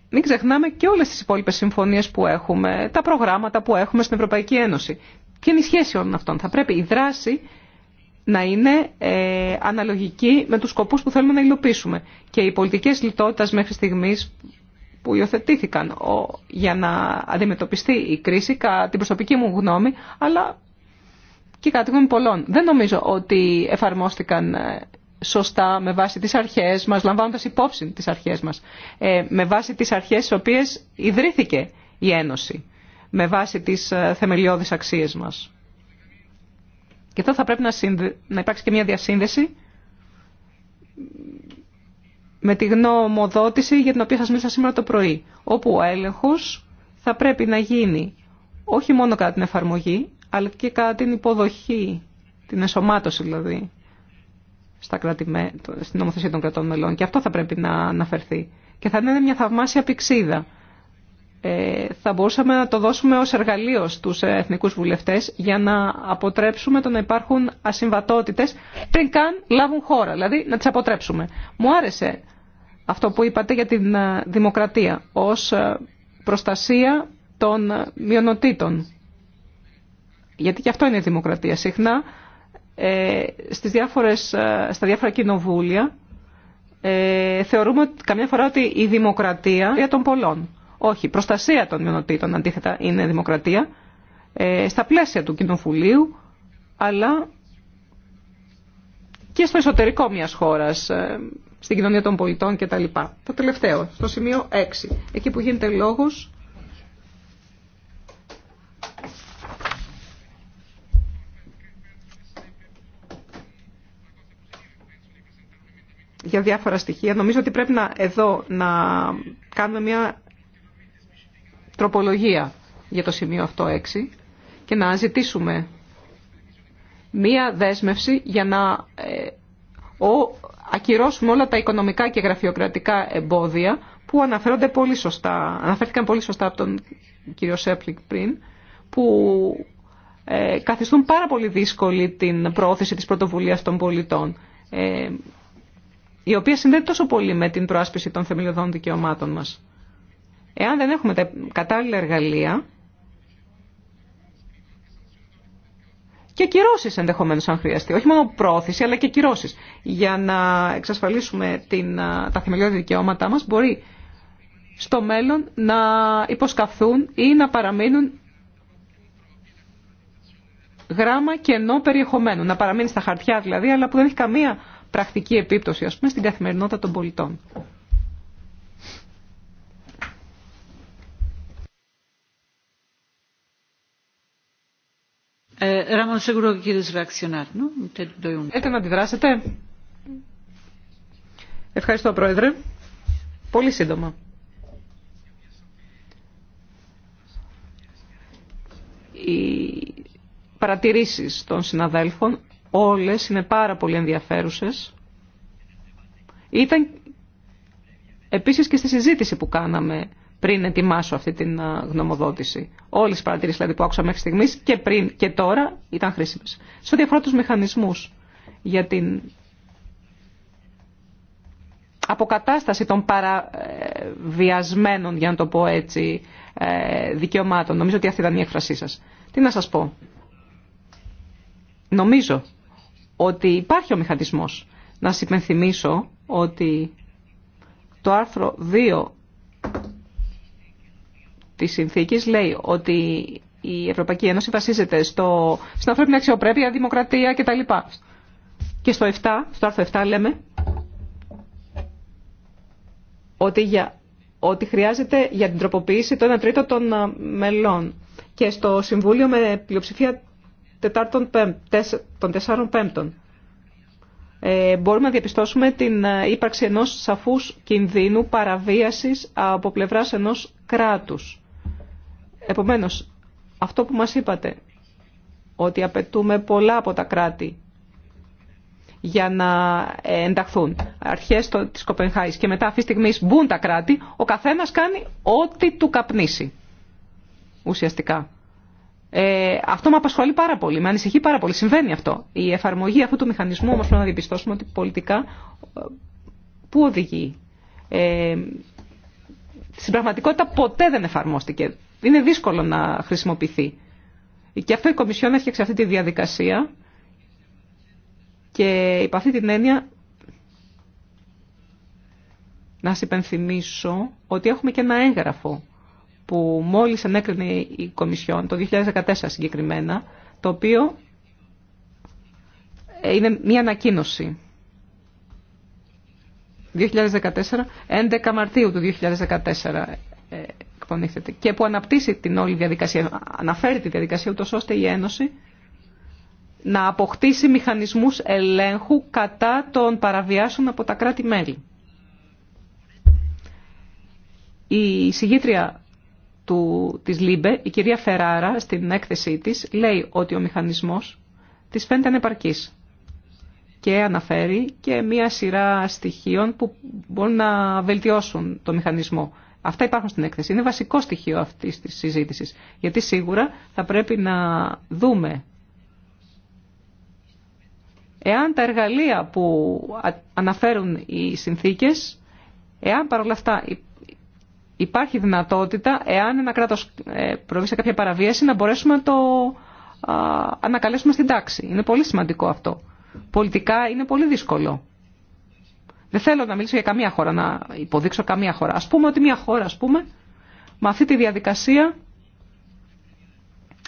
μην ξεχνάμε και όλες τις υπόλοιπες συμφωνίες που έχουμε, τα προγράμματα που έχουμε στην Ευρωπαϊκή Ένωση. Και είναι η σχέση όλων αυτών. Θα πρέπει η δράση να είναι ε, αναλογική με τους σκοπούς που θέλουμε να υλοποιήσουμε. Και οι πολιτικές λιτότητας μέχρι στιγμής που υιοθετήθηκαν για να αντιμετωπιστεί η κρίση, κατά την προσωπική μου γνώμη, αλλά και κάτι τη πολλών. Δεν νομίζω ότι εφαρμόστηκαν ε, σωστά με βάση τις αρχές μας, λαμβάνοντας υπόψη τις αρχές μας, ε, με βάση τις αρχές στις οποίες ιδρύθηκε η Ένωση με βάση τις ε, θεμελιώδεις αξίες μας. Και εδώ θα πρέπει να, να υπάρξει και μια διασύνδεση με τη γνωμοδότηση για την οποία σας μίλησα σήμερα το πρωί, όπου ο έλεγχος θα πρέπει να γίνει όχι μόνο κατά την εφαρμογή, αλλά και κατά την υποδοχή, την εσωμάτωση δηλαδή, στα στην νομοθεσία των κρατών μελών. Και αυτό θα πρέπει να αναφερθεί. Και θα είναι μια θαυμάσια πηξίδα ε, θα μπορούσαμε να το δώσουμε ως εργαλείο στους εθνικούς βουλευτές για να αποτρέψουμε το να υπάρχουν ασυμβατότητες πριν καν λάβουν χώρα, δηλαδή να τις αποτρέψουμε. Μου άρεσε αυτό που είπατε για την ε, δημοκρατία ως ε, προστασία των μειονοτήτων. Γιατί και αυτό είναι η δημοκρατία. Συχνά ε, στις διάφορες, στα διάφορα κοινοβούλια ε, θεωρούμε καμιά φορά ότι η δημοκρατία για των πολλών. Όχι, προστασία των μειονοτήτων αντίθετα είναι δημοκρατία ε, στα πλαίσια του Κοινοβουλίου αλλά και στο εσωτερικό μιας χώρας, ε, στην κοινωνία των πολιτών κτλ. Το τελευταίο, στο σημείο 6, εκεί που γίνεται λόγος για διάφορα στοιχεία. Νομίζω ότι πρέπει να, εδώ να κάνουμε μια τροπολογία για το σημείο αυτό 6 και να ζητήσουμε μία δέσμευση για να ε, ο, ακυρώσουμε όλα τα οικονομικά και γραφειοκρατικά εμπόδια που αναφέρονται πολύ σωστά, αναφέρθηκαν πολύ σωστά από τον κύριο Σέπλικ πριν, που ε, καθιστούν πάρα πολύ δύσκολη την προώθηση της πρωτοβουλίας των πολιτών, ε, η οποία συνδέεται τόσο πολύ με την προάσπιση των θεμελιωδών δικαιωμάτων μας. Εάν δεν έχουμε τα κατάλληλα εργαλεία και κυρώσει ενδεχομένω αν χρειαστεί, όχι μόνο πρόθεση αλλά και κυρώσει, για να εξασφαλίσουμε την, τα θεμελιώδη δικαιώματά μα, μπορεί στο μέλλον να υποσκαθούν ή να παραμείνουν γράμμα κενό περιεχομένου. Να παραμείνει στα χαρτιά δηλαδή, αλλά που δεν έχει καμία πρακτική επίπτωση, ας πούμε, στην καθημερινότητα των πολιτών. Ε, Ράμον Έχετε να αντιδράσετε. Ευχαριστώ Πρόεδρε. Πολύ σύντομα. Οι παρατηρήσεις των συναδέλφων όλες είναι πάρα πολύ ενδιαφέρουσες. Ήταν επίσης και στη συζήτηση που κάναμε πριν ετοιμάσω αυτή την γνωμοδότηση. Όλε οι παρατηρήσει δηλαδή, που άκουσα μέχρι στιγμή και πριν και τώρα ήταν χρήσιμε. Σε ό,τι αφορά του μηχανισμού για την αποκατάσταση των παραβιασμένων, για να το πω έτσι, ε, δικαιωμάτων. Νομίζω ότι αυτή ήταν η έκφρασή σας. Τι να σας πω. Νομίζω ότι υπάρχει ο μηχανισμός. Να σας υπενθυμίσω ότι το άρθρο 2 της συνθήκης λέει ότι η Ευρωπαϊκή Ένωση βασίζεται στο, στην ανθρώπινη αξιοπρέπεια, δημοκρατία κτλ. Και στο 7, στο άρθρο 7 λέμε ότι, για, ότι χρειάζεται για την τροποποίηση το 1 τρίτο των ε, μελών. Και στο Συμβούλιο με πλειοψηφία τετάρτων, των 4 πέμπτων. Ε, μπορούμε να διαπιστώσουμε την ε, ύπαρξη ενός σαφούς κινδύνου παραβίασης από πλευράς ενός κράτους Επομένως, αυτό που μας είπατε, ότι απαιτούμε πολλά από τα κράτη για να ε, ενταχθούν αρχές της Κοπενχάης και μετά αυτή τη στιγμή μπουν τα κράτη, ο καθένας κάνει ό,τι του καπνίσει ουσιαστικά. Ε, αυτό με απασχολεί πάρα πολύ, με ανησυχεί πάρα πολύ. Συμβαίνει αυτό. Η εφαρμογή αυτού του μηχανισμού όμως πρέπει να διαπιστώσουμε ότι πολιτικά ε, πού οδηγεί. Ε, στην πραγματικότητα ποτέ δεν εφαρμόστηκε είναι δύσκολο να χρησιμοποιηθεί. Και αυτό η Κομισιόν έφτιαξε αυτή τη διαδικασία και υπ' αυτή την έννοια να σας υπενθυμίσω ότι έχουμε και ένα έγγραφο που μόλις ανέκρινε η Κομισιόν, το 2014 συγκεκριμένα, το οποίο είναι μία ανακοίνωση. 2014, 11 Μαρτίου του 2014 και που την όλη διαδικασία, αναφέρει τη διαδικασία ούτως ώστε η Ένωση να αποκτήσει μηχανισμούς ελέγχου κατά των παραβιάσεων από τα κράτη-μέλη. Η συγγήτρια του, της ΛΥΜΠΕ, η κυρία Φεράρα, στην έκθεσή της, λέει ότι ο μηχανισμός της φαίνεται ανεπαρκής και αναφέρει και μία σειρά στοιχείων που μπορούν να βελτιώσουν το μηχανισμό. Αυτά υπάρχουν στην έκθεση. Είναι βασικό στοιχείο αυτή τη συζήτηση. Γιατί σίγουρα θα πρέπει να δούμε εάν τα εργαλεία που αναφέρουν οι συνθήκες, εάν παρόλα αυτά υπάρχει δυνατότητα, εάν ένα κράτο ε, προβεί σε κάποια παραβίαση, να μπορέσουμε να το ανακαλέσουμε στην τάξη. Είναι πολύ σημαντικό αυτό. Πολιτικά είναι πολύ δύσκολο. Δεν θέλω να μιλήσω για καμία χώρα, να υποδείξω καμία χώρα. Ας πούμε ότι μια χώρα, ας πούμε, με αυτή τη διαδικασία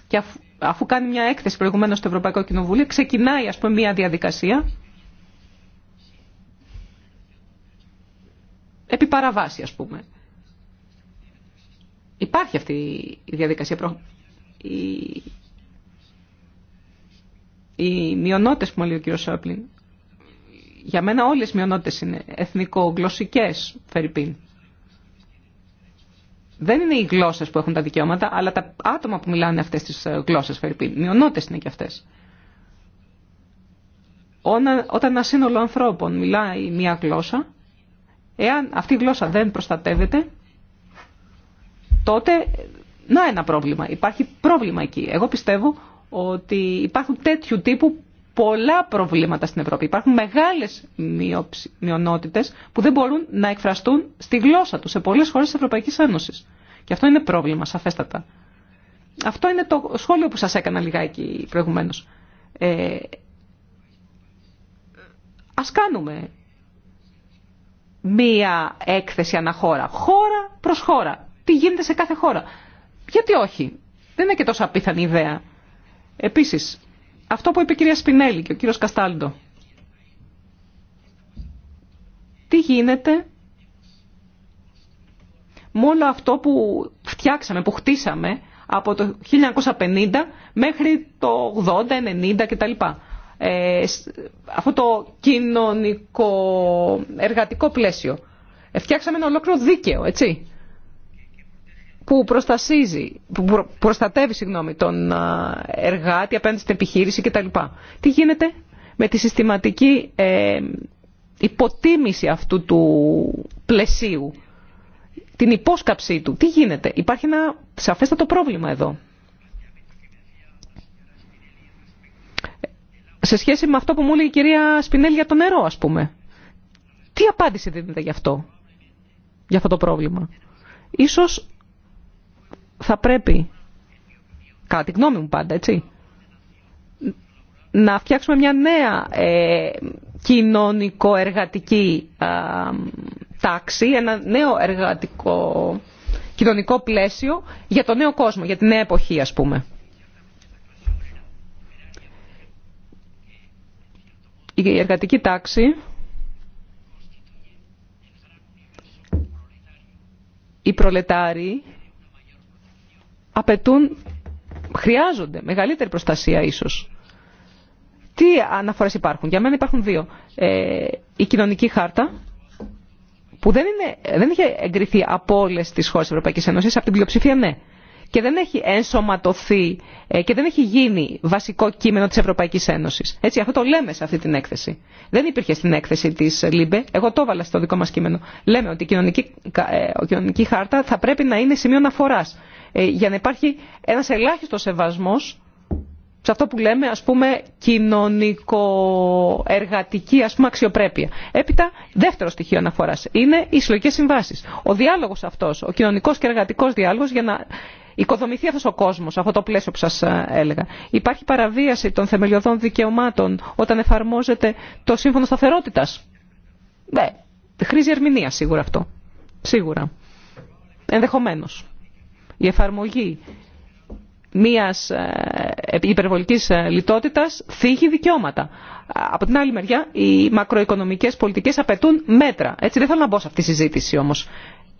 και αφού, κάνει μια έκθεση προηγουμένως στο Ευρωπαϊκό Κοινοβούλιο, ξεκινάει, ας πούμε, μια διαδικασία επί παραβάση, ας πούμε. Υπάρχει αυτή η διαδικασία. Οι, οι μειονότητες που μου λέει ο κ. Σόπλιν, για μένα όλες οι μειονότητες είναι εθνικογλωσσικές, Φερρυπίν. Δεν είναι οι γλώσσες που έχουν τα δικαιώματα, αλλά τα άτομα που μιλάνε αυτές τις ε, γλώσσες, Φερρυπίν. Μειονότητες είναι και αυτές. Όταν ένα σύνολο ανθρώπων μιλάει μία γλώσσα, εάν αυτή η γλώσσα δεν προστατεύεται, τότε να ένα πρόβλημα. Υπάρχει πρόβλημα εκεί. Εγώ πιστεύω ότι υπάρχουν τέτοιου τύπου πολλά προβλήματα στην Ευρώπη. Υπάρχουν μεγάλες μειονότητε που δεν μπορούν να εκφραστούν στη γλώσσα τους σε πολλές χώρες τη Ευρωπαϊκής Ένωση. Και αυτό είναι πρόβλημα, σαφέστατα. Αυτό είναι το σχόλιο που σας έκανα λιγάκι προηγουμένως. Ε, ας κάνουμε μία έκθεση αναχώρα, χώρα προς χώρα. Τι γίνεται σε κάθε χώρα. Γιατί όχι. Δεν είναι και τόσο απίθανη ιδέα. Επίσης, αυτό που είπε η κυρία Σπινέλη και ο κύριος Καστάλντο. Τι γίνεται με όλο αυτό που φτιάξαμε, που χτίσαμε από το 1950 μέχρι το 80, 90 κτλ. Ε, αυτό το κοινωνικό εργατικό πλαίσιο. Ε, φτιάξαμε ένα ολόκληρο δίκαιο, έτσι που, προστατεύει συγγνώμη, τον εργάτη απέναντι στην επιχείρηση κτλ. Τι γίνεται με τη συστηματική ε, υποτίμηση αυτού του πλαισίου, την υπόσκαψή του. Τι γίνεται. Υπάρχει ένα σαφέστατο πρόβλημα εδώ. Σε σχέση με αυτό που μου έλεγε η κυρία Σπινέλη για το νερό, ας πούμε. Τι απάντηση δίνεται γι' αυτό, για αυτό το πρόβλημα. Ίσως θα πρέπει, κατά τη γνώμη μου πάντα, έτσι, να φτιάξουμε μια νέα ε, κοινωνικο-εργατική ε, τάξη, ένα νέο εργατικό κοινωνικό πλαίσιο για τον νέο κόσμο, για την νέα εποχή ας πούμε. Η εργατική τάξη οι προλετάροι απαιτούν, χρειάζονται μεγαλύτερη προστασία ίσως. Τι αναφορές υπάρχουν. Για μένα υπάρχουν δύο. Ε, η κοινωνική χάρτα που δεν, είναι, είχε εγκριθεί από όλε τι χώρε τη Ευρωπαϊκή Ένωση, από την πλειοψηφία ναι. Και δεν έχει ενσωματωθεί ε, και δεν έχει γίνει βασικό κείμενο τη Ευρωπαϊκή Ένωση. Έτσι, αυτό το λέμε σε αυτή την έκθεση. Δεν υπήρχε στην έκθεση τη ΛΥΜΠΕ. Εγώ το έβαλα στο δικό μα κείμενο. Λέμε ότι η κοινωνική, η ε, κοινωνική χάρτα θα πρέπει να είναι σημείο αναφορά ε, για να υπάρχει ένα ελάχιστο σεβασμό σε αυτό που λέμε ας πούμε κοινωνικοεργατική ας πούμε αξιοπρέπεια. Έπειτα δεύτερο στοιχείο αναφορά. είναι οι συλλογικέ συμβάσει. Ο διάλογο αυτό, ο κοινωνικό και εργατικό διάλογο, για να οικοδομηθεί αυτό ο κόσμο, αυτό το πλαίσιο που σα ε, έλεγα. Υπάρχει παραβίαση των θεμελιωδών δικαιωμάτων όταν εφαρμόζεται το σύμφωνο σταθερότητα. Ναι, χρήζει ερμηνεία σίγουρα αυτό. Σίγουρα. Ενδεχομένως η εφαρμογή μιας ε, υπερβολικής ε, λιτότητας θίγει δικαιώματα. Από την άλλη μεριά, οι μακροοικονομικές πολιτικές απαιτούν μέτρα. Έτσι δεν θέλω να μπω σε αυτή τη συζήτηση όμως.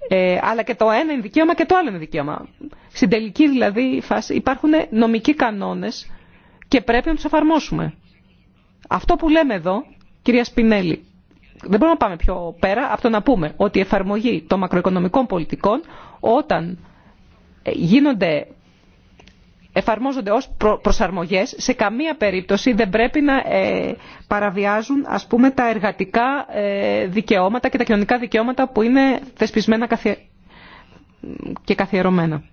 Ε, αλλά και το ένα είναι δικαίωμα και το άλλο είναι δικαίωμα. Στην τελική δηλαδή φάση υπάρχουν νομικοί κανόνες και πρέπει να τους εφαρμόσουμε. Αυτό που λέμε εδώ, κυρία Σπινέλη, δεν μπορούμε να πάμε πιο πέρα από το να πούμε ότι η εφαρμογή των μακροοικονομικών πολιτικών όταν γίνονται εφαρμόζονται ως προσαρμογές σε καμία περίπτωση δεν πρέπει να ε, παραβιάζουν ας πούμε τα εργατικά ε, δικαιώματα και τα κοινωνικά δικαιώματα που είναι θεσπισμένα και καθιερωμένα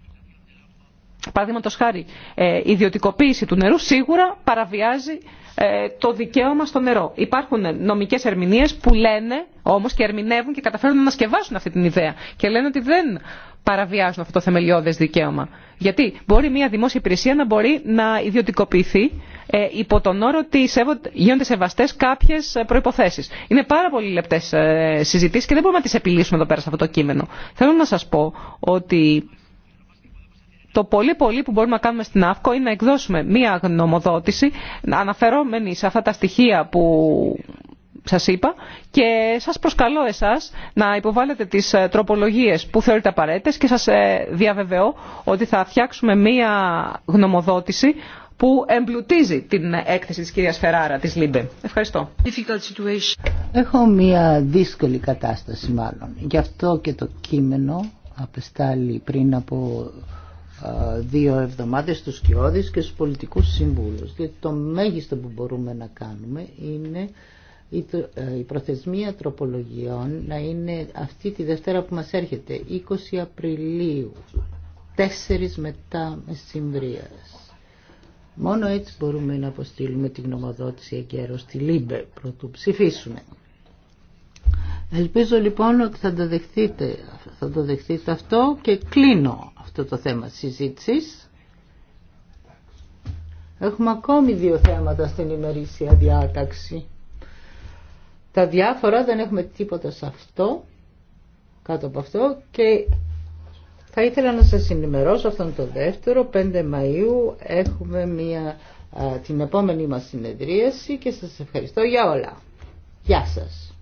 παραδείγματο χάρη ε, ιδιωτικοποίηση του νερού σίγουρα παραβιάζει ε, το δικαίωμα στο νερό. Υπάρχουν νομικέ ερμηνείε που λένε όμω και ερμηνεύουν και καταφέρουν να ανασκευάσουν αυτή την ιδέα και λένε ότι δεν παραβιάζουν αυτό το θεμελιώδες δικαίωμα. Γιατί μπορεί μια δημόσια υπηρεσία να μπορεί να ιδιωτικοποιηθεί ε, υπό τον όρο ότι γίνονται σεβαστέ κάποιε προποθέσει. Είναι πάρα πολύ λεπτές συζητήσει και δεν μπορούμε να τι επιλύσουμε εδώ πέρα σε αυτό το κείμενο. Θέλω να σα πω ότι το πολύ πολύ που μπορούμε να κάνουμε στην ΑΦΚΟ είναι να εκδώσουμε μία γνωμοδότηση αναφερόμενη σε αυτά τα στοιχεία που σας είπα και σας προσκαλώ εσάς να υποβάλλετε τις ε, τροπολογίες που θεωρείτε απαραίτητες και σας ε, διαβεβαιώ ότι θα φτιάξουμε μία γνωμοδότηση που εμπλουτίζει την έκθεση της κυρίας Φεράρα της ΛΥΜΠΕ. Ευχαριστώ. Έχω μία δύσκολη κατάσταση μάλλον. Γι' αυτό και το κείμενο απεστάλλει πριν από δύο εβδομάδες στους κοιόδης και στους πολιτικούς συμβούλους. Διότι το μέγιστο που μπορούμε να κάνουμε είναι ε, η προθεσμία τροπολογιών να είναι αυτή τη Δευτέρα που μας έρχεται, 20 Απριλίου, 4 μετά μεσημβρίας. Μόνο έτσι μπορούμε να αποστείλουμε τη γνωμοδότηση εγκαίρως στη Λίμπε πρωτού ψηφίσουμε. Ελπίζω λοιπόν ότι θα το δεχτείτε, θα το δεχτείτε αυτό και κλείνω αυτό το θέμα συζήτησης. Έχουμε ακόμη δύο θέματα στην ημερήσια διάταξη. Τα διάφορα δεν έχουμε τίποτα σε αυτό, κάτω από αυτό και θα ήθελα να σας ενημερώσω αυτόν τον δεύτερο, 5 Μαΐου έχουμε μια, την επόμενη μας συνεδρίαση και σας ευχαριστώ για όλα. Γεια σας.